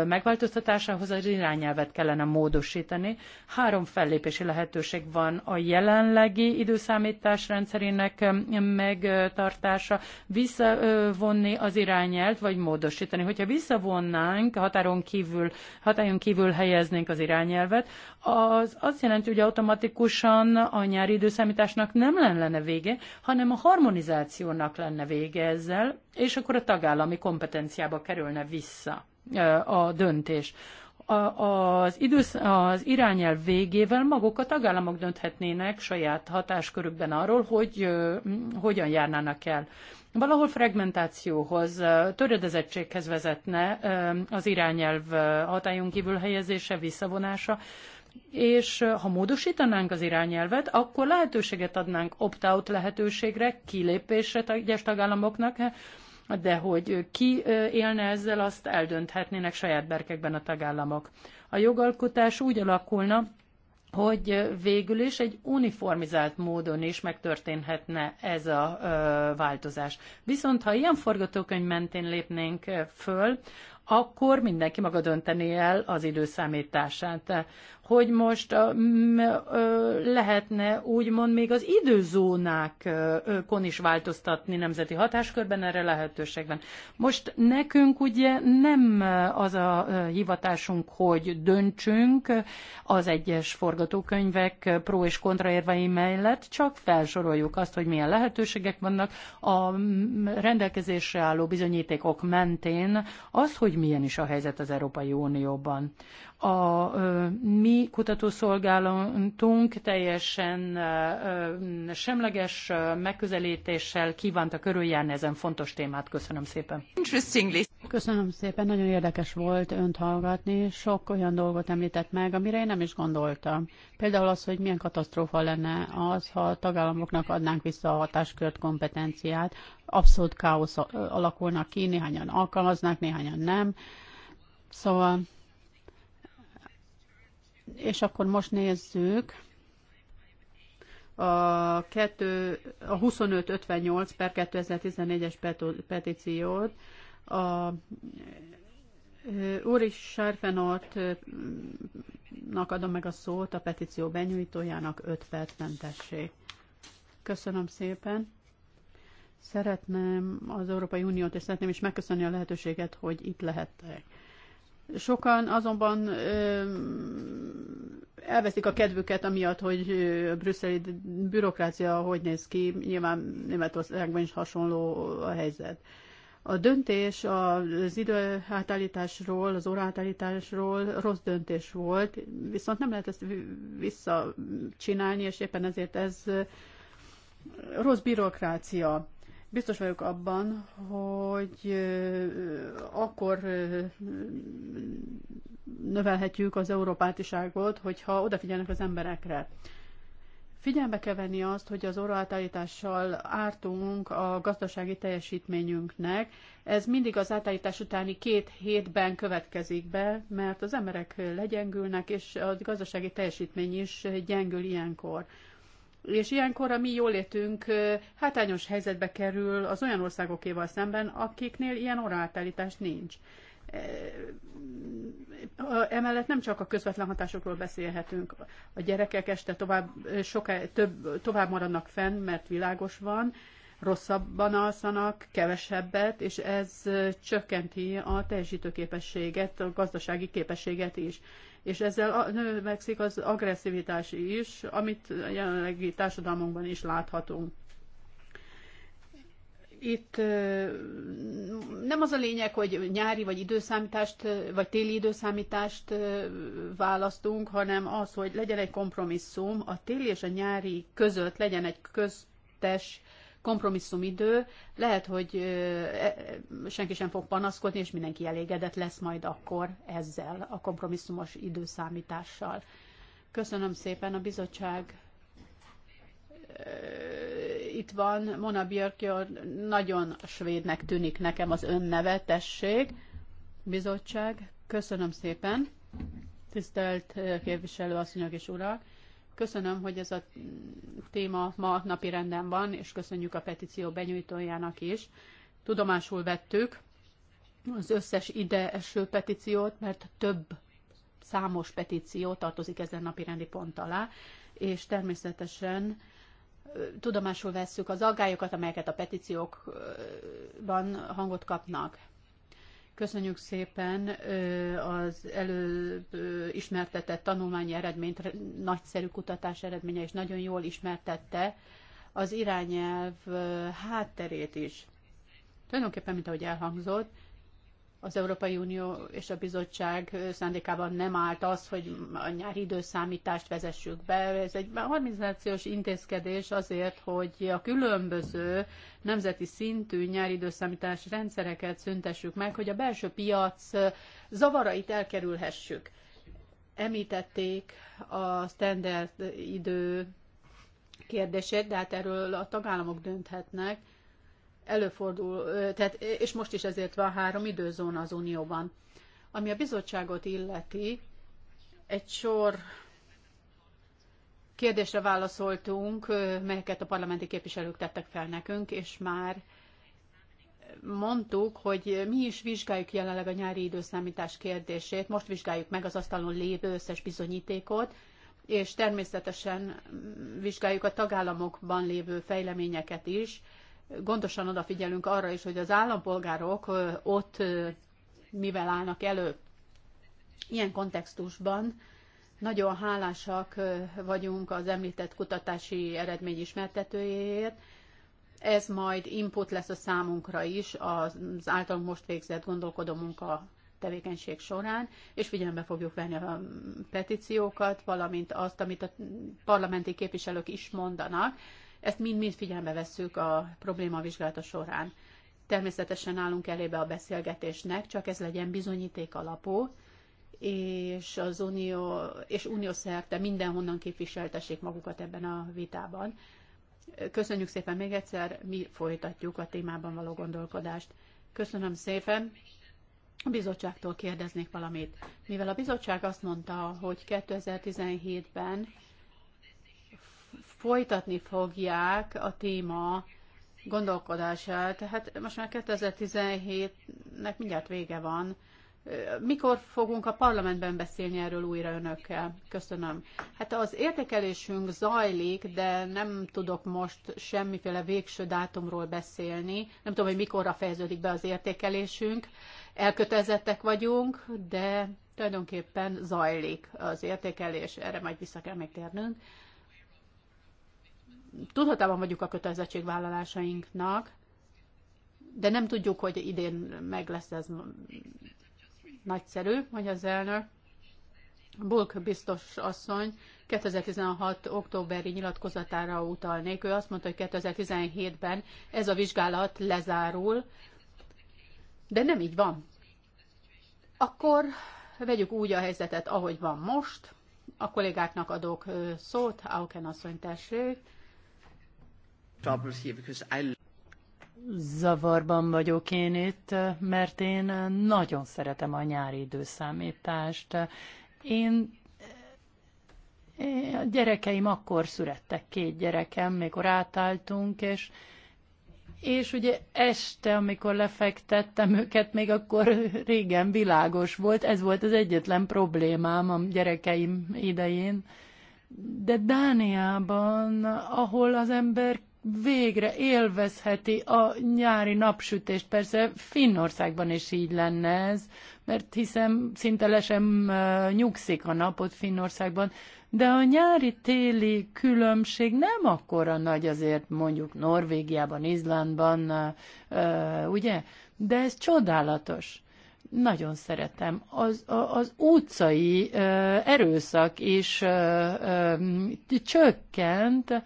megváltoztatásához az irányelvet kellene módosítani. Három fellépési lehetőség van a jelenlegi időszámítás rendszerén ennek megtartása, visszavonni az irányelt, vagy módosítani. Hogyha visszavonnánk, határon kívül, határon kívül helyeznénk az irányelvet, az azt jelenti, hogy automatikusan a nyári időszámításnak nem lenne vége, hanem a harmonizációnak lenne vége ezzel, és akkor a tagállami kompetenciába kerülne vissza a döntés az, idősz, az irányelv végével maguk a tagállamok dönthetnének saját hatáskörükben arról, hogy hogyan járnának el. Valahol fragmentációhoz, töredezettséghez vezetne az irányelv hatályunk kívül helyezése, visszavonása, és ha módosítanánk az irányelvet, akkor lehetőséget adnánk opt-out lehetőségre, kilépésre egyes tagállamoknak, de hogy ki élne ezzel, azt eldönthetnének saját berkekben a tagállamok. A jogalkotás úgy alakulna, hogy végül is egy uniformizált módon is megtörténhetne ez a ö, változás. Viszont ha ilyen forgatókönyv mentén lépnénk föl, akkor mindenki maga dönteni el az időszámítását hogy most lehetne úgymond még az időzónákon is változtatni nemzeti hatáskörben, erre lehetőség van. Most nekünk ugye nem az a hivatásunk, hogy döntsünk az egyes forgatókönyvek pró és érvei mellett, csak felsoroljuk azt, hogy milyen lehetőségek vannak a rendelkezésre álló bizonyítékok mentén, az, hogy milyen is a helyzet az Európai Unióban. A mi kutatószolgálatunk teljesen semleges megközelítéssel kívánta körüljárni ezen fontos témát. Köszönöm szépen. Köszönöm szépen, nagyon érdekes volt önt hallgatni. Sok olyan dolgot említett meg, amire én nem is gondoltam. Például az, hogy milyen katasztrófa lenne az, ha a tagállamoknak adnánk vissza a hatáskört kompetenciát. Abszolút káosz alakulnak ki, néhányan alkalmaznak, néhányan nem. Szóval és akkor most nézzük a, 2, a 2558 per 2014-es petíciót. A Úri Sárfenortnak adom meg a szót a petíció benyújtójának 5 perc tessék. Köszönöm szépen. Szeretném az Európai Uniót, és szeretném is megköszönni a lehetőséget, hogy itt lehettek. Sokan azonban elveszik a kedvüket amiatt, hogy a brüsszeli bürokrácia hogy néz ki, nyilván Németországban is hasonló a helyzet. A döntés az időhátállításról, az óraátállításról rossz döntés volt, viszont nem lehet ezt visszacsinálni, és éppen ezért ez rossz bürokrácia. Biztos vagyok abban, hogy akkor növelhetjük az európátiságot, hogyha odafigyelnek az emberekre. Figyelme kell venni azt, hogy az óraátállítással ártunk a gazdasági teljesítményünknek. Ez mindig az átállítás utáni két hétben következik be, mert az emberek legyengülnek, és a gazdasági teljesítmény is gyengül ilyenkor és ilyenkor a mi jólétünk hátrányos helyzetbe kerül az olyan országokéval szemben, akiknél ilyen orráltállítás nincs. Emellett nem csak a közvetlen hatásokról beszélhetünk. A gyerekek este tovább, soká, több, tovább maradnak fenn, mert világos van, rosszabban alszanak, kevesebbet, és ez csökkenti a teljesítőképességet, a gazdasági képességet is és ezzel növekszik az agresszivitás is, amit jelenlegi társadalmunkban is láthatunk. Itt nem az a lényeg, hogy nyári vagy időszámítást, vagy téli időszámítást választunk, hanem az, hogy legyen egy kompromisszum, a téli és a nyári között legyen egy köztes kompromisszumidő, lehet, hogy e, e, senki sem fog panaszkodni, és mindenki elégedett lesz majd akkor ezzel a kompromisszumos időszámítással. Köszönöm szépen a bizottság itt van, Mona Björkjör, nagyon svédnek tűnik nekem az önneve, tessék, bizottság, köszönöm szépen, tisztelt képviselő asszonyok és urak. Köszönöm, hogy ez a téma ma napi renden van, és köszönjük a petíció benyújtójának is. Tudomásul vettük az összes ide eső petíciót, mert több számos petíció tartozik ezen napi rendi pont alá, és természetesen tudomásul vesszük az aggályokat, amelyeket a petíciókban hangot kapnak. Köszönjük szépen az előbb ismertetett tanulmányi eredményt, nagyszerű kutatás eredménye, és nagyon jól ismertette az irányelv hátterét is. Tulajdonképpen, mint ahogy elhangzott, az Európai Unió és a bizottság szándékában nem állt az, hogy a nyári időszámítást vezessük be. Ez egy harmonizációs intézkedés azért, hogy a különböző nemzeti szintű nyári időszámítás rendszereket szüntessük meg, hogy a belső piac zavarait elkerülhessük említették a standard idő kérdését, de hát erről a tagállamok dönthetnek. Előfordul, tehát, és most is ezért van három időzóna az Unióban. Ami a bizottságot illeti, egy sor kérdésre válaszoltunk, melyeket a parlamenti képviselők tettek fel nekünk, és már mondtuk, hogy mi is vizsgáljuk jelenleg a nyári időszámítás kérdését, most vizsgáljuk meg az asztalon lévő összes bizonyítékot, és természetesen vizsgáljuk a tagállamokban lévő fejleményeket is. Gondosan odafigyelünk arra is, hogy az állampolgárok ott mivel állnak elő. Ilyen kontextusban nagyon hálásak vagyunk az említett kutatási eredmény ismertetőjéért, ez majd input lesz a számunkra is az általunk most végzett gondolkodó munka tevékenység során, és figyelembe fogjuk venni a petíciókat, valamint azt, amit a parlamenti képviselők is mondanak. Ezt mind-mind figyelembe vesszük a probléma vizsgálata során. Természetesen állunk elébe a beszélgetésnek, csak ez legyen bizonyíték alapú, és az unió, és unió szerte mindenhonnan képviseltessék magukat ebben a vitában. Köszönjük szépen még egyszer, mi folytatjuk a témában való gondolkodást. Köszönöm szépen. A bizottságtól kérdeznék valamit. Mivel a bizottság azt mondta, hogy 2017-ben folytatni fogják a téma gondolkodását, tehát most már 2017-nek mindjárt vége van, mikor fogunk a parlamentben beszélni erről újra önökkel? Köszönöm. Hát az értékelésünk zajlik, de nem tudok most semmiféle végső dátumról beszélni. Nem tudom, hogy mikorra fejeződik be az értékelésünk. Elkötelezettek vagyunk, de tulajdonképpen zajlik az értékelés, erre majd vissza kell még térnünk. Tudhatában vagyunk a kötelezettségvállalásainknak, de nem tudjuk, hogy idén meg lesz ez Nagyszerű, hogy az elnök. Bulk biztos asszony 2016. októberi nyilatkozatára utalnék. Ő azt mondta, hogy 2017-ben ez a vizsgálat lezárul, de nem így van. Akkor vegyük úgy a helyzetet, ahogy van most. A kollégáknak adok szót. Auken asszony, tessék zavarban vagyok én itt, mert én nagyon szeretem a nyári időszámítást. Én a gyerekeim akkor születtek, két gyerekem, mikor átálltunk, és, és ugye este, amikor lefektettem őket, még akkor régen világos volt, ez volt az egyetlen problémám a gyerekeim idején. De Dániában, ahol az ember végre élvezheti a nyári napsütést. Persze Finnországban is így lenne ez, mert hiszem szinte le sem nyugszik a napot Finnországban, de a nyári-téli különbség nem akkora nagy azért mondjuk Norvégiában, Izlandban, ugye? De ez csodálatos nagyon szeretem. Az, az utcai erőszak is csökkent,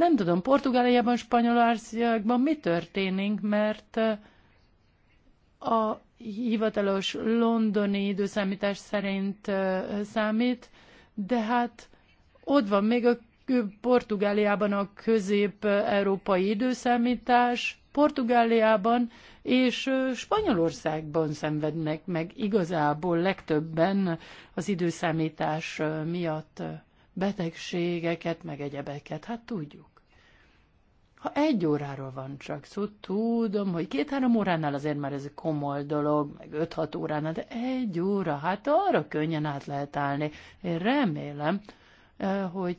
nem tudom, Portugáliában, Spanyolországban mi történik, mert a hivatalos londoni időszámítás szerint számít, de hát ott van még a Portugáliában a közép-európai időszámítás, Portugáliában és Spanyolországban szenvednek meg igazából legtöbben az időszámítás miatt betegségeket, meg egyebeket. Hát tudjuk. Ha egy óráról van csak szó, tudom, hogy két-három óránál azért már ez egy komoly dolog, meg öt-hat óránál, de egy óra, hát arra könnyen át lehet állni. Én remélem, eh, hogy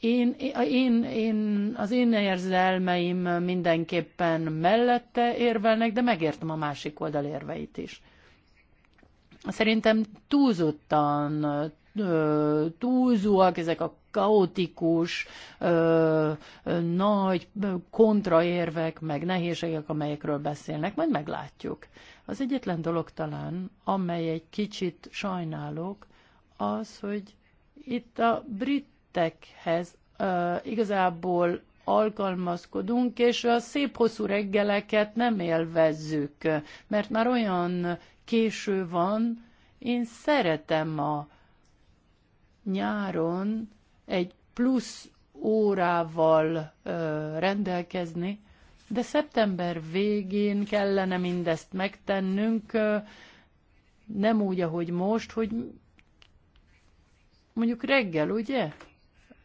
én, én, én, az én érzelmeim mindenképpen mellette érvelnek, de megértem a másik oldal érveit is. Szerintem túlzottan túlzóak, ezek a kaotikus, nagy kontraérvek, meg nehézségek, amelyekről beszélnek, majd meglátjuk. Az egyetlen dolog talán, amely egy kicsit sajnálok, az, hogy itt a britekhez igazából alkalmazkodunk, és a szép hosszú reggeleket nem élvezzük, mert már olyan késő van, én szeretem a nyáron egy plusz órával ö, rendelkezni, de szeptember végén kellene mindezt megtennünk, ö, nem úgy, ahogy most, hogy mondjuk reggel, ugye?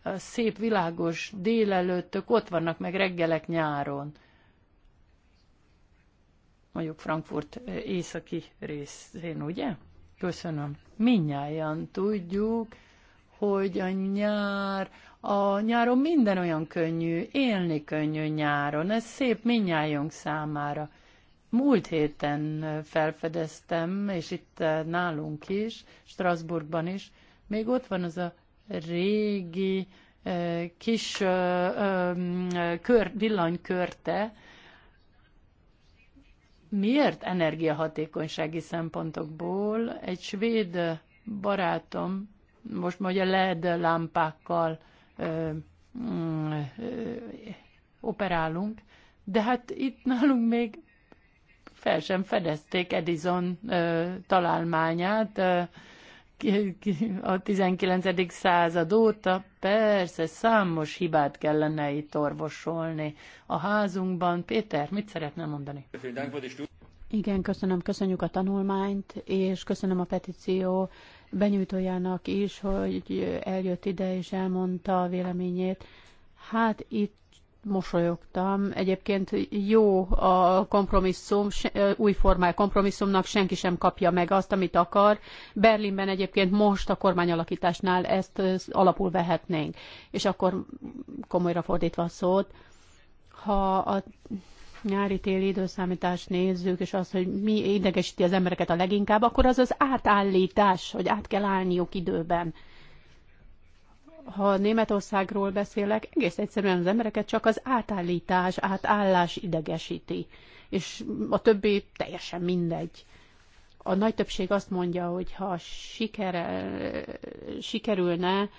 A szép világos délelőttök ott vannak meg reggelek nyáron. Mondjuk Frankfurt északi részén, ugye? Köszönöm. Minnyáján tudjuk, hogy a nyár, a nyáron minden olyan könnyű, élni könnyű nyáron, ez szép minnyájunk számára. Múlt héten felfedeztem, és itt nálunk is, Strasbourgban is, még ott van az a régi eh, kis eh, kör, villanykörte, miért energiahatékonysági szempontokból egy svéd barátom most már ugye LED lámpákkal ö, mm, ö, operálunk, de hát itt nálunk még fel sem fedezték Edison ö, találmányát ö, a 19. század óta. Persze, számos hibát kellene itt orvosolni a házunkban. Péter, mit szeretne mondani? Igen, köszönöm, köszönjük a tanulmányt, és köszönöm a petíció benyújtójának is, hogy eljött ide és elmondta a véleményét. Hát itt mosolyogtam. Egyébként jó a kompromisszum, új formál kompromisszumnak, senki sem kapja meg azt, amit akar. Berlinben egyébként most a kormányalakításnál ezt alapul vehetnénk. És akkor komolyra fordítva a szót, ha a nyári-téli időszámítást nézzük, és az, hogy mi idegesíti az embereket a leginkább, akkor az az átállítás, hogy át kell állniuk időben. Ha Németországról beszélek, egész egyszerűen az embereket csak az átállítás, átállás idegesíti, és a többi teljesen mindegy. A nagy többség azt mondja, hogy ha sikere, sikerülne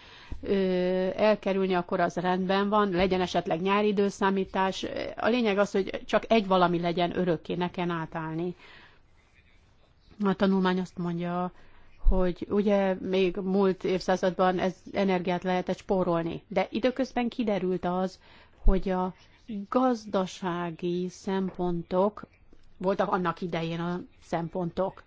elkerülni, akkor az rendben van, legyen esetleg nyári időszámítás. A lényeg az, hogy csak egy valami legyen örökké, ne kell átállni. A tanulmány azt mondja, hogy ugye még múlt évszázadban ez energiát lehetett spórolni, de időközben kiderült az, hogy a gazdasági szempontok voltak annak idején a szempontok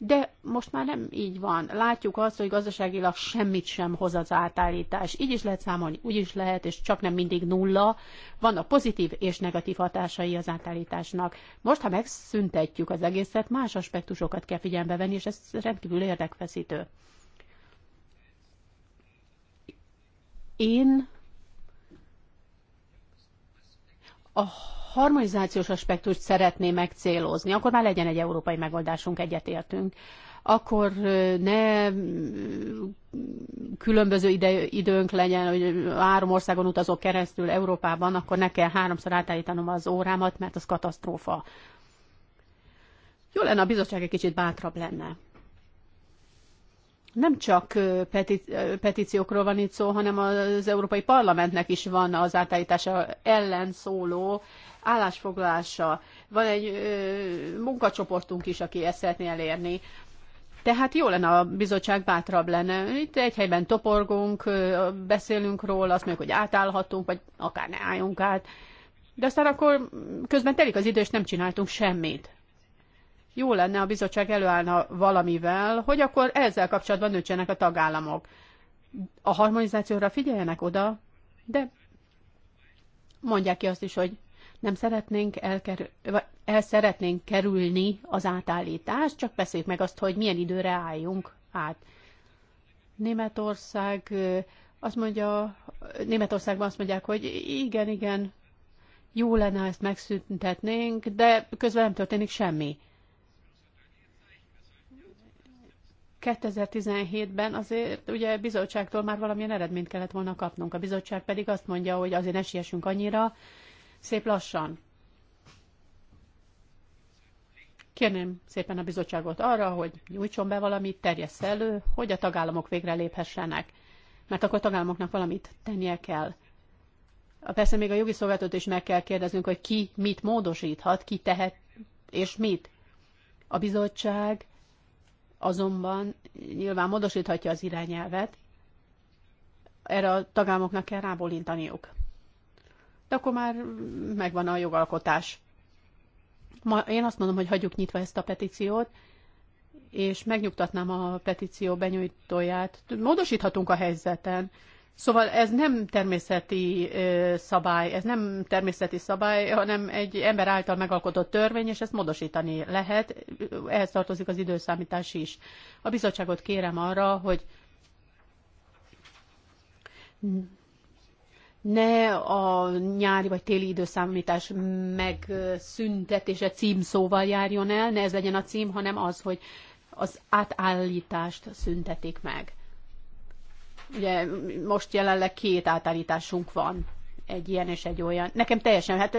de most már nem így van. Látjuk azt, hogy gazdaságilag semmit sem hoz az átállítás. Így is lehet számolni, úgy is lehet, és csak nem mindig nulla. van a pozitív és negatív hatásai az átállításnak. Most, ha megszüntetjük az egészet, más aspektusokat kell figyelembe venni, és ez rendkívül érdekfeszítő. Én a harmonizációs aspektust szeretné megcélozni, akkor már legyen egy európai megoldásunk, egyetértünk. Akkor ne mm, különböző ide, időnk legyen, hogy három országon utazok keresztül Európában, akkor ne kell háromszor átállítanom az órámat, mert az katasztrófa. Jó lenne, a bizottság egy kicsit bátrabb lenne nem csak petíciókról van itt szó, hanem az Európai Parlamentnek is van az átállítása ellen szóló állásfoglalása. Van egy ö, munkacsoportunk is, aki ezt szeretné elérni. Tehát jó lenne a bizottság bátrabb lenne. Itt egy helyben toporgunk, beszélünk róla, azt mondjuk, hogy átállhatunk, vagy akár ne álljunk át. De aztán akkor közben telik az idő, és nem csináltunk semmit jó lenne, a bizottság előállna valamivel, hogy akkor ezzel kapcsolatban nőtsenek a tagállamok. A harmonizációra figyeljenek oda, de mondják ki azt is, hogy nem szeretnénk, elkerül, el szeretnénk kerülni az átállítást, csak beszéljük meg azt, hogy milyen időre álljunk át. Németország azt mondja, Németországban azt mondják, hogy igen, igen, jó lenne, ha ezt megszüntetnénk, de közben nem történik semmi. 2017-ben azért ugye bizottságtól már valamilyen eredményt kellett volna kapnunk. A bizottság pedig azt mondja, hogy azért ne siessünk annyira, szép lassan. Kérném szépen a bizottságot arra, hogy nyújtson be valamit, terjessz elő, hogy a tagállamok végre léphessenek. Mert akkor a tagállamoknak valamit tennie kell. Persze még a jogi szolgáltatót is meg kell kérdeznünk, hogy ki mit módosíthat, ki tehet és mit. A bizottság azonban nyilván módosíthatja az irányelvet, erre a tagállamoknak kell rábólintaniuk. De akkor már megvan a jogalkotás. Ma én azt mondom, hogy hagyjuk nyitva ezt a petíciót, és megnyugtatnám a petíció benyújtóját. Módosíthatunk a helyzeten, Szóval ez nem természeti szabály, ez nem természeti szabály, hanem egy ember által megalkotott törvény, és ezt módosítani lehet, ehhez tartozik az időszámítás is. A bizottságot kérem arra, hogy ne a nyári vagy téli időszámítás megszüntetése címszóval járjon el, ne ez legyen a cím, hanem az, hogy az átállítást szüntetik meg. Ugye most jelenleg két átállításunk van, egy ilyen és egy olyan. Nekem teljesen, hát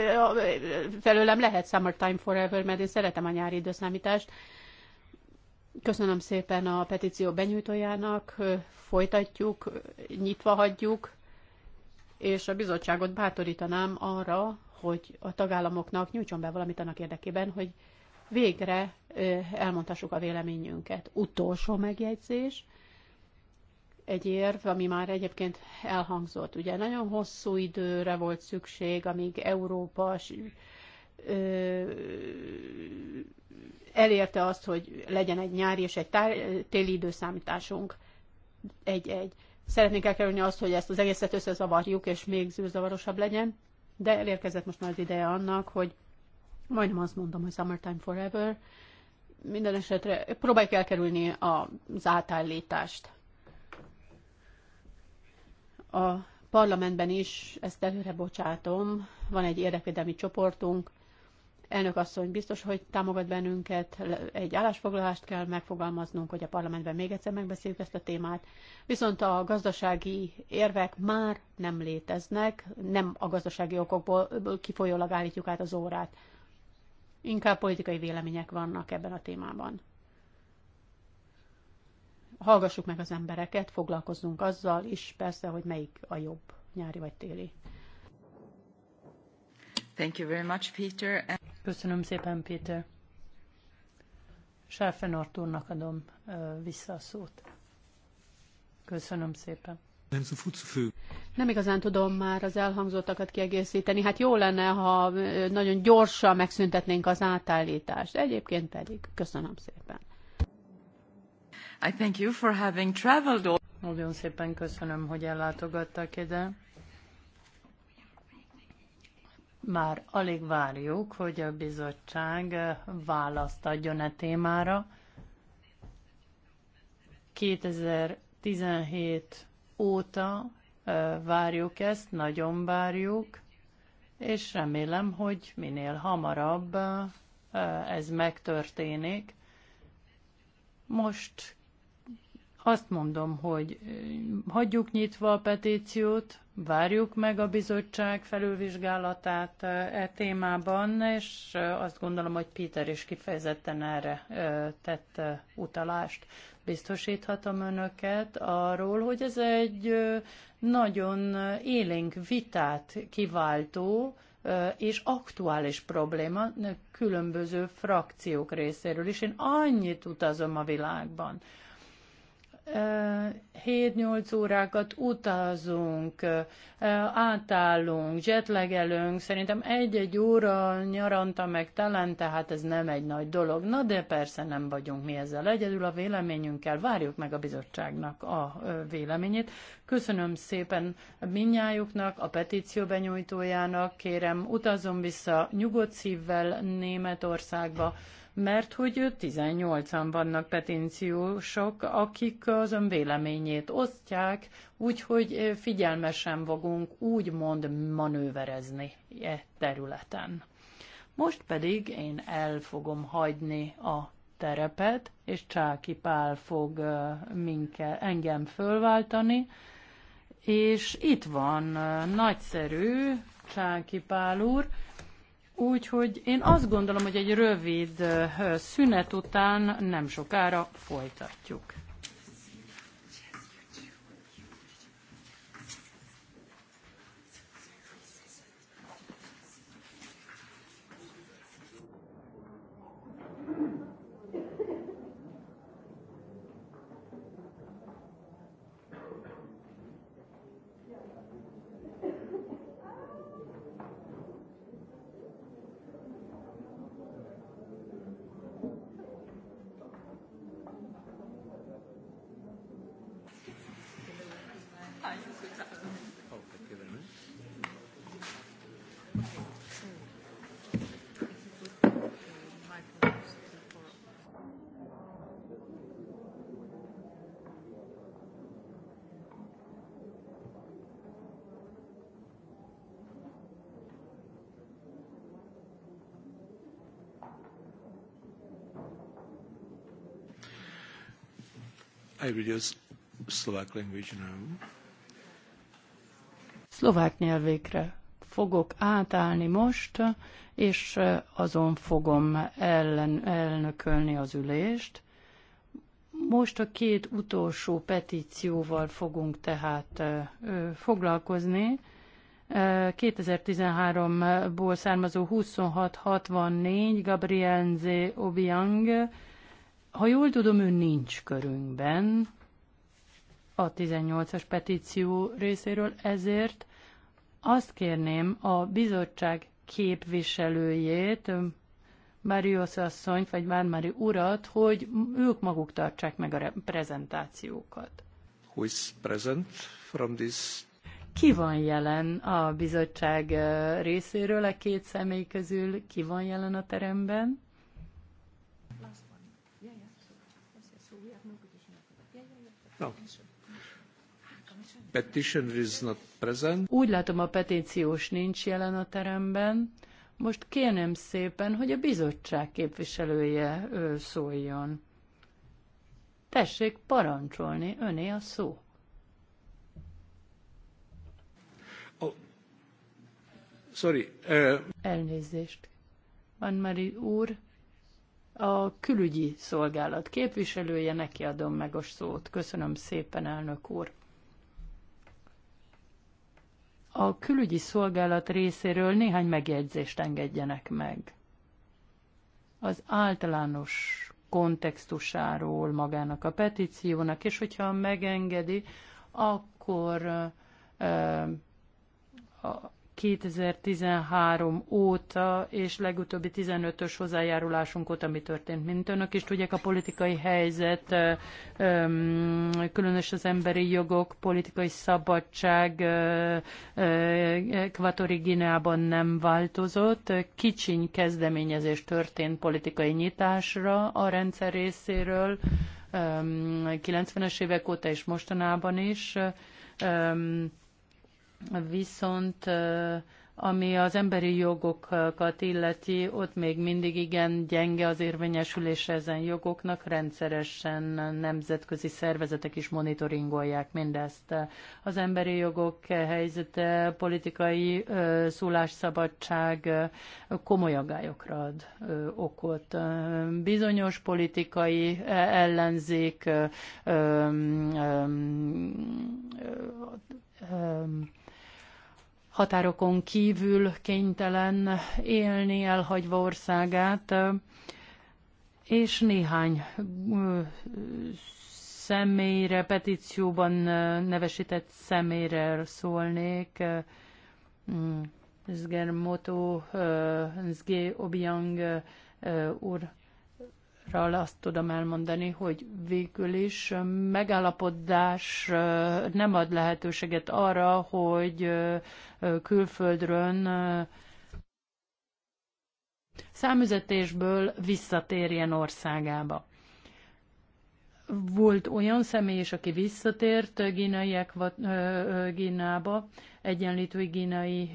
felőlem lehet Summertime Forever, mert én szeretem a nyári időszámítást. Köszönöm szépen a petíció benyújtójának, folytatjuk, nyitva hagyjuk, és a bizottságot bátorítanám arra, hogy a tagállamoknak nyújtson be valamit annak érdekében, hogy végre elmondhassuk a véleményünket. Utolsó megjegyzés – egy érv, ami már egyébként elhangzott. Ugye nagyon hosszú időre volt szükség, amíg Európa elérte azt, hogy legyen egy nyári és egy tár, téli időszámításunk. Egy-egy. Szeretnénk elkerülni azt, hogy ezt az egészet összezavarjuk, és még zűrzavarosabb legyen, de elérkezett most már az ideje annak, hogy majdnem azt mondom, hogy Summertime Forever, minden esetre próbáljuk elkerülni az átállítást. A parlamentben is, ezt előre bocsátom, van egy érdekvédelmi csoportunk, elnök asszony biztos, hogy támogat bennünket, egy állásfoglalást kell megfogalmaznunk, hogy a parlamentben még egyszer megbeszéljük ezt a témát. Viszont a gazdasági érvek már nem léteznek, nem a gazdasági okokból kifolyólag állítjuk át az órát. Inkább politikai vélemények vannak ebben a témában hallgassuk meg az embereket, foglalkozzunk azzal is, persze, hogy melyik a jobb, nyári vagy téli. Thank you very much, Peter. Köszönöm szépen, Péter. Sárfen Artúrnak adom vissza a szót. Köszönöm szépen. Nem igazán tudom már az elhangzottakat kiegészíteni. Hát jó lenne, ha nagyon gyorsan megszüntetnénk az átállítást. Egyébként pedig köszönöm szépen. I thank you for having traveled all... Nagyon szépen köszönöm, hogy ellátogattak ide. Már alig várjuk, hogy a bizottság választ adjon e témára. 2017 óta várjuk ezt, nagyon várjuk, és remélem, hogy minél hamarabb ez megtörténik. Most azt mondom, hogy hagyjuk nyitva a petíciót, várjuk meg a bizottság felülvizsgálatát e témában, és azt gondolom, hogy Péter is kifejezetten erre tett utalást. Biztosíthatom önöket arról, hogy ez egy nagyon élénk vitát kiváltó és aktuális probléma különböző frakciók részéről is. Én annyit utazom a világban, 7-8 órákat utazunk, átállunk, jetlegelünk, szerintem egy-egy óra nyaranta meg talán, tehát ez nem egy nagy dolog. Na de persze nem vagyunk mi ezzel egyedül a véleményünkkel, várjuk meg a bizottságnak a véleményét. Köszönöm szépen minnyájuknak, a petíció benyújtójának, kérem utazom vissza nyugodt szívvel Németországba, mert hogy 18-an vannak petíciósok, akik az önvéleményét osztják, úgyhogy figyelmesen fogunk úgymond manőverezni e területen. Most pedig én el fogom hagyni a terepet, és Csáki Pál fog minke, engem fölváltani, és itt van nagyszerű Csáki Pál úr, Úgyhogy én azt gondolom, hogy egy rövid szünet után nem sokára folytatjuk. I will use Slovak language now. Szlovák nyelvékre fogok átállni most, és azon fogom ellen, elnökölni az ülést. Most a két utolsó petícióval fogunk tehát foglalkozni. 2013-ból származó 2664 Gabriel Obiang ha jól tudom, ő nincs körünkben a 18-as petíció részéről, ezért azt kérném a bizottság képviselőjét, Marius asszonyt, vagy Mármári urat, hogy ők maguk tartsák meg a prezentációkat. Who is present from this? Ki van jelen a bizottság eh, részéről a két személy közül? Ki van jelen a teremben? Úgy látom, a petíciós nincs jelen a teremben. Most kérném szépen, hogy a bizottság képviselője ő szóljon. Tessék parancsolni, öné a szó. Oh. Sorry. Uh... Elnézést. Van Mari úr, a külügyi szolgálat képviselője, neki adom meg a szót. Köszönöm szépen, elnök úr. A külügyi szolgálat részéről néhány megjegyzést engedjenek meg. Az általános kontextusáról magának a petíciónak, és hogyha megengedi, akkor uh, a, 2013 óta és legutóbbi 15-ös hozzájárulásunk óta mi történt. Mint önök is tudják, a politikai helyzet, különös az emberi jogok, politikai szabadság Ekvatori Gineában nem változott. Kicsiny kezdeményezés történt politikai nyitásra a rendszer részéről 90-es évek óta és mostanában is viszont ami az emberi jogokat illeti, ott még mindig igen gyenge az érvényesülése ezen jogoknak, rendszeresen nemzetközi szervezetek is monitoringolják mindezt. Az emberi jogok helyzete, politikai szólásszabadság komoly agályokra ad okot. Bizonyos politikai ellenzék öm, öm, öm, határokon kívül kénytelen élni, elhagyva országát, és néhány személyre, petícióban nevesített személyre szólnék. Mm, Zgermoto, Zgé Obiang úr Ról azt tudom elmondani, hogy végül is megállapodás nem ad lehetőséget arra, hogy külföldrön számüzetésből visszatérjen országába. Volt olyan személy is, aki visszatért Gínai Gínába, egyenlítői gínai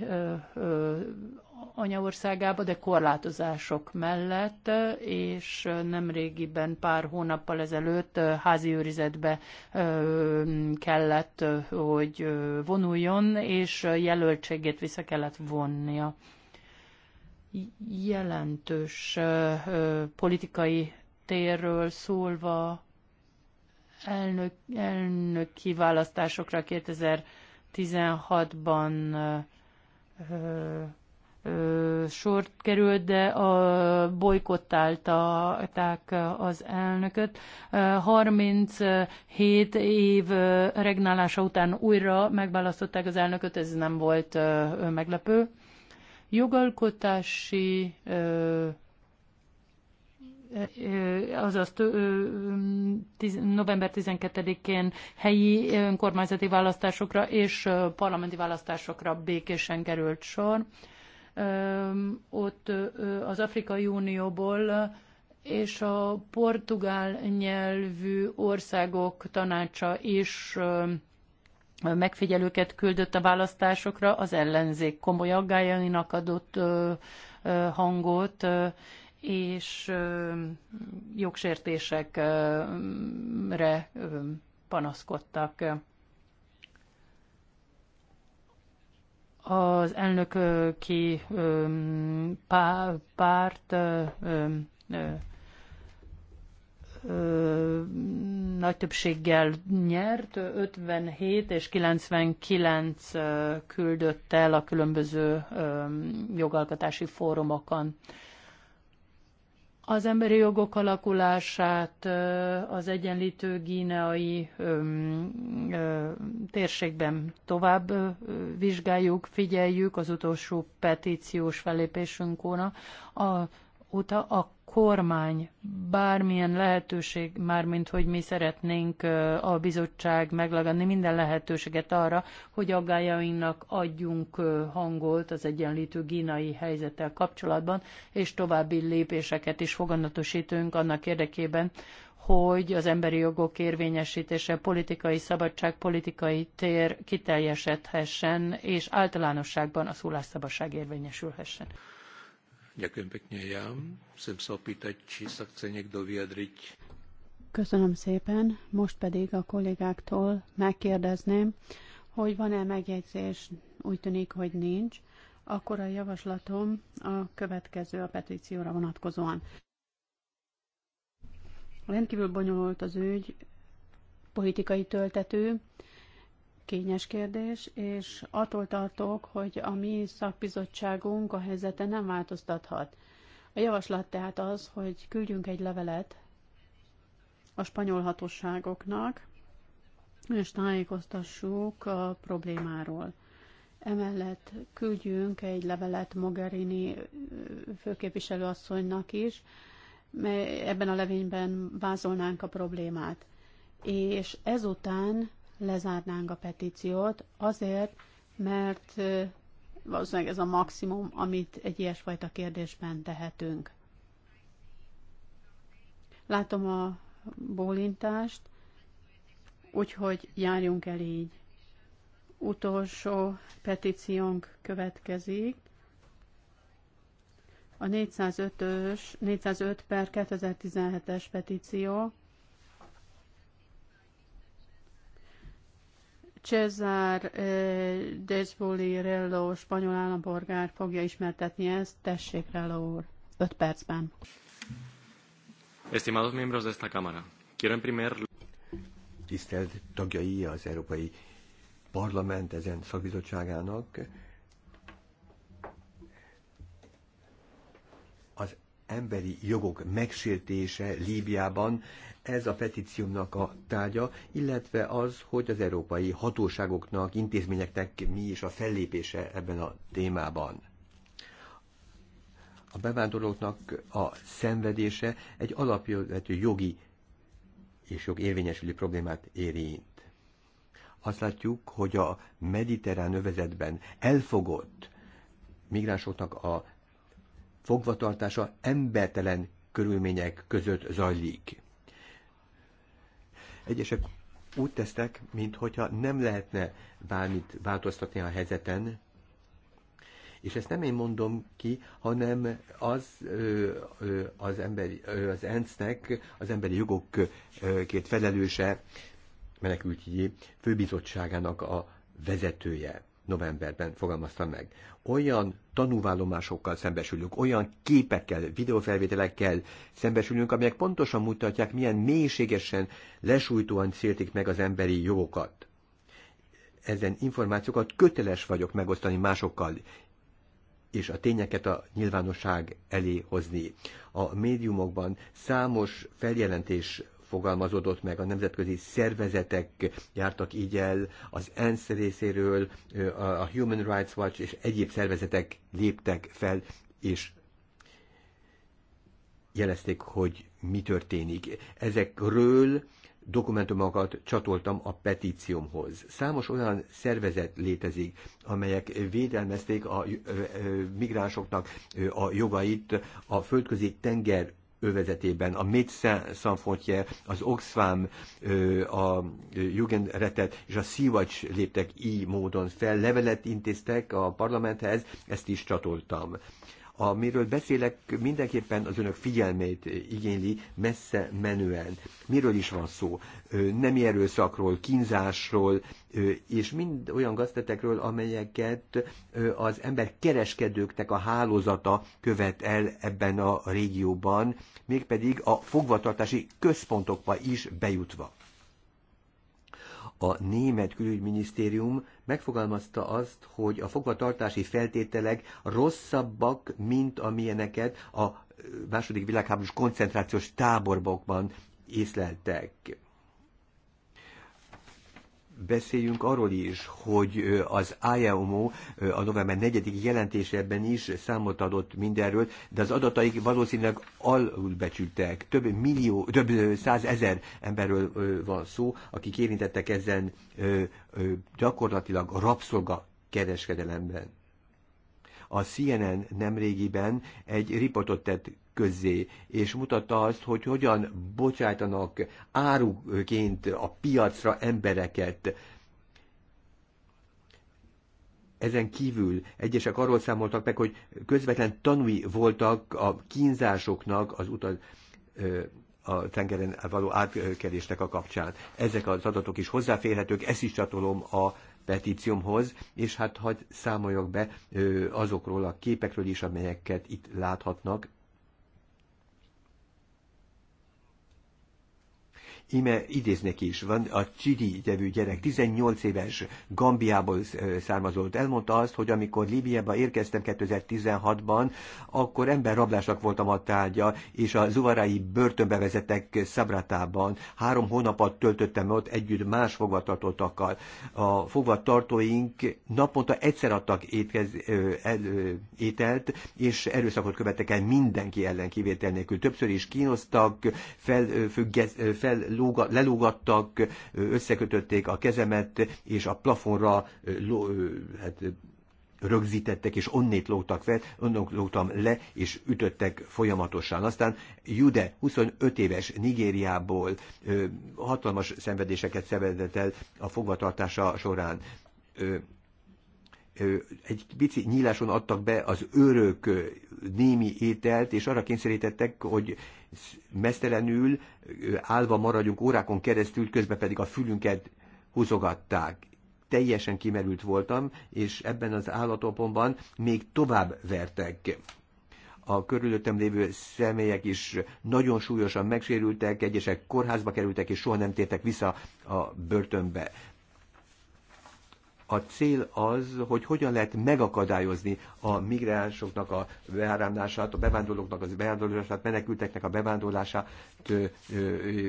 anyaországába, de korlátozások mellett, és nemrégiben pár hónappal ezelőtt házi őrizetbe kellett, hogy vonuljon, és jelöltségét vissza kellett vonnia. Jelentős politikai térről szólva elnök, elnök kiválasztásokra 2016-ban sort került, de a, bolykottálták az elnököt. 37 év regnálása után újra megválasztották az elnököt, ez nem volt meglepő. Jogalkotási azaz november 12-én helyi önkormányzati választásokra és parlamenti választásokra békésen került sor ott az Afrikai Unióból és a portugál nyelvű országok tanácsa is megfigyelőket küldött a választásokra, az ellenzék komoly aggájainak adott hangot, és jogsértésekre panaszkodtak. az elnöki ki párt nagy többséggel nyert, 57 és 99 küldött el a különböző jogalkotási fórumokon az emberi jogok alakulását az egyenlítő gíneai térségben tovább vizsgáljuk, figyeljük az utolsó petíciós felépésünk óna. A óta a kormány bármilyen lehetőség, mármint hogy mi szeretnénk a bizottság meglagadni minden lehetőséget arra, hogy aggájainknak adjunk hangolt az egyenlítő gínai helyzettel kapcsolatban, és további lépéseket is foganatosítunk annak érdekében, hogy az emberi jogok érvényesítése, politikai szabadság, politikai tér kiteljesedhessen, és általánosságban a szólásszabadság érvényesülhessen. Ďakujem pekne ja. Chcem sa opýtať, či sa chce niekto vyjadriť. Köszönöm szépen. Most pedig a kollégáktól megkérdezném, hogy van-e megjegyzés. Úgy tűnik, hogy nincs. Akkor a javaslatom a következő a petícióra vonatkozóan. Rendkívül bonyolult az ügy, politikai töltető, kényes kérdés, és attól tartok, hogy a mi szakbizottságunk a helyzete nem változtathat. A javaslat tehát az, hogy küldjünk egy levelet a spanyol hatóságoknak, és tájékoztassuk a problémáról. Emellett küldjünk egy levelet Mogherini főképviselőasszonynak is, mely ebben a levényben vázolnánk a problémát. És ezután lezárnánk a petíciót, azért, mert valószínűleg ez a maximum, amit egy ilyesfajta kérdésben tehetünk. Látom a bólintást, úgyhogy járjunk el így. Utolsó petíciónk következik. A 405-ös, 405 per 2017-es petíció Cezár eh, Desboli Rello, spanyol állampolgár fogja ismertetni ezt. Tessék, Rello úr, 5 percben. Estimados miembros de esta Cámara, quiero en primer... Tisztelt tagjai az Európai Parlament ezen szakbizottságának, emberi jogok megsértése Líbiában, ez a petíciómnak a tárgya, illetve az, hogy az európai hatóságoknak, intézményeknek mi is a fellépése ebben a témában. A bevándorlóknak a szenvedése egy alapvető jogi és jogérvényesülő problémát érint azt látjuk, hogy a mediterrán övezetben elfogott migránsoknak a fogvatartása embertelen körülmények között zajlik. Egyesek úgy tesztek, mintha nem lehetne bármit változtatni a helyzeten, és ezt nem én mondom ki, hanem az, az, emberi, az ENSZ-nek, az emberi jogokért felelőse menekültjé, főbizottságának a vezetője novemberben fogalmazta meg. Olyan tanúvállomásokkal szembesülünk, olyan képekkel, videófelvételekkel szembesülünk, amelyek pontosan mutatják, milyen mélységesen, lesújtóan céltik meg az emberi jogokat. Ezen információkat köteles vagyok megosztani másokkal, és a tényeket a nyilvánosság elé hozni. A médiumokban számos feljelentés fogalmazódott meg, a nemzetközi szervezetek jártak így el, az ENSZ részéről, a Human Rights Watch és egyéb szervezetek léptek fel, és jelezték, hogy mi történik. Ezekről dokumentumokat csatoltam a petíciómhoz. Számos olyan szervezet létezik, amelyek védelmezték a migránsoknak a jogait a földközi tenger övezetében, a Médecins Sans Frontières, az Oxfam, a Jugendretet és a Szivacs léptek így módon fel, levelet intéztek a parlamenthez, ezt is csatoltam. Amiről beszélek, mindenképpen az önök figyelmét igényli messze menően. Miről is van szó? Nemi erőszakról, kínzásról, és mind olyan gaztetekről, amelyeket az ember kereskedőknek a hálózata követ el ebben a régióban, mégpedig a fogvatartási központokba is bejutva. A német külügyminisztérium megfogalmazta azt, hogy a fogvatartási feltételek rosszabbak, mint amilyeneket a második világháborús koncentrációs táborokban észleltek beszéljünk arról is, hogy az IMO a november 4. jelentésében is számot adott mindenről, de az adataik valószínűleg alulbecsültek. Több millió, több százezer emberről van szó, akik érintettek ezen gyakorlatilag rabszolga kereskedelemben. A CNN nemrégiben egy riportot tett közzé, és mutatta azt, hogy hogyan bocsájtanak áruként a piacra embereket. Ezen kívül egyesek arról számoltak meg, hogy közvetlen tanúi voltak a kínzásoknak az utaz, a tengeren való átkerésnek a kapcsán. Ezek az adatok is hozzáférhetők, ezt is csatolom a petíciómhoz, és hát hagy számoljak be azokról a képekről is, amelyeket itt láthatnak íme idéznek is, van a Csidi nevű gyerek, 18 éves Gambiából származott. Elmondta azt, hogy amikor Líbiába érkeztem 2016-ban, akkor emberrablásnak voltam a tárgya, és a zuvarai börtönbe vezettek Szabratában. Három hónapot töltöttem ott együtt más fogvatartottakkal. A fogvatartóink naponta egyszer adtak étkez, ö, el, ö, ételt, és erőszakot követtek el mindenki ellen kivétel nélkül. Többször is kínoztak, fel, ö, ö, fel lelúgattak, összekötötték a kezemet, és a plafonra ló, hát, rögzítettek, és onnét lógtak fel, onnét lógtam le, és ütöttek folyamatosan. Aztán Jude, 25 éves Nigériából ö, hatalmas szenvedéseket szenvedett el a fogvatartása során. Ö, egy pici nyíláson adtak be az őrök némi ételt, és arra kényszerítettek, hogy mesztelenül állva maradjunk órákon keresztül, közben pedig a fülünket húzogatták. Teljesen kimerült voltam, és ebben az állatopomban még tovább vertek a körülöttem lévő személyek is nagyon súlyosan megsérültek, egyesek kórházba kerültek, és soha nem tértek vissza a börtönbe a cél az, hogy hogyan lehet megakadályozni a migránsoknak a beáramlását, a bevándorlóknak az bevándorlását, menekülteknek a bevándorlását,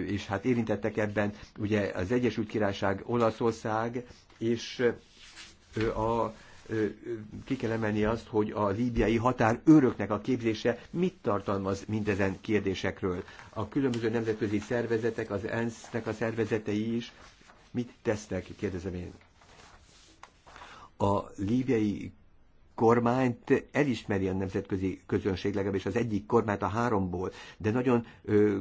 és hát érintettek ebben ugye az Egyesült Királyság, Olaszország, és a ki kell emelni azt, hogy a líbiai határ őröknek a képzése mit tartalmaz mindezen kérdésekről. A különböző nemzetközi szervezetek, az ENSZ-nek a szervezetei is mit tesznek, kérdezem én a líbiai kormányt elismeri a nemzetközi közönség, legalábbis az egyik kormányt a háromból, de nagyon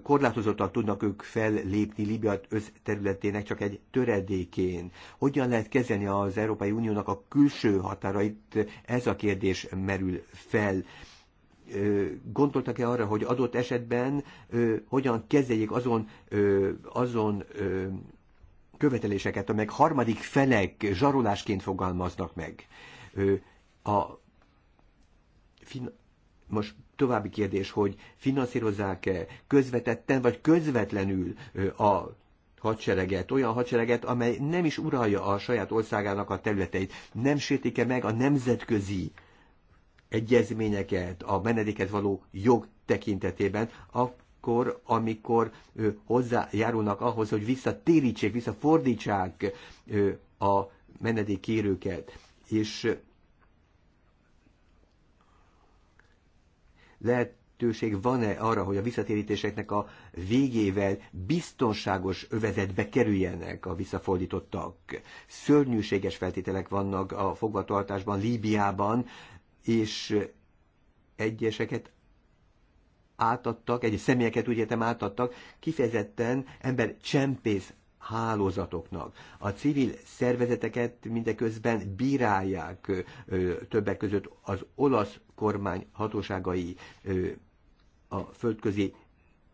korlátozottan tudnak ők fellépni Líbia területének csak egy töredékén. Hogyan lehet kezelni az Európai Uniónak a külső határait? Ez a kérdés merül fel gondoltak-e arra, hogy adott esetben hogyan kezeljék azon, azon követeléseket, amelyek harmadik felek zsarolásként fogalmaznak meg. A fin- most további kérdés, hogy finanszírozzák-e közvetetten vagy közvetlenül a hadsereget, olyan hadsereget, amely nem is uralja a saját országának a területeit, nem sértik-e meg a nemzetközi egyezményeket, a menedéket való jog tekintetében, a akkor, amikor hozzájárulnak ahhoz, hogy visszatérítsék, visszafordítsák a menedékkérőket. És lehetőség van-e arra, hogy a visszatérítéseknek a végével biztonságos övezetbe kerüljenek a visszafordítottak? Szörnyűséges feltételek vannak a fogvatartásban, Líbiában, és egyeseket átadtak, egy személyeket úgy értem átadtak, kifejezetten ember csempész hálózatoknak. A civil szervezeteket mindeközben bírálják ö, többek között az olasz kormány hatóságai ö, a földközi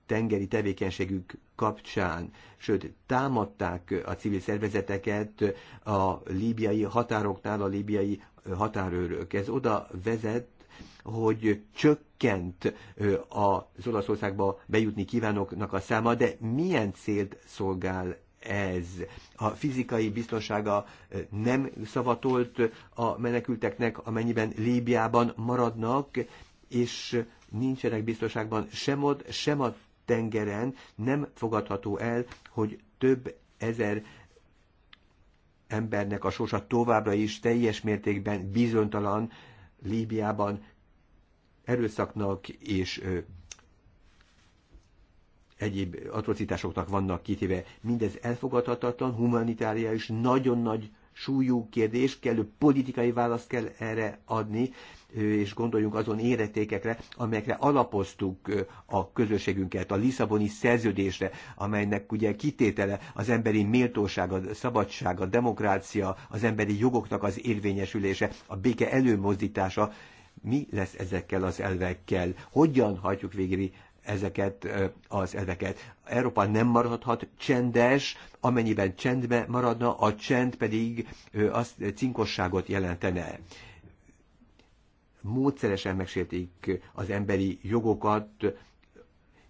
tengeri tevékenységük kapcsán, sőt, támadták a civil szervezeteket a líbiai határoknál a líbiai határőrök. Ez oda vezet, hogy csökkent az Olaszországba bejutni kívánoknak a száma, de milyen célt szolgál ez. A fizikai biztonsága nem szavatolt a menekülteknek, amennyiben Líbiában maradnak, és nincsenek biztonságban sem ott, sem a tengeren. Nem fogadható el, hogy több ezer embernek a sorsa továbbra is teljes mértékben bizonytalan Líbiában erőszaknak és egyéb atrocitásoknak vannak kitéve. Mindez elfogadhatatlan, humanitárius, nagyon nagy súlyú kérdés, kellő politikai választ kell erre adni, és gondoljunk azon életékekre, amelyekre alapoztuk a közösségünket, a Lisszaboni szerződésre, amelynek ugye kitétele az emberi méltóság, a szabadság, a demokrácia, az emberi jogoknak az érvényesülése, a béke előmozdítása, mi lesz ezekkel az elvekkel, hogyan hajtjuk végre ezeket az elveket. Európa nem maradhat csendes, amennyiben csendbe maradna, a csend pedig azt cinkosságot jelentene. Módszeresen megsértik az emberi jogokat,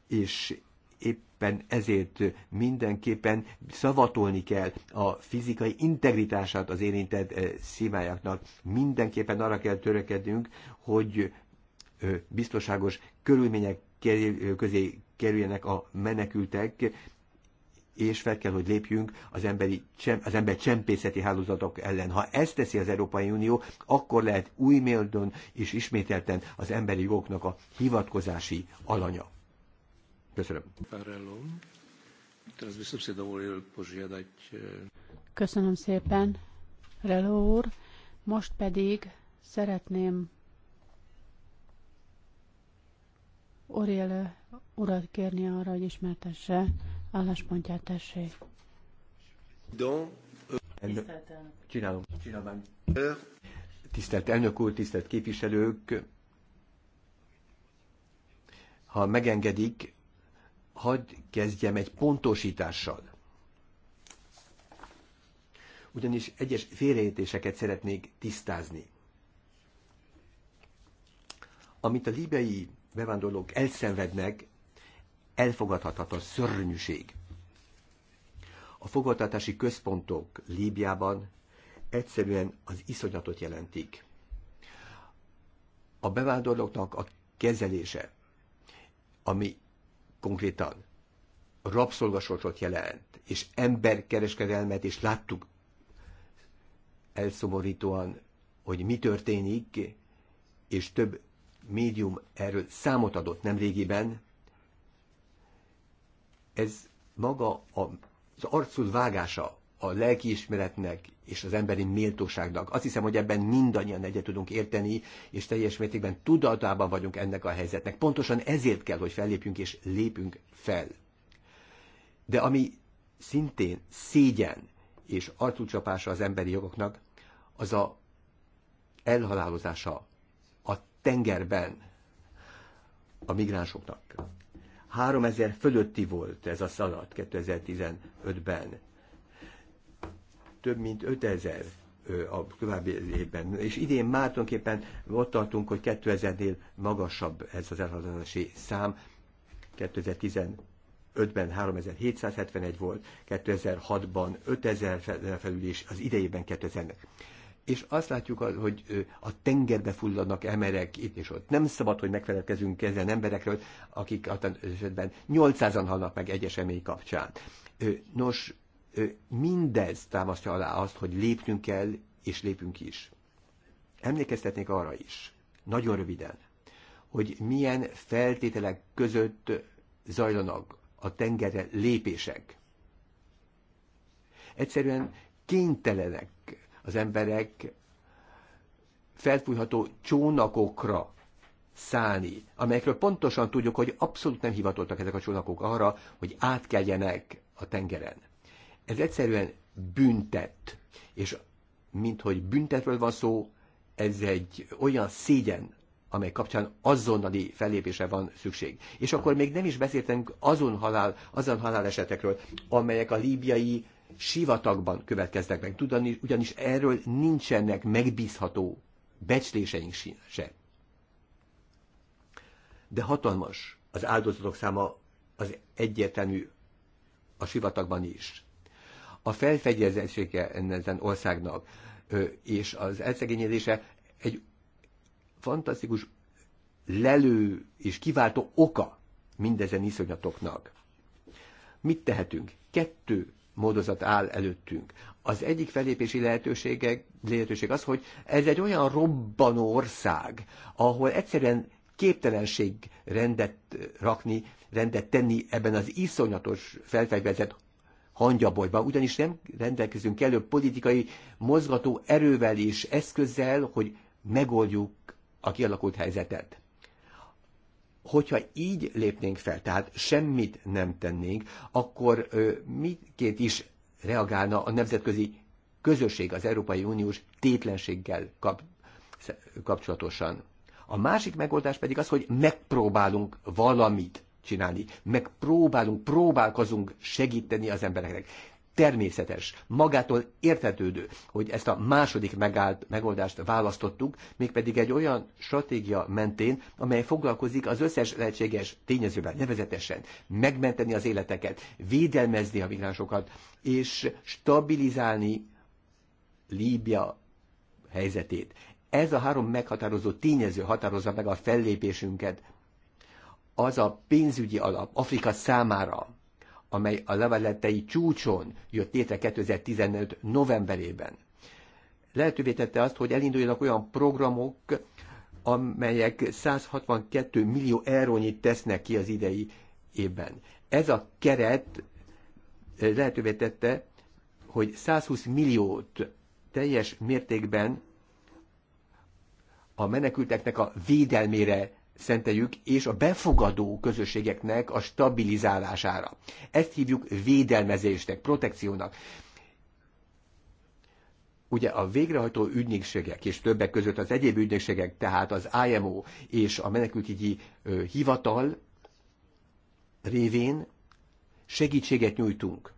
és épp éppen ezért mindenképpen szavatolni kell a fizikai integritását az érintett eh, szimájaknak. Mindenképpen arra kell törekednünk, hogy eh, biztonságos körülmények eh, közé kerüljenek a menekültek, és fel kell, hogy lépjünk az, emberi, az ember csempészeti hálózatok ellen. Ha ezt teszi az Európai Unió, akkor lehet új módon és ismételten az emberi jogoknak a hivatkozási alanya. Köszönöm. Eh, Köszönöm szépen, Reló úr. Most pedig szeretném Oriel urat kérni arra, hogy ismertesse álláspontját, tessék. Don, csinálom. Tisztelt elnök úr, tisztelt képviselők, ha megengedik, hadd kezdjem egy pontosítással. Ugyanis egyes félreértéseket szeretnék tisztázni. Amit a libei bevándorlók elszenvednek, elfogadhatatlan szörnyűség. A fogadtatási központok Líbiában egyszerűen az iszonyatot jelentik. A bevándorlóknak a kezelése, ami konkrétan rabszolgasortot jelent, és emberkereskedelmet, és láttuk elszomorítóan, hogy mi történik, és több médium erről számot adott nemrégiben, ez maga a, az arcul vágása a lelkiismeretnek és az emberi méltóságnak. Azt hiszem, hogy ebben mindannyian egyet tudunk érteni, és teljes mértékben tudatában vagyunk ennek a helyzetnek. Pontosan ezért kell, hogy fellépjünk és lépünk fel. De ami szintén szégyen és arcúcsapása az emberi jogoknak, az a elhalálozása a tengerben a migránsoknak. 3000 fölötti volt ez a szalad 2015-ben több mint 5000 a további évben. És idén már tulajdonképpen ott tartunk, hogy 2000-nél magasabb ez az elhatározási szám. 2015-ben 3771 volt, 2006-ban 5000 felül, és az idejében 2000 és azt látjuk, hogy a tengerbe fulladnak emberek itt és ott. Nem szabad, hogy megfelelkezünk ezen emberekről, akik esetben 800-an halnak meg egyes emély kapcsán. Nos, mindez támasztja alá azt, hogy lépnünk kell, és lépünk is. Emlékeztetnék arra is, nagyon röviden, hogy milyen feltételek között zajlanak a tengerre lépések. Egyszerűen kénytelenek az emberek felfújható csónakokra szállni, amelyekről pontosan tudjuk, hogy abszolút nem hivatottak ezek a csónakok arra, hogy átkeljenek a tengeren. Ez egyszerűen büntet, és mint hogy büntetről van szó, ez egy olyan szégyen, amely kapcsán azonnali fellépése van szükség. És akkor még nem is beszéltünk azon, halál, azon halálesetekről, amelyek a líbiai sivatagban következnek meg, Tudani, ugyanis erről nincsenek megbízható becsléseink se. De hatalmas az áldozatok száma az egyértelmű a sivatagban is a felfegyezettsége ezen országnak és az elszegényedése egy fantasztikus lelő és kiváltó oka mindezen iszonyatoknak. Mit tehetünk? Kettő módozat áll előttünk. Az egyik felépési lehetőség, lehetőség az, hogy ez egy olyan robbanó ország, ahol egyszerűen képtelenség rendet rakni, rendet tenni ebben az iszonyatos felfegyvezett hangyabolyban, ugyanis nem rendelkezünk kellő politikai mozgató erővel és eszközzel, hogy megoldjuk a kialakult helyzetet. Hogyha így lépnénk fel, tehát semmit nem tennénk, akkor ö, miként is reagálna a nemzetközi közösség az Európai Uniós tétlenséggel kap, kapcsolatosan. A másik megoldás pedig az, hogy megpróbálunk valamit csinálni. Megpróbálunk, próbálkozunk segíteni az embereknek. Természetes, magától értetődő, hogy ezt a második megállt, megoldást választottuk, mégpedig egy olyan stratégia mentén, amely foglalkozik az összes lehetséges tényezővel, nevezetesen megmenteni az életeket, védelmezni a migránsokat, és stabilizálni Líbia helyzetét. Ez a három meghatározó tényező határozza meg a fellépésünket az a pénzügyi alap Afrika számára, amely a leveletei csúcson jött létre 2015. novemberében. Lehetővé tette azt, hogy elinduljanak olyan programok, amelyek 162 millió eurónyit tesznek ki az idei évben. Ez a keret eh, lehetővé tette, hogy 120 milliót teljes mértékben a menekülteknek a védelmére szenteljük, és a befogadó közösségeknek a stabilizálására. Ezt hívjuk védelmezésnek, protekciónak. Ugye a végrehajtó ügynökségek és többek között az egyéb ügynökségek, tehát az IMO és a menekültügyi hivatal révén segítséget nyújtunk.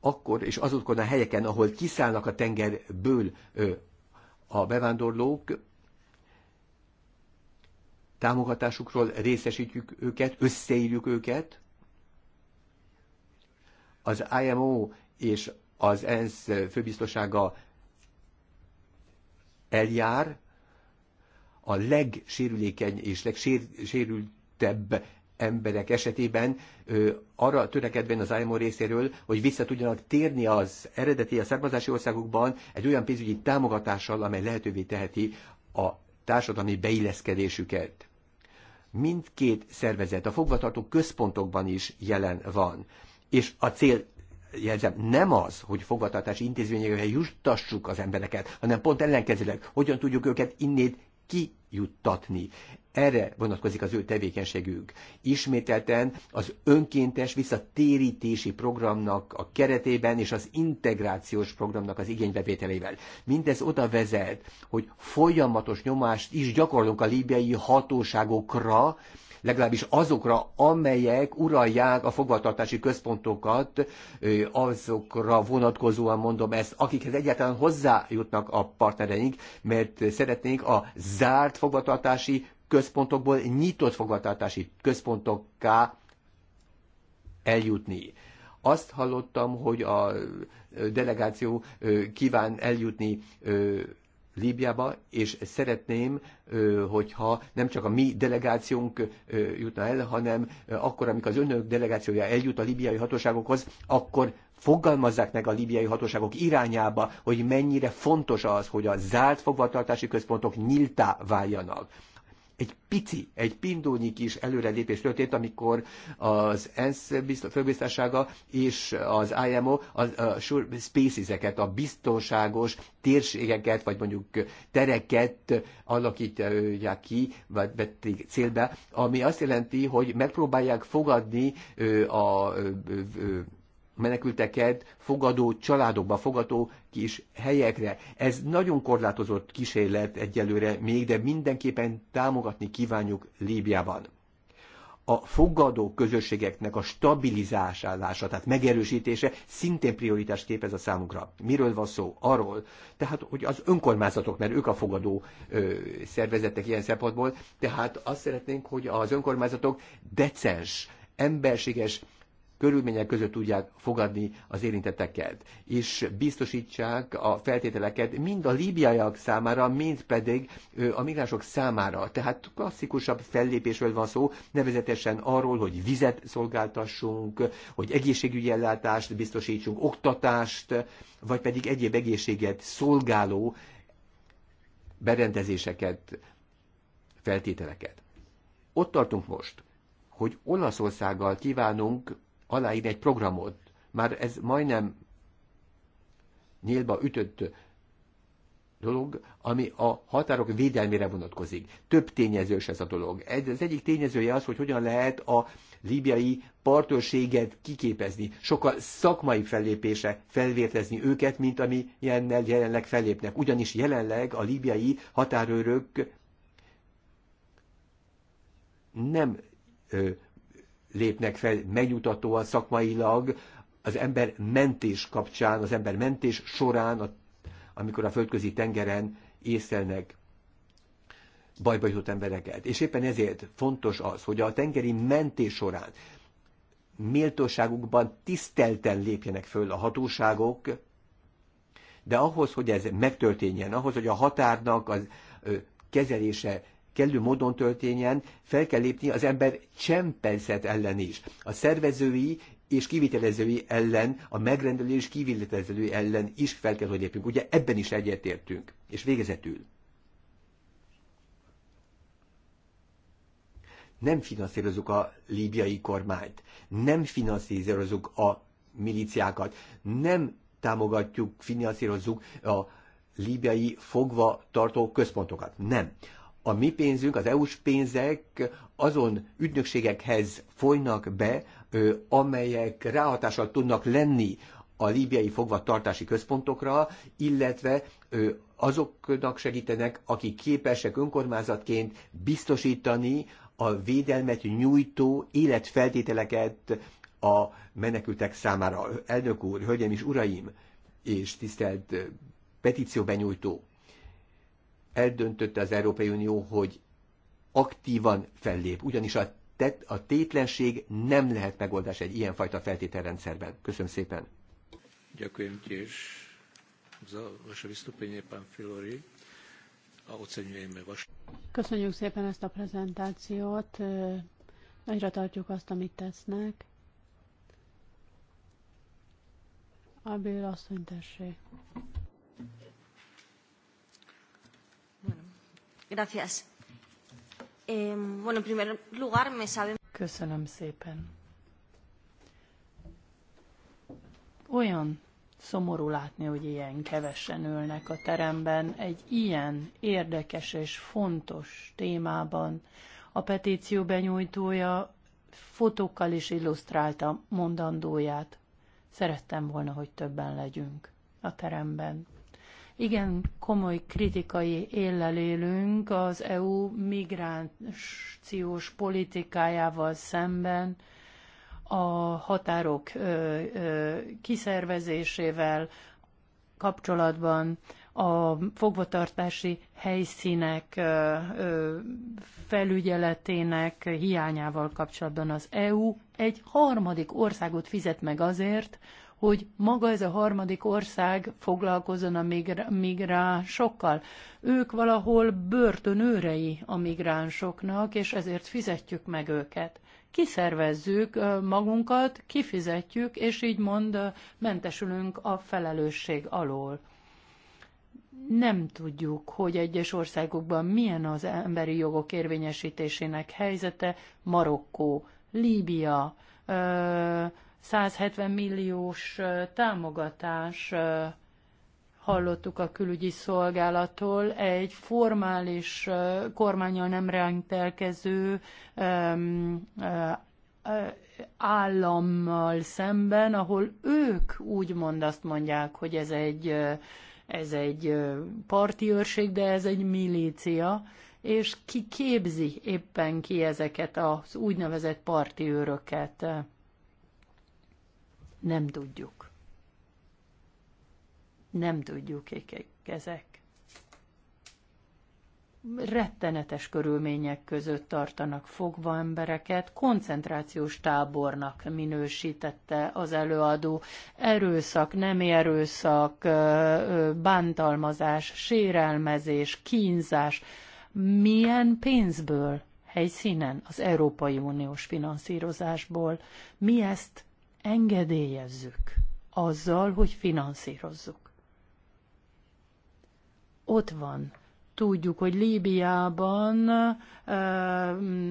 Akkor és azokon a helyeken, ahol kiszállnak a tengerből a bevándorlók, támogatásukról részesítjük őket, összeírjuk őket. Az IMO és az ENSZ főbiztosága eljár, a legsérülékeny és legsérültebb emberek esetében ö, arra törekedvén az IMO részéről, hogy vissza tudjanak térni az eredeti, a származási országokban egy olyan pénzügyi támogatással, amely lehetővé teheti a társadalmi beilleszkedésüket mindkét szervezet a fogvatartó központokban is jelen van. És a cél jelzem, nem az, hogy fogvatartási intézményekre juttassuk az embereket, hanem pont ellenkezőleg, hogyan tudjuk őket innét kijuttatni erre vonatkozik az ő tevékenységük. Ismételten az önkéntes visszatérítési programnak a keretében és az integrációs programnak az igénybevételével. Mindez oda vezet, hogy folyamatos nyomást is gyakorlunk a líbiai hatóságokra, legalábbis azokra, amelyek uralják a fogvatartási központokat, azokra vonatkozóan mondom ezt, akikhez egyáltalán hozzájutnak a partnereink, mert szeretnénk a zárt fogvatartási központokból nyitott fogadtatási központokká eljutni. Azt hallottam, hogy a delegáció kíván eljutni Líbiába, és szeretném, hogyha nem csak a mi delegációnk jutna el, hanem akkor, amikor az önök delegációja eljut a líbiai hatóságokhoz, akkor fogalmazzák meg a líbiai hatóságok irányába, hogy mennyire fontos az, hogy a zárt fogvatartási központok nyíltá váljanak egy pici, egy pindónyi kis előrelépés történt, amikor az ENSZ főbiztossága és az IMO az, a sure spaces-eket, a biztonságos térségeket, vagy mondjuk tereket alakítják ki, vagy vették célbe, ami azt jelenti, hogy megpróbálják fogadni a menekülteket fogadó családokba, fogadó kis helyekre. Ez nagyon korlátozott kísérlet egyelőre még, de mindenképpen támogatni kívánjuk Líbiában. A fogadó közösségeknek a stabilizálása, tehát megerősítése szintén prioritást képez a számunkra. Miről van szó? Arról, tehát hogy az önkormányzatok, mert ők a fogadó ö, szervezetek ilyen szempontból, tehát azt szeretnénk, hogy az önkormányzatok decens, emberséges körülmények között tudják fogadni az érintetteket, és biztosítsák a feltételeket mind a líbiaiak számára, mind pedig a migránsok számára. Tehát klasszikusabb fellépésről van szó, nevezetesen arról, hogy vizet szolgáltassunk, hogy egészségügyi ellátást biztosítsunk, oktatást, vagy pedig egyéb egészséget szolgáló berendezéseket, feltételeket. Ott tartunk most, hogy Olaszországgal kívánunk aláír egy programot. Már ez majdnem nyílba ütött dolog, ami a határok védelmére vonatkozik. Több tényezős ez a dolog. Ez, az egyik tényezője az, hogy hogyan lehet a líbiai partőrséget kiképezni, sokkal szakmai fellépése felvértezni őket, mint ami jennel jelenleg fellépnek. Ugyanis jelenleg a líbiai határőrök nem ö, lépnek fel megnyugtatóan szakmailag az ember mentés kapcsán, az ember mentés során, a, amikor a földközi tengeren észlelnek bajba jutott embereket. És éppen ezért fontos az, hogy a tengeri mentés során méltóságukban tisztelten lépjenek föl a hatóságok, de ahhoz, hogy ez megtörténjen, ahhoz, hogy a határnak az kezelése kellő módon történjen, fel kell lépni az ember csempenszet ellen is. A szervezői és kivitelezői ellen, a megrendelő és kivitelezői ellen is fel kell, hogy lépjünk. Ugye ebben is egyetértünk. És végezetül. Nem finanszírozunk a líbiai kormányt, nem finanszírozunk a miliciákat, nem támogatjuk, finanszírozzuk a líbiai fogva tartó központokat. Nem a mi pénzünk, az EU-s pénzek azon ügynökségekhez folynak be, amelyek ráhatással tudnak lenni a líbiai fogvatartási központokra, illetve azoknak segítenek, akik képesek önkormányzatként biztosítani a védelmet nyújtó életfeltételeket a menekültek számára. Elnök úr, hölgyeim és uraim, és tisztelt petícióbenyújtó! eldöntötte az Európai Unió, hogy aktívan fellép, ugyanis a, tet, a tétlenség nem lehet megoldás egy ilyenfajta feltételrendszerben. Köszönöm szépen. Ďakujem tiež za vaše vystúpenie, pán Filori. A oceňujeme vaše... Köszönjük szépen ezt a prezentációt. Nagyra tartjuk azt, amit tesznek. Abil asszony, tessék. Gracias. Eh, bueno, en primer lugar, me sabe... Köszönöm szépen. Olyan szomorú látni, hogy ilyen kevesen ülnek a teremben egy ilyen érdekes és fontos témában. A petíció benyújtója fotókkal is illusztrálta mondandóját. Szerettem volna, hogy többen legyünk a teremben igen komoly kritikai éllel élünk az EU migrációs politikájával szemben, a határok ö, ö, kiszervezésével kapcsolatban, a fogvatartási helyszínek ö, ö, felügyeletének hiányával kapcsolatban az EU egy harmadik országot fizet meg azért, hogy maga ez a harmadik ország foglalkozon a migránsokkal. Ők valahol börtönőrei a migránsoknak, és ezért fizetjük meg őket. Kiszervezzük magunkat, kifizetjük, és így mond mentesülünk a felelősség alól nem tudjuk, hogy egyes országokban milyen az emberi jogok érvényesítésének helyzete, Marokkó, Líbia, 170 milliós támogatás hallottuk a külügyi szolgálattól, egy formális kormányjal nem rendelkező állammal szemben, ahol ők úgymond azt mondják, hogy ez egy, ez egy parti őrség, de ez egy milícia, és ki képzi éppen ki ezeket az úgynevezett parti őröket. Nem tudjuk. Nem tudjuk, kékek e-, ezek. Rettenetes körülmények között tartanak fogva embereket, koncentrációs tábornak minősítette az előadó. Erőszak, nem erőszak, bántalmazás, sérelmezés, kínzás. Milyen pénzből? helyszínen, az Európai Uniós finanszírozásból. Mi ezt engedélyezzük azzal, hogy finanszírozzuk. Ott van Tudjuk, hogy Líbiában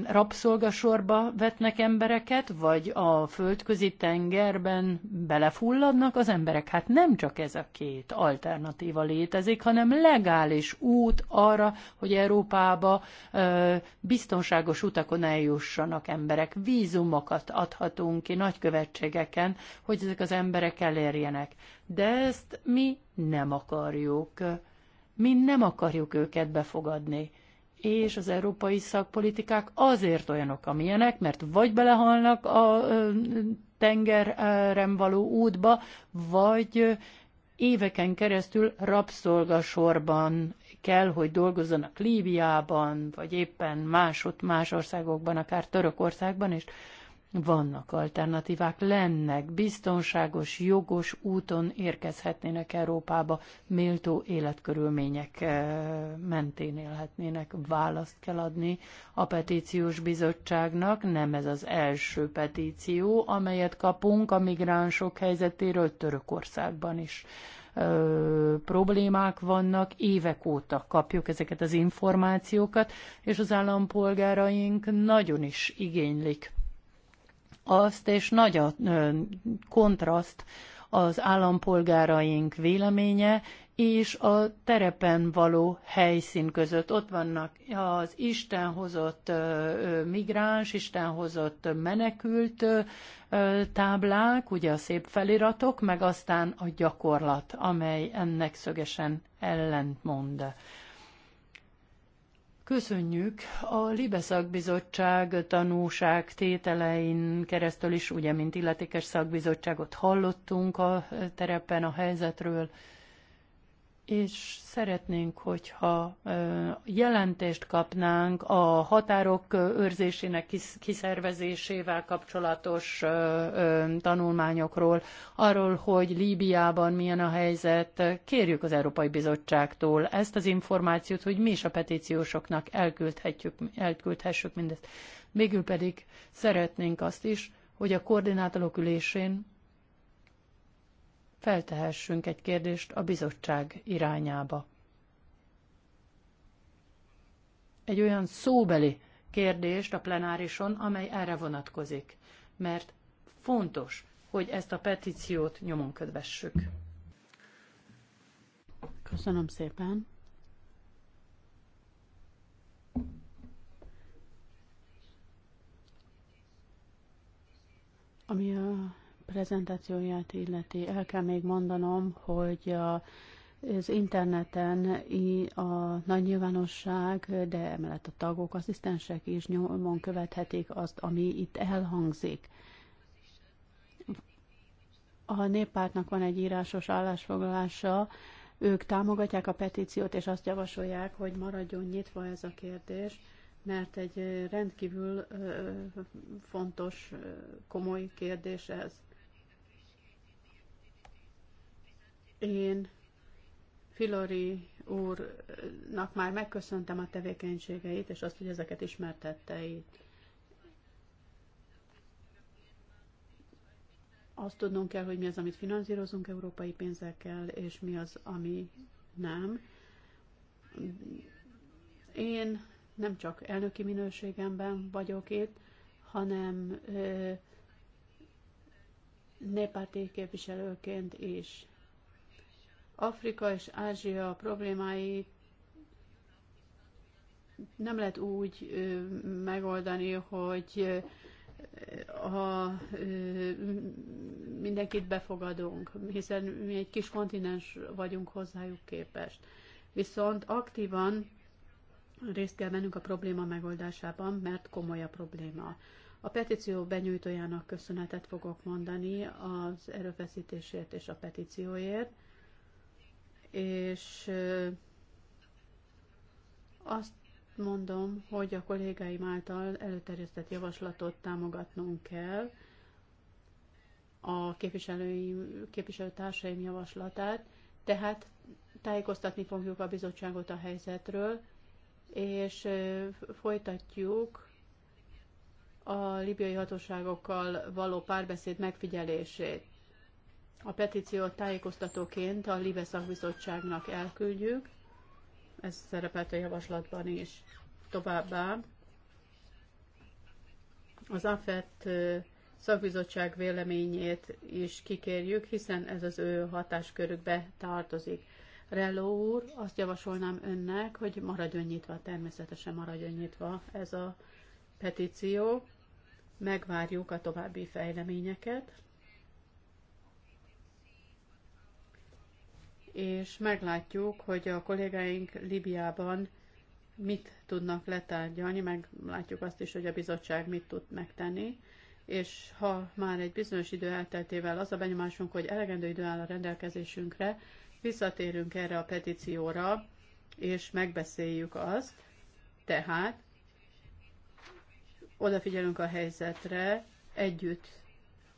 rabszolgasorba vetnek embereket, vagy a földközi tengerben belefulladnak az emberek. Hát nem csak ez a két alternatíva létezik, hanem legális út arra, hogy Európába biztonságos utakon eljussanak emberek. Vízumokat adhatunk ki nagykövetségeken, hogy ezek az emberek elérjenek. De ezt mi nem akarjuk mi nem akarjuk őket befogadni. És az európai szakpolitikák azért olyanok, amilyenek, mert vagy belehalnak a tengeren való útba, vagy éveken keresztül rabszolgasorban kell, hogy dolgozzanak Líbiában, vagy éppen másod más országokban, akár Törökországban, és vannak alternatívák, lennek, biztonságos, jogos úton érkezhetnének Európába, méltó életkörülmények eh, mentén élhetnének. Választ kell adni a petíciós bizottságnak, nem ez az első petíció, amelyet kapunk a migránsok helyzetéről Törökországban is. Ö, eh, problémák vannak, évek óta kapjuk ezeket az információkat, és az állampolgáraink nagyon is igénylik azt, és nagy a kontraszt az állampolgáraink véleménye és a terepen való helyszín között. Ott vannak az Isten hozott migráns, Isten hozott menekült táblák, ugye a szép feliratok, meg aztán a gyakorlat, amely ennek szögesen ellentmond. mond Köszönjük. A Libeszak Bizottság tanúság tételein keresztül is, ugye, mint illetékes szakbizottságot hallottunk a terepen a helyzetről, és szeretnénk, hogyha jelentést kapnánk a határok őrzésének kiszervezésével kapcsolatos tanulmányokról, arról, hogy Líbiában milyen a helyzet. Kérjük az Európai Bizottságtól ezt az információt, hogy mi is a petíciósoknak elküldhetjük, elküldhessük mindezt. Végül pedig szeretnénk azt is, hogy a koordinátorok ülésén feltehessünk egy kérdést a bizottság irányába. Egy olyan szóbeli kérdést a plenárison, amely erre vonatkozik, mert fontos, hogy ezt a petíciót nyomon ködvessük. Köszönöm szépen. Ami a prezentációját illeti, el kell még mondanom, hogy a, az interneten a nagy nyilvánosság, de emellett a tagok, asszisztensek is nyomon követhetik azt, ami itt elhangzik. A néppártnak van egy írásos állásfoglalása, ők támogatják a petíciót, és azt javasolják, hogy maradjon nyitva ez a kérdés, mert egy rendkívül fontos, komoly kérdés ez. Én Filori úrnak már megköszöntem a tevékenységeit, és azt, hogy ezeket ismertette itt. Azt tudnunk kell, hogy mi az, amit finanszírozunk európai pénzekkel, és mi az, ami nem. Én nem csak elnöki minőségemben vagyok itt, hanem néppárti képviselőként is Afrika és Ázsia problémái nem lehet úgy megoldani, hogy ha mindenkit befogadunk, hiszen mi egy kis kontinens vagyunk hozzájuk képest. Viszont aktívan részt kell vennünk a probléma megoldásában, mert komoly a probléma. A petíció benyújtójának köszönetet fogok mondani az erőfeszítésért és a petícióért és azt mondom, hogy a kollégáim által előterjesztett javaslatot támogatnunk kell, a képviselőim, képviselőtársaim javaslatát, tehát tájékoztatni fogjuk a bizottságot a helyzetről, és folytatjuk a libiai hatóságokkal való párbeszéd megfigyelését. A petíciót tájékoztatóként a Libe szakbizottságnak elküldjük, ez szerepelt a javaslatban is. Továbbá az AFET szakbizottság véleményét is kikérjük, hiszen ez az ő hatáskörükbe tartozik. Reló úr, azt javasolnám önnek, hogy maradjon nyitva, természetesen maradjon nyitva ez a petíció. Megvárjuk a további fejleményeket. és meglátjuk, hogy a kollégáink Libiában mit tudnak letárgyalni, meglátjuk azt is, hogy a bizottság mit tud megtenni, és ha már egy bizonyos idő elteltével az a benyomásunk, hogy elegendő idő áll a rendelkezésünkre, visszatérünk erre a petícióra, és megbeszéljük azt, tehát odafigyelünk a helyzetre, együtt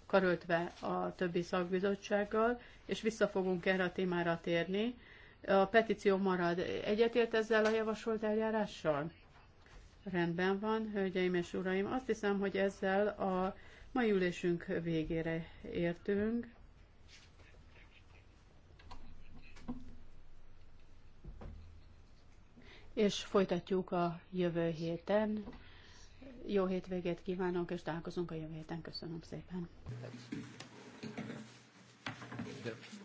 karöltve a többi szakbizottsággal, és vissza fogunk erre a témára térni. A petíció marad. Egyetért ezzel a javasolt eljárással? Rendben van, hölgyeim és uraim. Azt hiszem, hogy ezzel a mai ülésünk végére értünk. És folytatjuk a jövő héten. Jó hétvégét kívánok, és találkozunk a jövő héten. Köszönöm szépen de